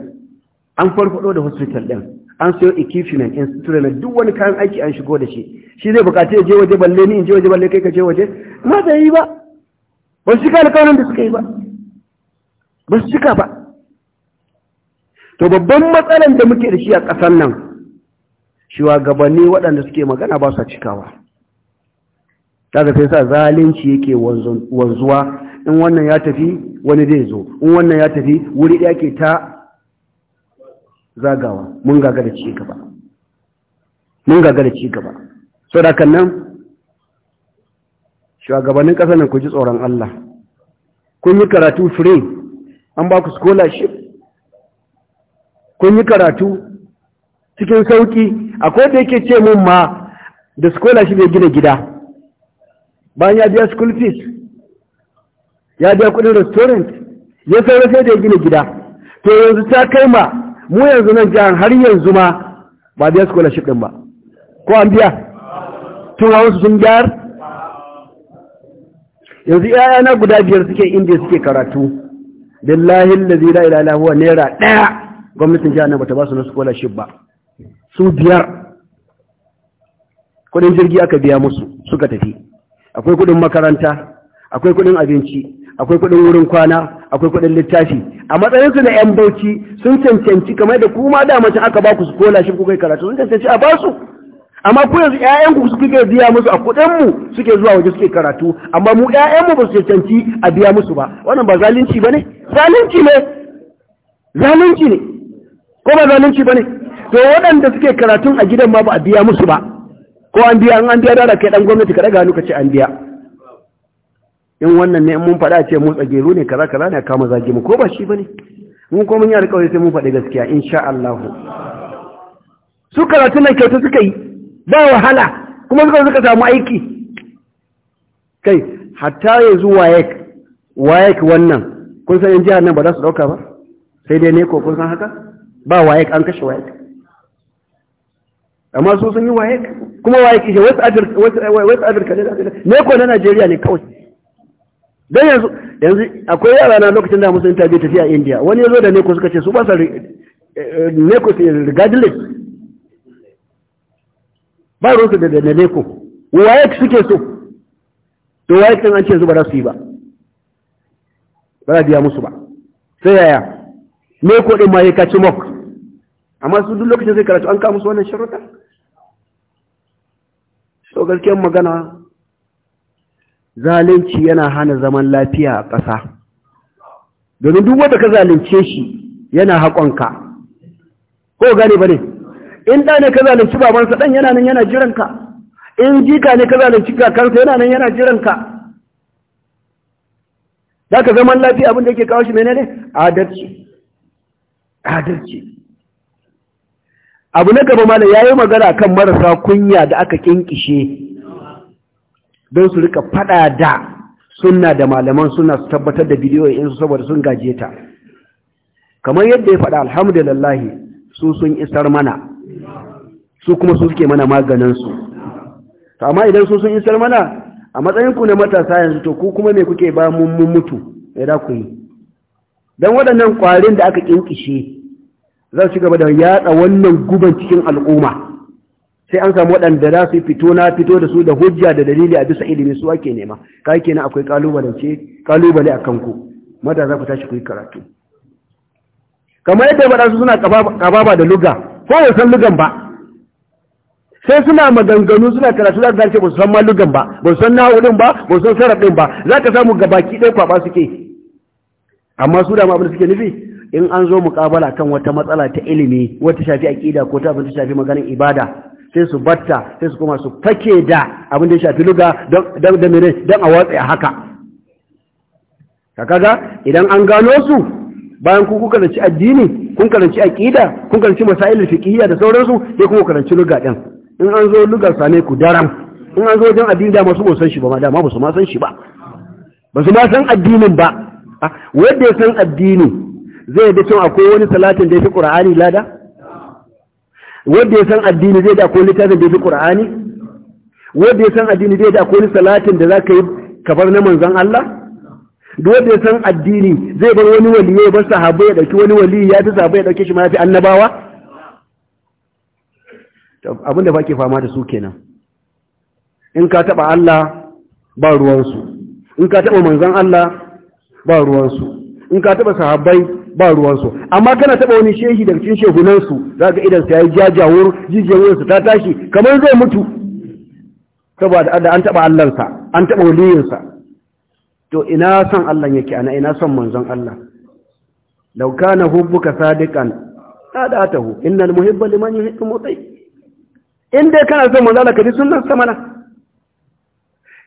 Speaker 1: an farfado da hospital din an sayo equipment in sutura na duk wani kayan aiki an shigo da shi shi zai bukaci ya je waje balle ni in je waje balle kai ka je waje ma da yi ba ba su cika alkawarin da suka yi ba ba su cika ba to babban matsalan da muke da shi a ƙasar nan shugabanni waɗanda suke magana ba su cikawa ta zafi sa zalunci yake wanzuwa in wannan ya tafi wani zai zo in wannan ya tafi wuri ɗaya ke ta zagawa mun gaga da ci gaba mun gaga da ci gaba so da kan nan shugabannin ƙasa nan ku ji tsoron Allah kun yi karatu free an ba ku scholarship kun yi karatu cikin sauki akwai da yake ce mun ma da scholarship ya gina gida bayan ya biya school fees ya biya kudin restaurant ya saura sai da ya gina gida to yanzu ta kai ma mu yanzu nan jihar har yanzu ma ba biya scholarship din ba ko an biya tun wasu sun gyar yanzu ‘ya'yana guda biyar suke inda suke karatu billahin da zira ilala huwa naira ɗaya gwamnatin jihar nan ba ta ba su na scholarship ba su biyar kudin jirgi aka biya musu suka tafi akwai kudin makaranta akwai kudin abinci akwai kuɗin wurin kwana akwai kuɗin littafi a matsayinsu na yan bauchi sun cancanci kamar da kuma da mace aka ba ku su kola shi kuka karatu sun cancanci a ba su amma ku yanzu ƴaƴan ku suke biya musu a kuɗin mu suke zuwa waje suke karatu amma mu ƴaƴan mu ba su cancanci a biya musu ba wannan ba zalunci bane zalunci ne zalunci ne ko ba zalunci bane to waɗanda suke karatun a gidan ma ba a biya musu ba ko an biya an biya da kai dan gwamnati ka daga hannu ka ce an biya in wannan ne in mun faɗa ce mun tsagero ne kaza kaza ne kama zage mu ko ba shi bane mun ko mun yi alƙawari sai mun faɗi gaskiya insha Allah su karatu nan kyautu suka yi da wahala kuma suka suka samu aiki kai hatta yanzu wayek wayek wannan kun san jihar nan ba za su dauka ba sai dai ne ko kun san haka ba wayek an kashe wayek amma su sun yi wayek kuma wayek ishe wasu afirka ne ko na najeriya ne kawai dan yanzu yanzu akwai yara na lokacin da musu interview tafiya India wani yazo da neko suka ce su ba sa eh, eh, neko eh, regardless ba ruwan su da neko waye suke so to waye kan an ce su ba za su yi ba ba za biya musu ba sai yaya neko din ma ya kaci mok amma su duk lokacin sai karatu an kawo musu wannan sharuɗa to gaskiyar magana zalunci yana hana zaman lafiya a ƙasa domin duk wanda ka zalunce shi yana haƙonka ko gane ba ne in ɗa ne ka zalunci babansa ɗan yana nan yana jiranka in jika ne ka zalunci kakarsa yana nan yana jiranka za ka zaman lafiya abinda yake kawo shi mene ne adalci adalci abu na gaba malam ya yi magana kan marasa kunya da aka kinkishe don su rika fada da sunna da malaman suna su tabbatar da bidiyoyin su saboda sun gaje ta kamar yadda ya fada alhamdulillah su sun isar mana su kuma su suke mana maganin su to amma idan su sun isar mana a matsayin ku na matasa yanzu to ku kuma me kuke ba mun mun mutu ya da ku yi dan waɗannan ƙwarin da aka kinkishe za su gaba da wannan guban cikin al'umma sai an samu waɗanda za su fito na fito da su da hujja da dalili a bisa ilimi su ake nema Ka kai kenan akwai kalubalance kalubale a kanku mata za ku tashi ku yi karatu kamar yadda su suna kababa da luga ko ba san lugan ba sai suna maganganu suna karatu za ka zarce ba su san ma lugan ba ba su san na'urin ba ba su san sarraf ɗin ba za ka samu gabaki ɗaya kwaba suke amma su da ma abin da suke nufi in an zo muƙabala kan wata matsala ta ilimi wata shafi aƙida ko ta abin ta shafi maganin ibada sai su batta sai su kuma su fake da abin da ya shafi luga don da mere don a watsa haka kaga idan an gano su bayan kun kuka karanci addini kun karanci aqida kun karanci masailul fiqhiyya da sauransu sai kuma karanci luga din in an zo lugar same ku daram in an zo wajen addini da masu san shi ba ma da, ba su ma san shi ba ba su ma san addinin ba ah, wanda ya san addini zai da cewa akwai wani salatin da ya fi qur'ani lada wadda ya san addini zai da ko littafin da ya fi ƙur'ani? wadda ya san addini zai da ko salatin da za ka yi kabar na manzan Allah Da wanda ya san addini zai bar wani wali ya bar sahabu ya ɗauki wani wali ya ta sahabu ya ɗauki shi ma ya fi annabawa abin da baki fama da su kenan in ka taba Allah ba ruwansu in ka taba manzan Allah ba ruwansu in ka taba sahabbai ba ruwansu amma kana taɓa wani shehi daga cikin shehunansu za ka idan ya yi jajawar jijiyar ta tashi kamar zai mutu saboda an taɓa allansa an taɓa waliyinsa to ina son allah yake ana ina son manzon allah lau kana hubbuka sadiqan sadatahu innal muhibba liman yuhibbu mutai in dai kana son manzon allah ka ji sunnan mana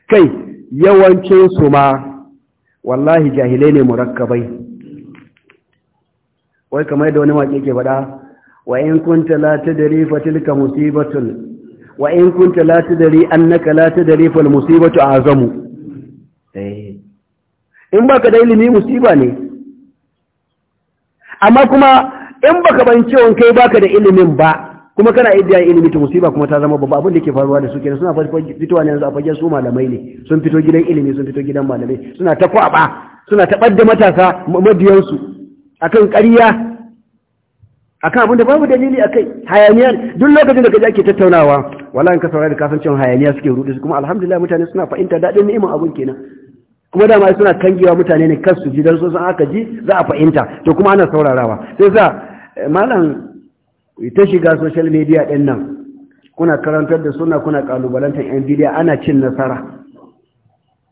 Speaker 1: kai yawancin su ma wallahi jahilai ne murakkabai wai kamar yadda wani waƙi ke faɗa wa in kunta la tadri fa tilka musibatun wa in kunta la tadri annaka la tadri al musibatu azamu eh in baka da ilimi musiba ne amma kuma in baka ban cewa kai baka da ilimin ba kuma kana iya ilimi ta musiba kuma ta zama babba abin da ke faruwa da su kenan suna fitowa ne yanzu a fagen su malamai ne sun fito gidan ilimi sun fito gidan malamai suna ta kwaba suna ta ɓadda matasa mabiyansu. akan ƙarya akan abin da babu dalili akai hayaniya. duk lokacin da kaje ake tattaunawa wallahi ka saurari ka san cewa hayaniya suke rudu kuma alhamdulillah mutane suna fahimta dadin ni'imar abun kenan kuma dama suna kangewa mutane ne kar su ji dan so san aka ji za a fahimta to kuma ana saurarawa sai sa eh, malam ta shiga social media din nan kuna karantar da suna kuna kalubalantar yan bidiya ana cin nasara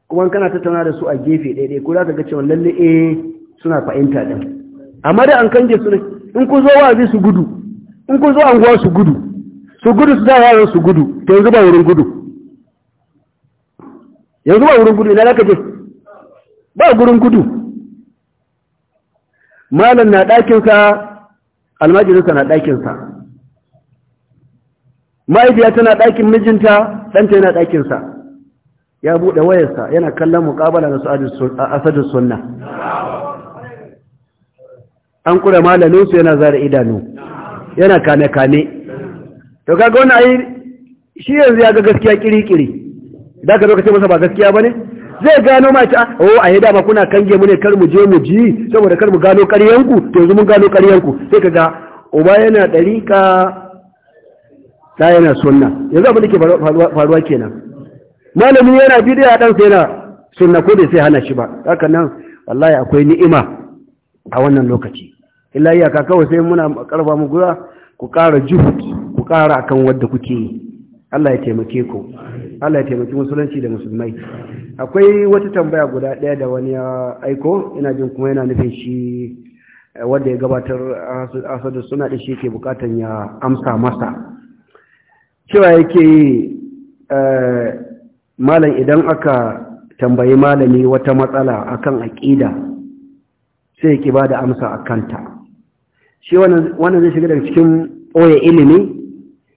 Speaker 1: kuma kana tattauna da su a gefe ɗaya ko za ka ga cewa lalle eh suna fahimta din amma da an kange su ne in ku zo wazi su gudu in ku zo anguwa su gudu su gudu su dawo yaran su gudu to yanzu ba wurin gudu yanzu ba wurin gudu ina zaka je ba gurin gudu malam na ɗakinsa almajirinsa na ɗakinsa mahaifiya tana ɗakin mijinta ɗanta yana ɗakinsa ya buɗe wayarsa yana kallon muƙabala na su asadu sunna an kura malaminsu yana zara idanu yana kame-kame to kaga wani ayi shi yanzu ya ga gaskiya kiri-kiri da ka lokacin masa ba gaskiya ba ne zai gano ma ta o oh, a yi dama kuna kange mu ne kar mu je mu ji saboda kar mu gano karyanku to yanzu mun gano karyanku sai ka ga uba yana ɗariƙa ta yana sunna yanzu abin da ke faruwa kenan Malamin yana bidiyo a ɗansa yana sunna ko bai sai hana shi ba haka nan wallahi akwai ni'ima a wannan lokaci illa iyaka kawai sai muna karba mu guda ku ƙara juhud ku ƙara akan wadda kuke yi Allah ya taimake ku Allah ya taimaki musulunci da musulmai akwai wata tambaya guda ɗaya da wani ya aiko ina jin kuma yana nufin shi eh, wanda ya gabatar asadu suna da shi ke bukatan ya amsa masa cewa yake eh, malam idan aka tambayi malami wata matsala akan aƙida sai ki ba da amsa a kanta shi wannan zai shiga daga cikin ɓoye ilimi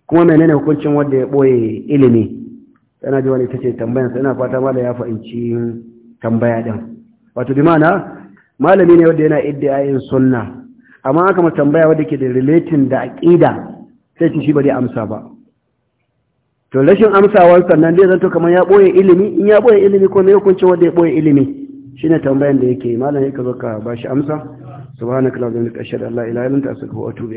Speaker 1: kuma mai nane hukuncin wanda ya ɓoye ilimi yana ji wani ta ce tambayansa yana fata ma da ya fahimci tambaya ɗin wato bi mana malami ne wanda yana iddiyayin sunna amma aka mata tambaya wanda ke da relating da aƙida sai ci shi ba amsa ba to rashin amsawar sannan zai zanto kamar ya ɓoye ilimi in ya ɓoye ilimi ko mai hukuncin wanda ya ɓoye ilimi ne tambayan da yake malam yake zo ka bashi amsa subhanaka la ilaha illa anta astaghfiruka ilaha atubu ilaik astaghfiruka wa atubu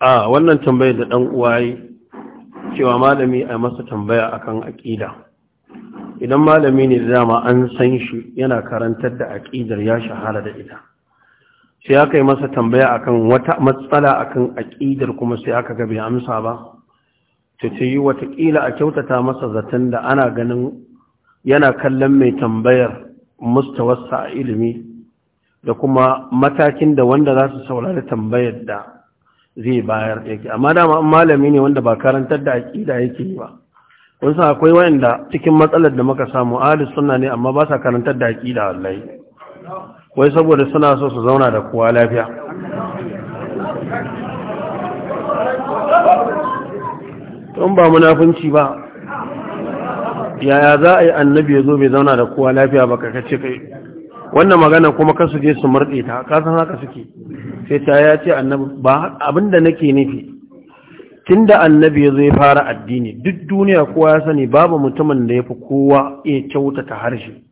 Speaker 1: a wannan tambayar da dan uwa yi cewa malami a masa tambaya akan aƙida idan malami ne da dama an san shi yana karantar da aƙidar ya shahara da ita sai aka yi masa tambaya akan wata matsala akan aƙidar kuma sai aka ga bai amsa ba ta ce yi watakila a kyautata masa zaton da ana ganin yana kallon mai tambayar mustawarsa a ilimi da kuma matakin da wanda za su saurari tambayar da zai bayar yake amma dama malami ne wanda ba karantar da aƙida yake yi ba kun san akwai wayanda cikin matsalar da muka samu ahli sunna ne amma ba sa karantar da aƙida wallahi wai saboda suna so su zauna da kowa lafiya don ba munafunci ba yaya za a yi annabi ya zo bai zauna da kowa lafiya ba ka kace kai wannan magana kuma su je su murɗe ta kasan haka suke sai ta ya ce annabi ba abinda nake nufi da annabi ya zo ya fara addini duk duniya kowa ya sani babu mutumin da ya fi kowa iya kyautata harshe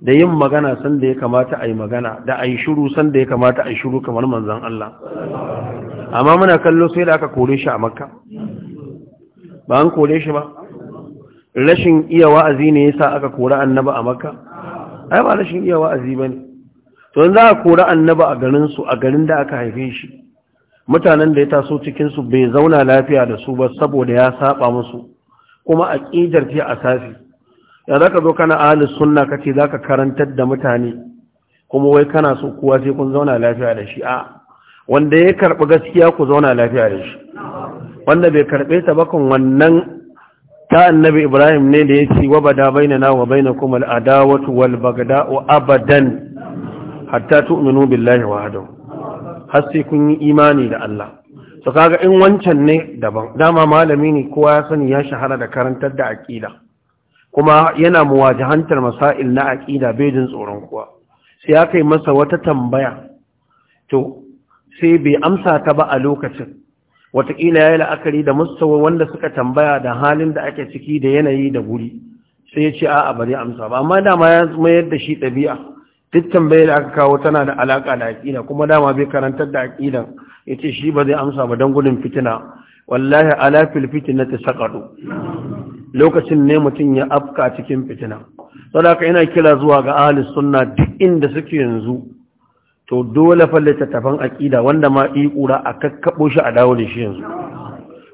Speaker 1: da yin magana san da ya kamata a yi magana da a yi shuru san da ya kamata a yi shuru kamar manzan Allah amma muna kallo sai da aka kore shi a makka ba an kore shi ba rashin iya wa'azi ne yasa aka kore annaba a makka ai ba rashin iya wa'azi bane to in za a kori annaba a garin su a garin da aka haife shi mutanen da ya taso cikin su bai zauna lafiya da su ba saboda ya saba musu kuma a aqidar ta asasi ya zaka zo kana ahli sunna kace zaka karantar da mutane kuma wai kana so kowa sai kun zauna lafiya da shi a wanda ya karbi gaskiya ku zauna lafiya da shi wanda bai karɓe ta bakon wannan ta annabi ibrahim ne da ya ci, wa bada na wa bainakum al'adawatu wal bagda wa abadan hatta tu'minu billahi wahdahu har sai kun yi imani da Allah to kaga in wancan ne daban dama malami ne kowa ya sani ya shahara da karantar da aqida kuma yana muwajahantar masail na aqida bai jin tsoron kowa sai ya kai masa wata tambaya to sai bai amsa ta ba a lokacin wataƙila ya yi la'akari da mustawa wanda suka tambaya da halin da ake ciki da yanayi da guri sai ya ce a'a bari amsa ba amma dama ya mayar da shi ɗabi'a duk tambayar da aka kawo tana da alaƙa da aƙida kuma dama bai karantar da aƙidan ya ce shi ba zai amsa ba don gudun fitina wallahi ala fil fitina ta saƙaɗo lokacin ne mutum ya afka cikin fitina saboda haka ina kira zuwa ga ahli sunna duk inda suke yanzu to dole fa littattafan aƙida wanda ma yi kura a kakkaɓo shi a dawo da shi yanzu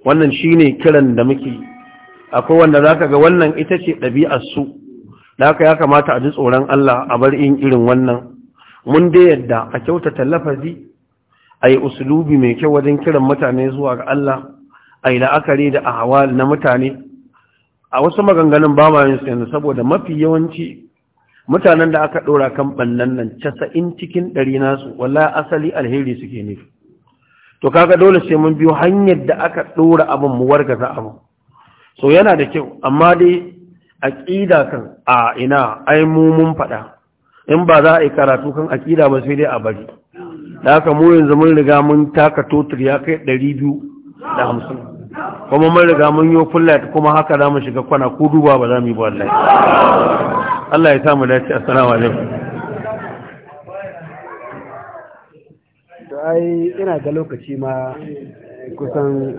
Speaker 1: wannan shine kiran da muke akwai wanda zaka ga wannan ita ce ɗabi'ar su da haka ya kamata a ji tsoron Allah a bar in irin wannan mun dai yadda a kyautata lafazi a yi usulubi mai kyau wajen kiran mutane zuwa ga Allah a yi la'akari da ahwal na mutane a wasu maganganun ba ma yanzu saboda mafi yawanci mutanen da aka ɗora kan ɓannan nan casa'in cikin ɗari nasu wala asali alheri suke ne to kaga dole sai mun biyo hanyar da aka ɗora abin mu wargaza abin so yana da kyau amma dai aƙida kan a ina ai mu mun faɗa in ba za a yi karatu kan aƙida ba sai dai a bari da haka mu yanzu mun riga mun taka totur ya kai ɗari biyu da hamsin kuma mun riga mun yi light kuma haka za mu shiga kwana ko duba ba za mu yi ba wallahi Allah ya samu dace assalamu alaikum to ai ina ga lokaci ma kusan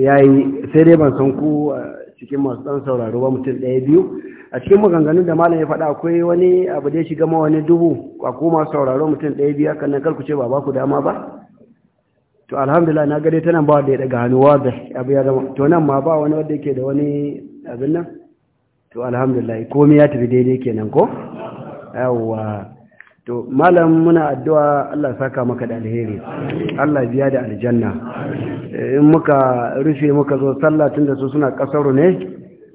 Speaker 1: yayi sai dai ban san ku cikin masu dan sauraro ba mutum ɗaya biyu a cikin maganganun da malam ya faɗa akwai wani abu da ya shiga ma wani duhu a kuma sauraro mutum ɗaya biyu hakan nan ku ce ba ba ku dama ba to alhamdulillah na gare ta nan ba wanda ya daga hannu wadda abu ya zama to nan ma ba wani wadda yake da wani abin nan to alhamdulillah komai ya tafi daidai kenan ko yawwa to malam muna addu'a Allah saka maka da alheri Allah biya da aljanna eh, in muka rufe muka zo sallah da su suna kasaru ne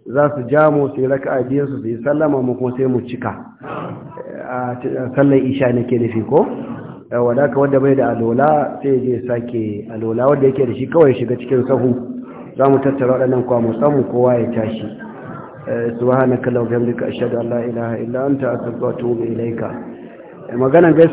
Speaker 1: za su ja mu su yi raka'a biyar su yi sallama mu kuma sai mu cika eh, a sallar isha nake nufi ko wanda ka wanda bai da alola sai je sake alola wanda yake da shi kawai shiga cikin sahu za mu tattara waɗannan kwamu samu kowa ya tashi eh, subhanaka law bihamdika ashhadu Allah la ilaha illa an astaghfiruka wa atubu ilayka
Speaker 3: eh, maganan